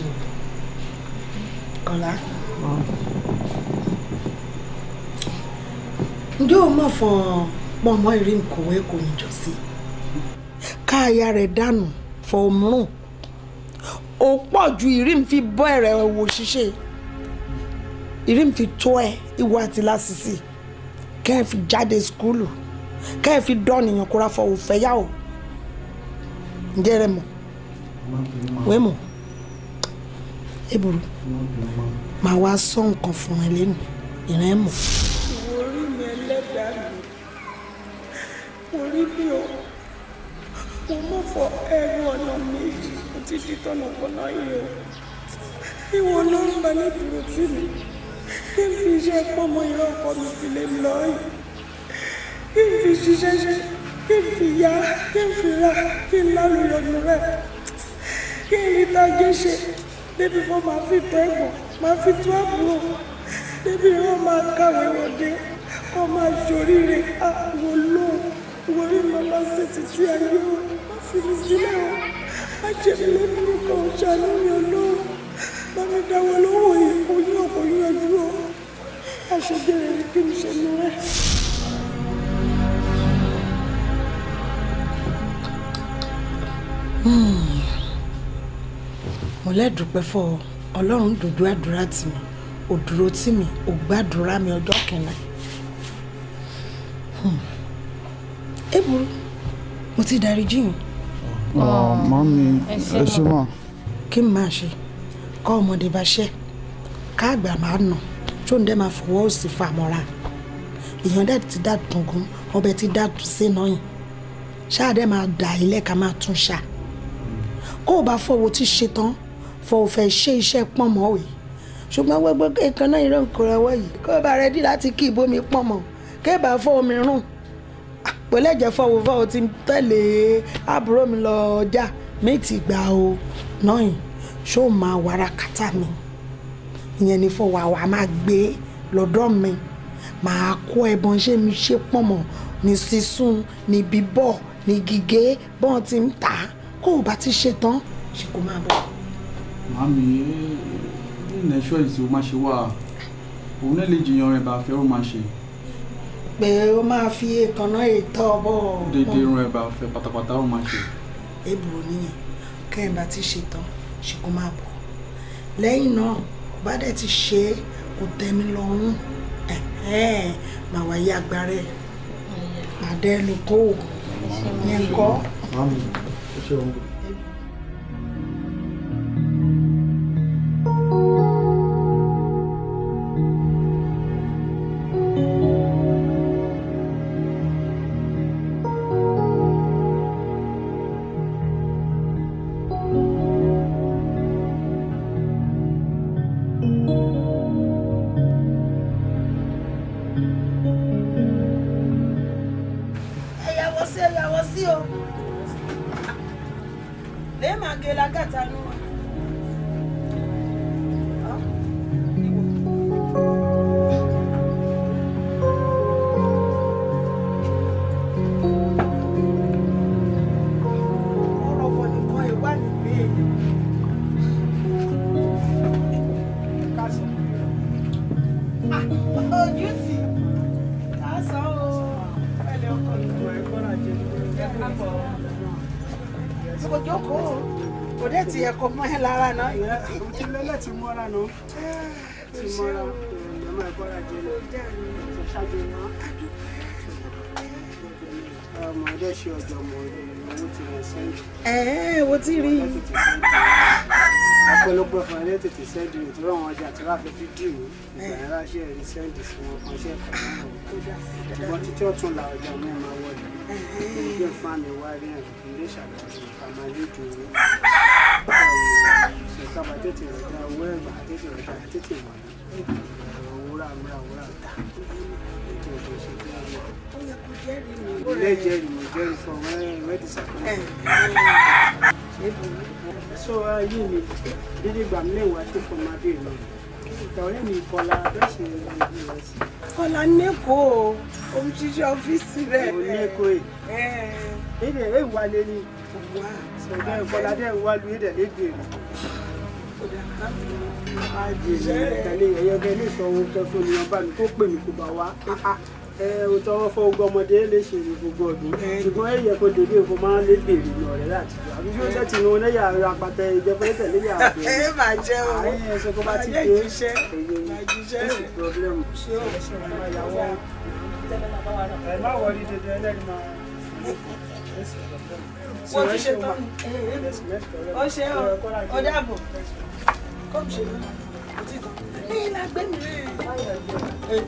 Ọlá. Ǹjẹ́ o mọ̀ fọ̀ pọ̀ mọ́ ìrìn kòwé kò ní jọ sí i? ká aya rẹ̀ dànù fọ̀ọ́mùrùn ó pọ̀ ju ìrìm fi bọ́ ẹ̀rẹ̀ wò ṣíṣe ìrìm fi tó ẹ ìwọ àti lásìsì kẹ́ ẹ fi jáde skúlù kẹ́ ẹ fi dọ́ọ̀nìyàn kóra fọ òfẹ́ yá o ǹjẹ́ rẹ mọ̀ wẹ́ mọ̀ eburu màá wá sọ nǹkan fún ẹ lẹ́nu ìrẹ́ mọ̀. ìwòrí mi ẹlẹ́dàá mi orí mi ò mo mọ̀ fọ ẹrù ọ̀nà méjì mo ti di tọ̀nà kan láyé o ìwọ ló ń bá nídùúró tì mí kí n fi iṣẹ́ pọ́nmọ́ ìrọ̀ ọkọ mi fi lè lọ yìí kí n fi ṣiṣẹ́ ṣe kí n fi ya kí n fi ra kí n lálùyọ̀nù rẹ kí n rí tájé ṣe débi fún màá fi tọ́ ẹ̀gbọ́n màá fi tó àbúrò débi wọn máa kàwé wọdé kọ́ máa ṣoríire àwọn ah, olóhùn wọlé màmá sí títí ayé wọn fìdí sílẹ̀ o má jẹ́ mi lórí ọlọ́run bá mi dáwọ́ lọ́wọ́ èèpo ní ọ̀pọ̀ yín ọdúró aṣojú rẹ̀ kí n ṣe lọ hmm. mo lẹ́dùpẹ́ fọ́ ọlọ́run dúdú àdúrà tì mí ò dúró tì mí ò gbàdúrà mi ọjọ́ kẹrin èbúrú hmm. mo ti dárí jìn Oh. mọ́mí ẹ ṣe mọ́. kí n máa ṣe kọ́ ọmọdé bá ṣẹ́ káàgbà máa nà ṣóńdẹ́ máa fọwọ́ òsì fà èèyàn dẹ̀ ti dá gbọ̀ngàn ọbẹ̀ ti dá sínú yìí ṣáà dẹ̀ máa dà ilẹ̀ ká máa tún ṣá kó o bá fọwọ́ ti ṣe tán fọwọ́ fẹ́ ṣe iṣẹ́ pọ́n mọ́ òye ṣùgbọ́n gbogbo nǹkan náà ìrọ̀ nǹkan ẹ̀wọ́ yìí kó o bá rẹ́dí láti kí ìbomi pọ́n mọ́ kébà fọ́ omi rùn pẹ̀lú ẹ̀jẹ̀ fọwọ́fọ́ o ti tẹ̀lé àbúrò mi lọ ọjà mi ti gbà o náà yìí ṣó máa wàrà kàtà mi ìyẹn ni fọwọ́ àwa máa gbé lọ́dọ̀ mi màá kó ẹbọn ṣé mi ṣe pọ̀nmọ́ ní sísun ní bíbọ̀ ní gígé bọ́n ti ń tà á kó o bá ti ṣe tán ṣe kó máa bọ̀. màámi ní ìnáṣọ́ ìsìn ó máa ṣe wá òun náà lè jiyàn rẹ̀ bá fẹ́ ó máa ṣe pé ó máa fi èkánná ètò ọbọ. dédé irun ẹ̀bà ọ̀fẹ́ pátápátá ó máa ṣe. èbùrò nìyẹn kẹ́hìn bá ti ṣetán ṣe kó máa bọ̀ lẹ́yìn náà bá dẹ̀ ti ṣe é kò tẹ́mi lọ́rùn màá wá agbára ẹ̀ màá dẹ́ lu kó yẹn kọ́. mo jókòó kò dé ti yẹ kó mọ́ ẹ lára náà. o ti lẹ́lẹ̀ tí mo ra nù tí mo ra ìyá máa kọ́ra jẹ lọ ṣáájú náà. ọmọ ẹ̀dẹ́ ṣe ọ̀dọ̀ ọmọ ìlú ti rẹ̀ sẹ́yìn. ẹ̀ẹ́ wo ti rí i. ọ̀pọ̀lọpọ̀ fún ẹ̀dẹ́ tètè sẹ́ndì fi fídíò ìgbà yẹn láṣẹ ẹ̀rí sẹ́ndì sí wọn kan ṣẹ́ẹ̀kọ̀ náà. ṣùgbọ́n títí ọ̀tún la ọjà mẹ́rin máa wọ Your family worry and condition and my little. So come where my titty, So ayé mi, dídí gbàmílẹ̀ wá sí fún ọmọdé ọ̀rẹ́ mi Kọ́lá bẹ́ẹ̀ ṣe ìlú rẹ̀ sí. Kọ́lá nẹ́kọ̀ọ́ oríṣiríṣi ọ́fíìsì rẹ̀. mo nẹ́kọ̀ọ́ ẹ̀ ẹ̀ẹ́dẹ̀ ẹ̀ wà lé ní wà sọ̀dọ̀ ẹ̀ Kọ́lá dẹ̀ wà lu ẹ̀dẹ̀ lédè rẹ̀. a jèrè ẹ̀yọ́gẹ́ ní ìsọ̀rọ̀ tó tó ní ọba mi tó pè mí kó bá wa òtọrọ fọ ogun ọmọdé lè ṣe gbogbo ọdún ṣùgbọ́n ẹ̀yẹ kò débi èkó máa ń lé gbèrè ní ọ̀rẹ́ láti jọ àbí bí ó jẹ́ tinú lẹ́yà apàtẹ ìjẹ́pẹ́ tẹ̀lé yà àgbẹ̀ ẹ má jẹ́ o àárín ẹ̀sọ́ tó bá ti dé èyí èsì pọ́blẹ́mù ṣé o ẹ má wọlé dandan ẹlẹ́rìí máa wọ́n ti ṣe tán ó ṣe ó dàbọ̀ ṣe náà ó ti tán ẹ̀yìn lágbẹ́mi rẹ̀.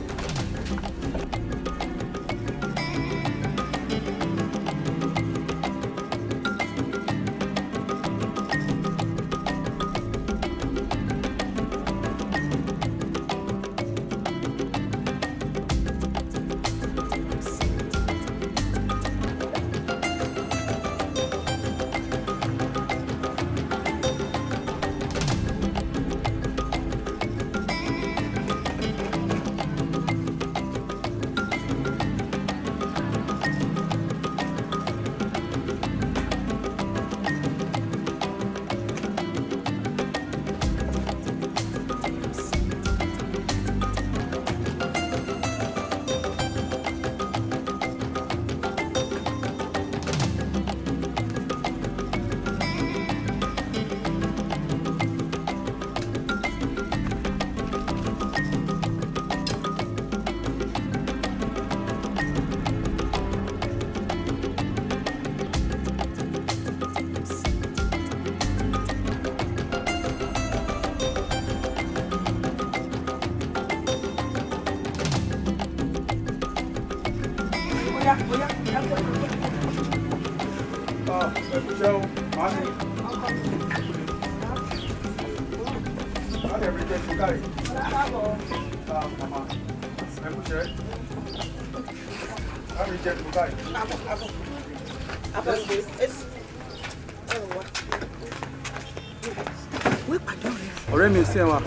sẹ́n wa.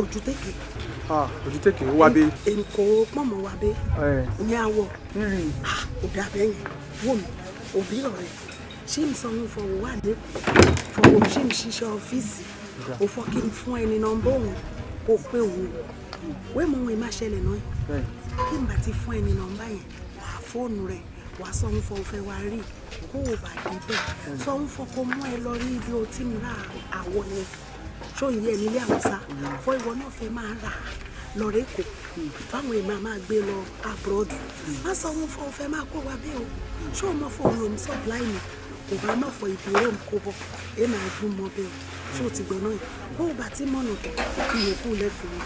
ojú tèké. ojú tèké wa bẹ. ènkó pọ̀mọ̀ wa bẹ. ní awọ. o da bẹ́ẹ̀ yẹn wò mí òbí ọ̀rẹ́ ṣé mi sọ wọn fọwọ́ wà ní fọwọ́ ṣé mi ṣiṣẹ́ ọ́fíìsì o fọ́ kí n fún ẹni nọ́mbà òun kó pé òun wẹ́ẹ̀ mọ̀ wọn ì má ṣẹlẹ̀ náà kí n bá ti fún ẹni nọ́mbà yẹn wà á fóònù rẹ̀ wà á sọ wọn fọ wa rí kó o bá dé bẹ́ẹ̀ sọ wọn fọ kó mú ẹ lọ rí ibi o ti àwọ̀ yẹn ṣóyìn ilé nílé àwùsá ìwọ náà fẹ́ máa rà lọ́rẹ́ kò fáwọn èèyàn máa gbé lọ abroad má sọ wọn fọ fẹ́ máa kó wa bẹ́ẹ̀ o ṣé o mọ̀ fọ òun lòún supply mi kò bá má fọ ibi òun kó bọ̀ èé máa gún mọ bẹ́ẹ̀ ṣé o ti gbọ́ náà bó o bá ti mọ̀nà kẹ́ kí yòókù lẹ́fọ̀ọ́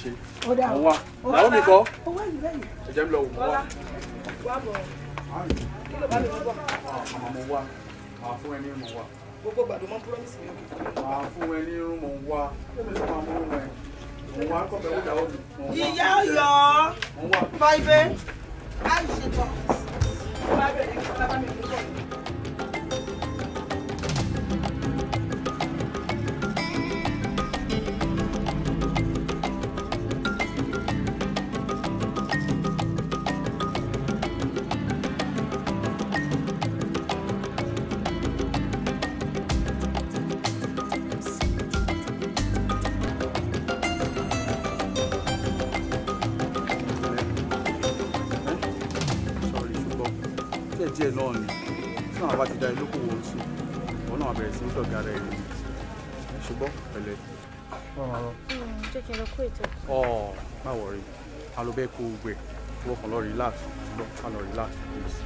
ṣe. ó dà wá mi kọ. ó wá ìlú ẹ̀yìn. ẹ lọ wò wá. wá bọ̀ kí ló bá lè wọ́n bọ̀. àmọ́ mo wá àwọn fún ẹni mo wá gbogbo gbàdó mọ́ promise mi òkè fún mi. màá fún ẹ ní irun ń wá ẹbí tó máa mú irun ẹ mò ń wá kọ́ bẹ́ẹ̀ ó mi. ìyá ọyọ báyìí bẹ́ẹ̀ á ṣe tán báyìí bẹ́ẹ̀ Oh, no worry. lọ kó ètò. ọ má wọrí a lọ bẹ kó gbẹ wọkàn lọ relax lọ kàn relax please.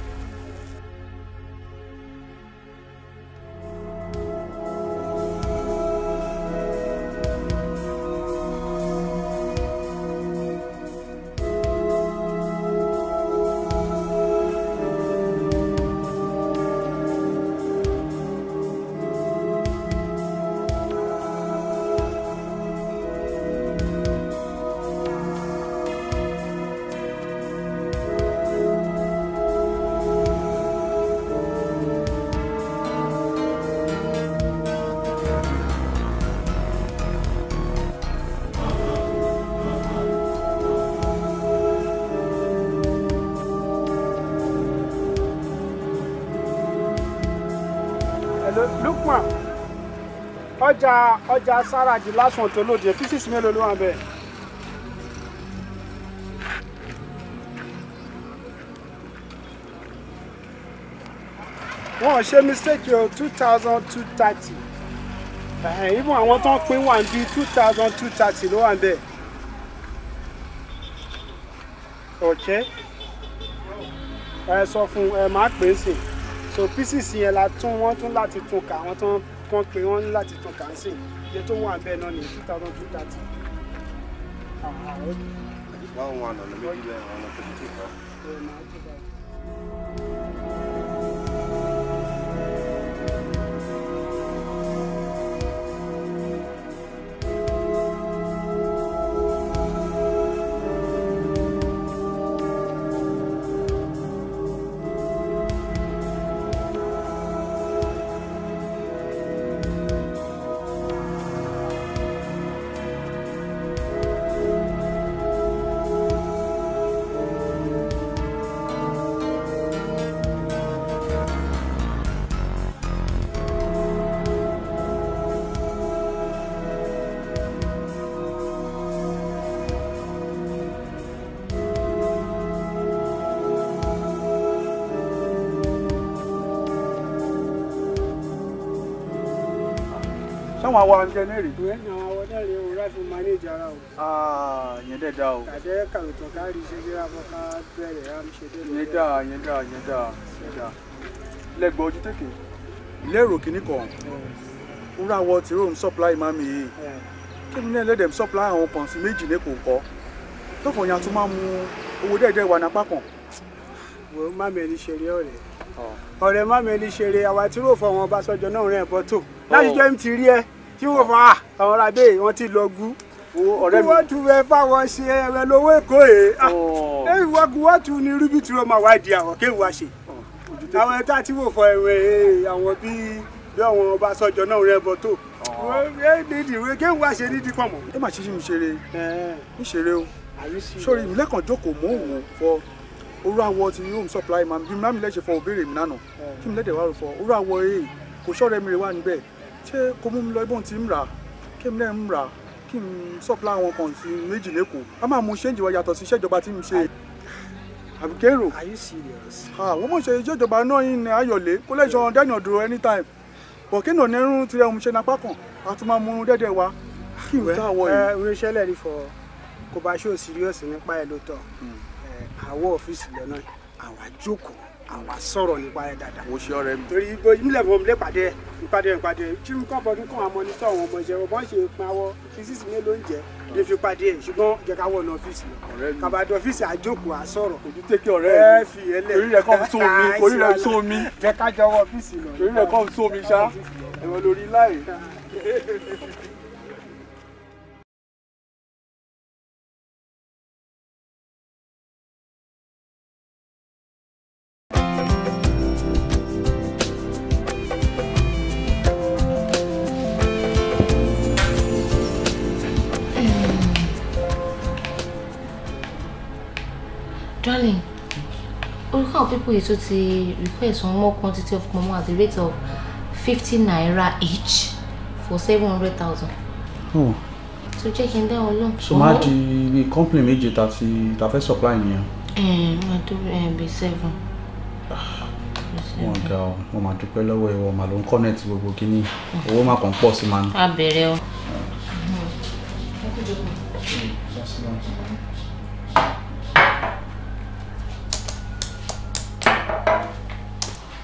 ọjà ọjà sáràjì lásán tó lóde pieces mélòó ló wà bẹ́ẹ̀. wọn ṣe mistake o two thousand two thirty even àwọn tó ń pín wà ní two thousand two thirty ló wà bẹ́ẹ̀. ọ̀kẹ́ ẹ sọ fún ẹ máa pè é sìn so pieces yẹn la tún wọ́n tún láti tún kà wọ́n tún kan pé wọ́n ní láti tún kàǹsì iye tó wà bẹ́ẹ̀ náà ní two thousand two thirty. báwo wọn àná ló méjì lẹ́yìn àwọn ọmọ tó ti tì í pa. máa wá oúnjẹ ní èrè. ìwé ni àwọn ọdẹ rẹ o láti manage ara ah, o. yẹn dẹ̀ o. kàdé kàwétọ̀ ká rí iṣẹ́ yẹra fọ́ ká bẹ̀rẹ̀ rámṣẹ́ dẹ́rẹ́. yẹn dà yẹn dà yẹn dà yẹn dà lẹ́gbẹ̀ẹ́ ojú tètè lérò kìíní kan hmm. wúrà wọ tí rome supply máa mi yìí hmm. kí ni ẹlẹ́dẹ̀m supply àwọn pọ̀nsì méjì ní kò kọ́ tó fọ̀ yẹn a tún máa mu owó dẹ́ẹ̀dẹ́ wà nápá kan. wò ó má mẹ́ni ṣeré ọ̀rẹ́ oh. ọ̀rẹ́ má mẹ́ni ṣeré àwa tí rò fọ àwọn ọba sọ́jọ́ náà rẹ̀ bọ́tò oh. láti jẹ́ mi ti rí ẹ tí wọ́n fà á àwọn ará bẹ́ẹ̀ wọ́n ti lọ gú ọ̀rẹ́ mi. wọ́n tún bẹ fáwọn ṣe ẹ̀rọ lówó èkó yìí. ẹ̀yìn wọ́n kú wọ́n tún ní rúbí tí wọ́n máa wá di àwọn kéwù wá ṣe. àwọn ẹ̀ta tí wò fọ ẹ̀wẹ̀ eh, àwọn bíi bí àwọn ọba sọjọ náà rẹ bọ tó. ẹ nídìí ìwé kéwù wá ṣe nídìí pọ̀ mọ́. ẹ má ṣe ṣe mi ṣeré mi ṣeré o sórí mi lẹ́kàn jókòó mò ń wò fọ orú awọ ti home supply man bí mi má mi lẹ́ ṣe fọ òbéèrè mi nánà kí mi lẹ́dẹ̀ wá rò fọ orú awọ yìí eh, kò ṣọ́ọ̀rẹ́ mi rè wá níbẹ̀ ṣé kò mú mi lọ ibò tí ń rà kí mi náà ń rà kí n sọ́pìlà àwọn kan sí méjì lẹ́kọ̀ọ́ a máa mú ṣéǹjì wa yàtọ̀ sí iṣẹ́ ìjọba tí n ṣe àbíkẹ́rò àwọn mọ̀ ṣe iṣẹ́ ìjọba náà yìí ní ayọ̀lé kó lẹ́sọ̀ dẹ́yìn ọ̀dọ̀ anytime bọ̀ kí nà nírun tirẹ̀ òun ṣe napá kan a tún máa mú un dẹ́dẹ̀ wa kí n ta wọ yìí. ẹ eh, orí iṣẹ́ lẹ́rìí fọ kó bá ṣó serious nípa ẹ̀ lóòótọ́ hmm. eh, àwọ̀ ọ́fíìsì lọ́nà àwa jókòó àwa sọ̀rọ̀ nípa ẹ̀ dáadáa. mo ṣe ọ̀rẹ́ mi. torí bó ilé ìfowópamọ́ ilé ìpàdé ìpàdé ìpàdé tí fọdún kan àmọ́ nítorí àwọn ọmọ ìṣẹ̀wọ̀ bọ́n ṣe pawọ́ físíìsì mélòó ń jẹ́ fi pàdé ẹ̀ ṣùgbọ́n jẹ́ ká wọ̀ ní ọ́fíìsì lọ. kàbàdé ọ́fíìsì àjókòó àsọ̀rọ̀. ojú tẹ́kẹ́ ọ̀rẹ́ mi ẹ fi ẹlẹ́ orí rẹ̀ kọ́ tó mi orí rẹ̀ jẹ́ ká jọ darling orúkọ àwọn pípọ̀ yìí tó request one more quantity of momo at the rate of fifty naira each for seven hundred thousand. Hmm. so check in there alone. so máa di ibi company méje ta ti ta fẹ́ supply nìyẹn. ẹ eh, ẹ máa tó eh, bí seven. wọn ga ọ wọn máa dúpẹ́ lọ́wọ́ ẹ wọn máa ló ń connect gbogbo kínní owó máa kàn pọ̀ sí máa ń. a bẹ̀rẹ̀ o. Hmm. Hmm.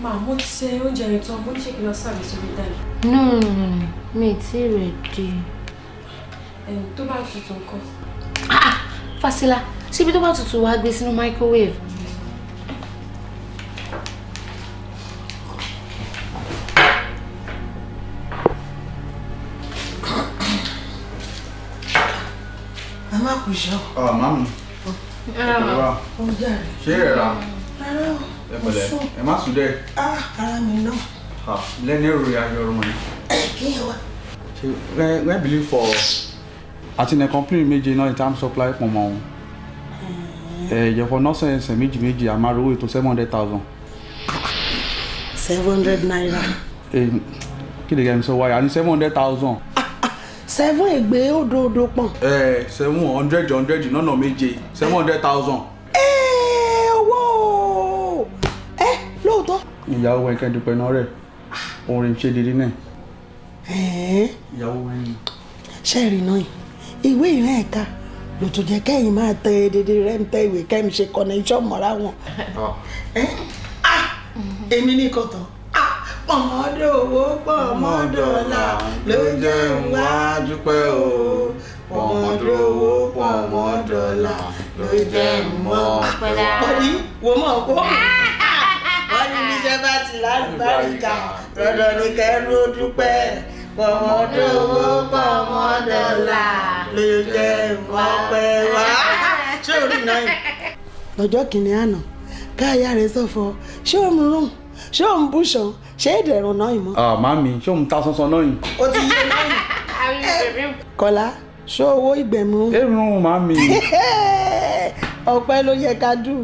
Màá mo ti ṣe oúnjẹ yẹn tán, mo ní ṣe kí lọ sáré sórí dáì. No, no, no, no, mi ì tí ì rẹ̀ dé. Ẹ̀yìn tó bá tutù nǹkan. Ah, ah, Fásilá, síbi tó bá tutù wá gbé sínú microwave. Màmá kù jọ. Ọ̀ màmí. Ṣé ìrora? pẹ̀lẹ́ ẹ má sùn dẹ. Ah, ara mi náà. Ha, ẹ̀rọ rẹ̀ ayọ̀ ọ̀rọ̀ mọ̀ ni. kí ẹ wá. ṣe rẹ believe for àti ní company méje náà in terms supply pọ̀ mọ́ wọn. ẹ̀yẹ̀fọ̀ nọ́ọ̀sẹ̀ ẹ̀sẹ̀ méjì méjì àmàrò ètò seven hundred thousand. seven hundred naira. Eh, kí ni kẹ́mi sọ wáyà ní seven hundred thousand. seven ègbé odò odò pọ̀. ẹ eh, seven hundred hundred nọ́nà méje seven hundred thousand. ìyàwó ẹ̀ kẹ́ndùpẹ̀ náà rẹ̀ òun rèé ṣe dédé náà. ìyàwó ẹ̀ ni. ṣẹ́ẹ̀rì náà ìwé ìran ẹ̀ka ló tún jẹ́ kẹ́yìn máa tẹ dédé rẹ́ńtẹ́ ìwé kẹ́yìn ṣe connection mọ́ra wọn. Ah. Ah! èmi ní kọ̀tọ̀ ah! pọ̀mọ́dọ̀ owó pọ̀mọ́dọ̀ ọ̀la ló jẹ́ ìwà dúpẹ́ o pọ̀mọ́dọ̀ owó pọ̀mọ́dọ̀ ọ̀la ló jẹ́ ìmọ̀ pẹ̀lá. pọ̀lì wo mọ̀ kó tẹ́ bá ti lálùbáríkà dandan ní kẹ́rù ó dúpẹ́ pọ̀mọ́dọ́wọ́ pọ̀mọ́dọ́là ló jẹ́ ìwọ́pẹ́ wá. ṣé orí náà. lọ́jọ́ kìnìún àná káyà rẹ̀ sọ̀fọ̀ ṣé òun rún ṣé òun búṣọ ṣé èdè ẹ̀rọ náà yìí mọ́. Ah, màmí ṣé òun ta sọ́sọ́ náà yìí. o ti yé náà. kọ́lá ṣó owó ìgbẹ̀mú. èrò màmí. ọpẹ́ ló yẹ ká dùn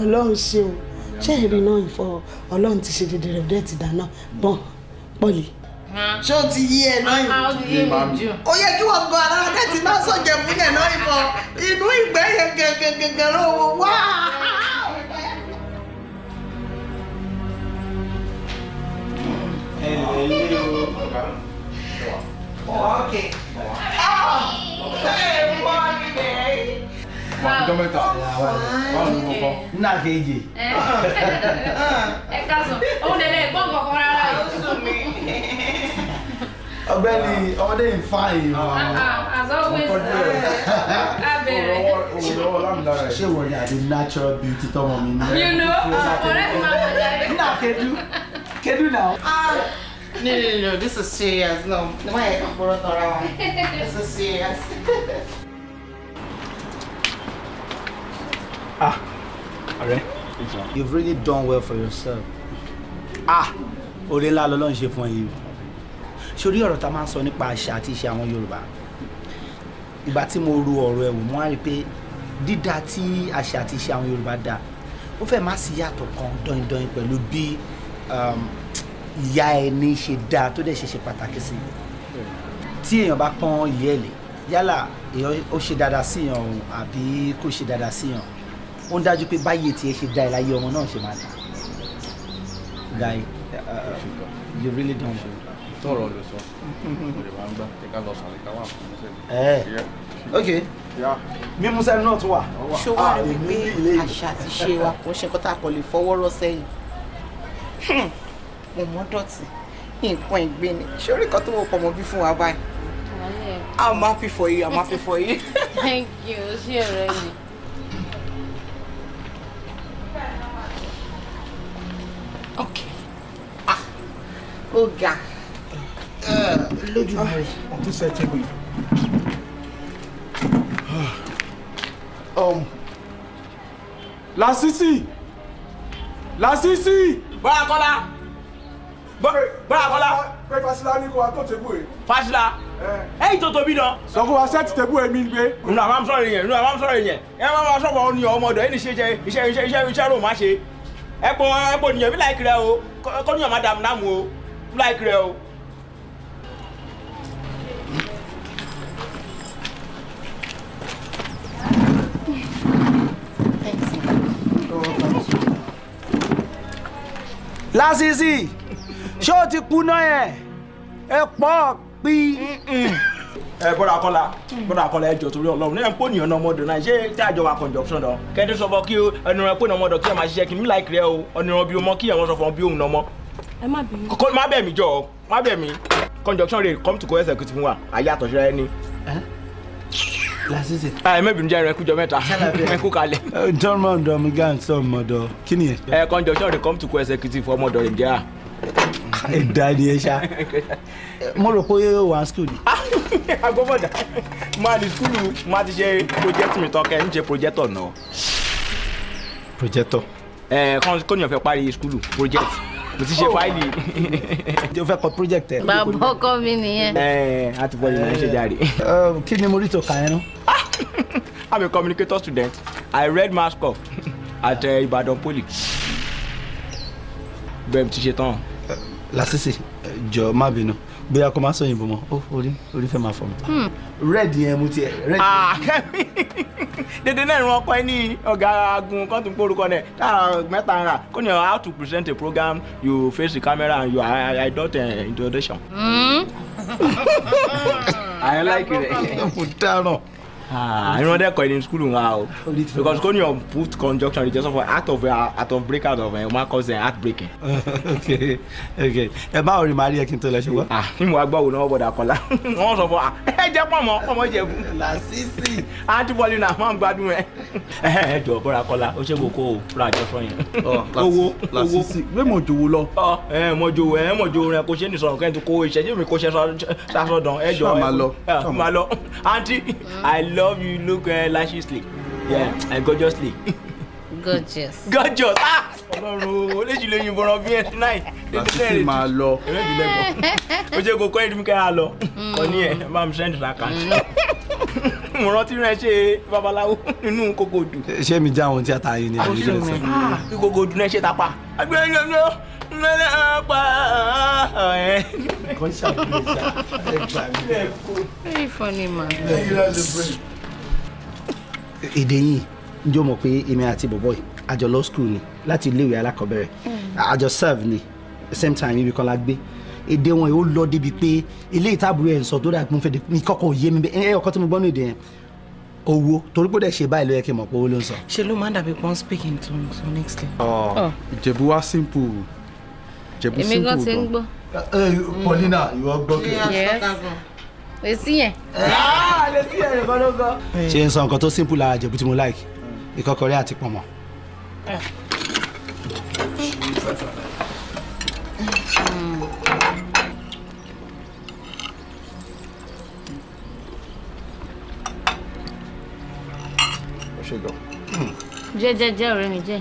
ọlọ́run ṣeun ṣé èrè náà ìfọ ọlọ́run ti ṣe dédé rẹ̀ dẹ́ ti dáná bọ́n pọ̀lì. ṣé o ti yí ẹ náà ìfọ o ah, yẹ kí wọn gbọ́ ara rẹ ti máa sọjẹ múlẹ̀ náà ìfọ inú ìgbẹ́ yẹn gẹgẹgẹgẹ ló wá. Okay. Oh, hey, everybody, mọ̀mítọ́mẹ́ta nna kejì. ẹ káàsán òun lè lè gbọ́ nǹkan kan rárá yìí. ọ̀gbẹ́ni ọmọdé yìí fáyìn o. àzọ́gbé abẹ̀rẹ̀. ṣé wọ́n ní àdé natural beauty tọmọ mi ní. you know ọ̀rẹ́ mi máa ń bọ̀ jáde. nna kedu kedu náà. No, no, no, this is serious. No, why I brought around? This is serious. Ah, ọ̀rẹ́, you've really done well for yourself. Ah, oore ńlá lọ́lọ́run ṣe fún yìí. Sórí ọ̀rọ̀ tá a máa ń sọ nípa àṣà àti ìṣe àwọn Yorùbá. Ìgbà tí mo ru ọ̀rọ̀ ẹ̀wò, mo wá rí i pé dídá tí àṣà àti ìṣe àwọn Yorùbá dá, ó fẹ́ má sí yàtọ̀ kan dọ́yìndọ́yìn pẹ̀lú bí um, ìyá ẹni ṣe dá tó dẹ̀ ṣe ṣe pàtàkì sí. Tí èèyàn bá pọ́n ìyá ẹ̀ lè, yálà èèyàn ó ṣe dáadáa síyàn àbí kò ṣe dáadáa síyàn ó ń dájú pé báyìí tiẹ̀ ṣe dá ẹ láyé ọmọ náà ṣe máa dá uh, guy you really don't. know. tọrọ ló sọ òde máa ń gbá ẹka lọ sàn ẹka wà fún mi. Eh. ok mímú náà tún wà. ṣọwọ́ rẹ̀ wípé àṣà àti ṣe wa kò ṣe kọ́tà kò lè fọwọ́ rọ́ sẹ́yìn hmm. mo nǹkan ìgbé ni sórí kan tó wọ pọ̀ bí fún wa báyìí i'm happy for you i'm happy for you. thank you ṣé ọ̀rẹ́ mi. ó ga lójú rẹ. ọtún sẹ ti gbìn. Lásìsì Lásìsì. Bọ́lá Kọ́lá Bọ́lá Kọ́lá. pé Fásilá ní kó wa tó tébù eh. ẹ. Fásilá ẹyí tó tóbi náà. sọ fún wa sẹ́ẹ̀tì tébù ẹ mi gbé. nínú àwọn amúsọ̀rọ̀ yẹn nínú àwọn amúsọ̀rọ̀ yẹn ẹ máa ma sọ̀rọ̀ ọ ní ọmọdé ẹ ní ṣe iṣẹ́ iṣẹ́ iṣẹ́ iṣẹ́ rò má ṣe ẹ pọ̀ nìyẹn bí láì kiri ẹ o kọ́ níyàn Like rẹ o. lásìsì ṣé o ti kú náà yẹn ẹ pọ̀ pí. ẹ bọ́dà kọ́lá bọ́dà kọ́lá ẹ jọ torí ọlọ́run náà ń pò níyàn náà ọmọdé náà ṣé tí àjọ wa conjunction dán kẹ́ẹ́dẹ́ sọ fọ́ kí ẹnu rẹ pé náà ọmọdé kí ẹ máa ṣiṣẹ́ kí n láìkì rẹ o ọ̀nìyàn bí ọmọ kí ẹ wọ́n sọ fọ́ bí òun náà mọ́ ẹ má bínú. kò má bẹ̀ mí jọ má bẹ̀ mí conjunction rate come to co-executive wa ayé àtọ̀ṣe ẹni. lasisi. ẹ ah, mẹ́bìnrin jẹ́ ẹran ẹkú jọ mẹ́ta ẹkú kalẹ̀. jọ́nmọ́ ọ̀dọ́ mi gá ń sọ ọmọdọ̀ kí ni ẹ. ẹ eh, conjunction rate come to co-executive ọmọdọ̀ nìjẹ́ ah, ẹ̀dá ni ẹ ṣá mo rò pé wà á skul ni. Ah, agbọ́bọ̀dà máa ní skulu máa ti ṣe project mi tán kẹ́ ń ṣe projector náà. projector. ẹ eh, kọ́ni ọ̀fẹ́ parí skulu project mo ti ṣe oh. fáìlì. tí o fẹ́ kọ project ẹ. bàbá ọkọ mi nìyẹn. ẹ eh, ẹ a ti bọ́ ìlànà ṣe eh, jàre. Eh, kí ni mo rí tó kà ẹ́ nú. I'm a communicator student. I read mass com at Ibadan Poly. bẹ́ẹ̀ mi ti ṣe tán. Lasisi jọ má bínú bóyá kó má sọ òyìnbó mọ́ ó orí orí fẹ́ máa fọ́ mi. Hmm. red yẹn mu tiẹ̀ red. Ah, kẹ́mi dédé náà ìran ọkọ ẹni ọ̀gá agun kan tó ń porúkọ rẹ̀ táà mẹ́ta ra kò ní how to present a program you face the camera and you adult eh, introduction. Hmm. I like it. mo dáràn. Ah, I run that in school now because when you put conjunction, it's just for out of uh, act of break out of uh, man cause uh, breaking. okay okay. Ẹ bá orin Maria kí n tó lọ ṣe wá. Ah, mi wá gbọ́ òun náà bọ̀dà kọ́lá. Wọ́n sọ fún wa, ẹ jẹ́ pọ̀ mọ́ ọmọ jẹ̀bú. Làṣìṣì. Àǹtí Bọ́lí náà máa ń gbádùn ẹ. Ẹ jọ bọ́ra kọ́lá, ó ṣe kò kó o fúra àjọ sọ yẹn. Owó owó gbé mọ̀jòwò lọ. Ẹ mọ̀jòwò ẹ mọ̀jòwò rẹ kò ṣe é nìsọ̀rọ̀ kẹ́ni kó ìṣẹ́jú mi kó ṣe sásọ̀dàn ẹ jọ ẹ máa lọ. I love you look uh, eh, lasciously yeah and gorgeously. gorgeous. gorgeous ah ọlọ́run o lè jùlọ yìnbọn ran bí ẹ tonight. láti fi máa lọ. ẹ̀rọ ìbílẹ̀ bọ̀ o ṣe kò kọ́ ẹ̀dùnmí kẹ́ ẹ lọ kọ́ ní ẹ̀ bá mi send ra kan. Hmm. mo rántí rẹ ṣe babaláwo nínú kókó ṣé mi já àwọn tí a ta yìí ni àyè rẹ sọ. Ah, kí kókó dùn náà ṣe ta pa. àgbẹ̀ ẹ̀ lọ́nà lọ́nà pa ẹ̀. kò ṣàkíyèsí ẹ̀ gbà very funny man èdè yìí njó mọ̀ pé èmi àti bọ̀bọ̀ yìí àjọ law school ni láti iléèwé alákọ̀ọ́bẹ̀rẹ̀ àjọ hmm. serve ni same time ibi kan la gbé èdè wọn yóò lọ débi pé ilé ìtàbùrù ẹ̀ ń sọ tó dà mo fẹ́ de mi kọ́kọ́ yé mi ẹ ọkọ tí mo gbọ́ ní èdè yẹn owó torí pé ó dẹ̀ ṣe báyìí ló yẹ kí n mọ̀ pé owó ló ń sọ. ṣe ló máa ń dàbí pọ́n speak in tongues honestly. ọ ìjẹ̀bú wa simple ìjẹ̀bú simple gan. èmi gan ti ń gbọ́. paulina ìwọ gbọ́ kí. Ah, lè sí yẹn. lè sí yẹn nìkan ló gan. ṣe ń sọ nǹkan tó simple lára jẹ̀bú tí mo like ìkọ́kọrẹ́ àti pọ̀nmọ́. jẹ jẹ jẹ ọ̀rẹ́ mi jẹ.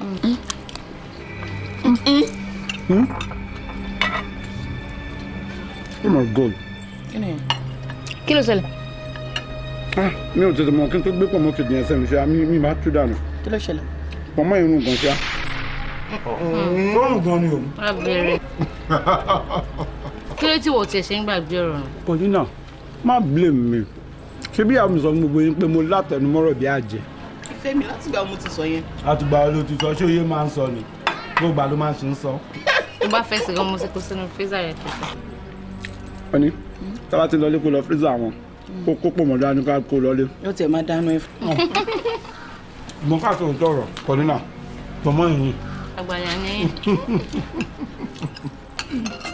Oh mm. mm. hmm? hmm? my God kí ni. kí ló ṣẹlẹ̀. Ah, mi ò tètè mọ kí n tó gbé pọ̀mọ́ kejì yẹn sẹ́nu ṣá mi máa tú dànù. kí ló ṣẹlẹ̀. pọ̀mọ́ irun gan ṣá. lọ́rùn mm, gan ni o. a bẹ̀rẹ̀ kí ló tí wò ó tiẹ̀ ṣe ń gbàgbé ọ̀rọ̀ nù. kòjínà má blame mi ṣé bí àmì sọ fún gbogbo yín pé mo látẹnumọ́rọ̀ bí àjẹ́. ìfẹ́ mi látìgbà mo ti sọ yẹn. àtùgbà ló ti sọ ṣé òye máa ń sọ ni gbogbo àló máa ń ṣe ń sọ. mo bá fẹ́ sìgá mo ṣe kó sínú freezer rẹ̀ kẹsàn. ọ tábà ti lọlé kó lọ fírísà wọn kó kó pò mọ́ dání ká kó lọlé. yóò tẹ̀ máa dáná ẹ mo ká sọ̀rọ̀ tọrọ kọ́nínà tọmọ yìí. àgbàyà ni.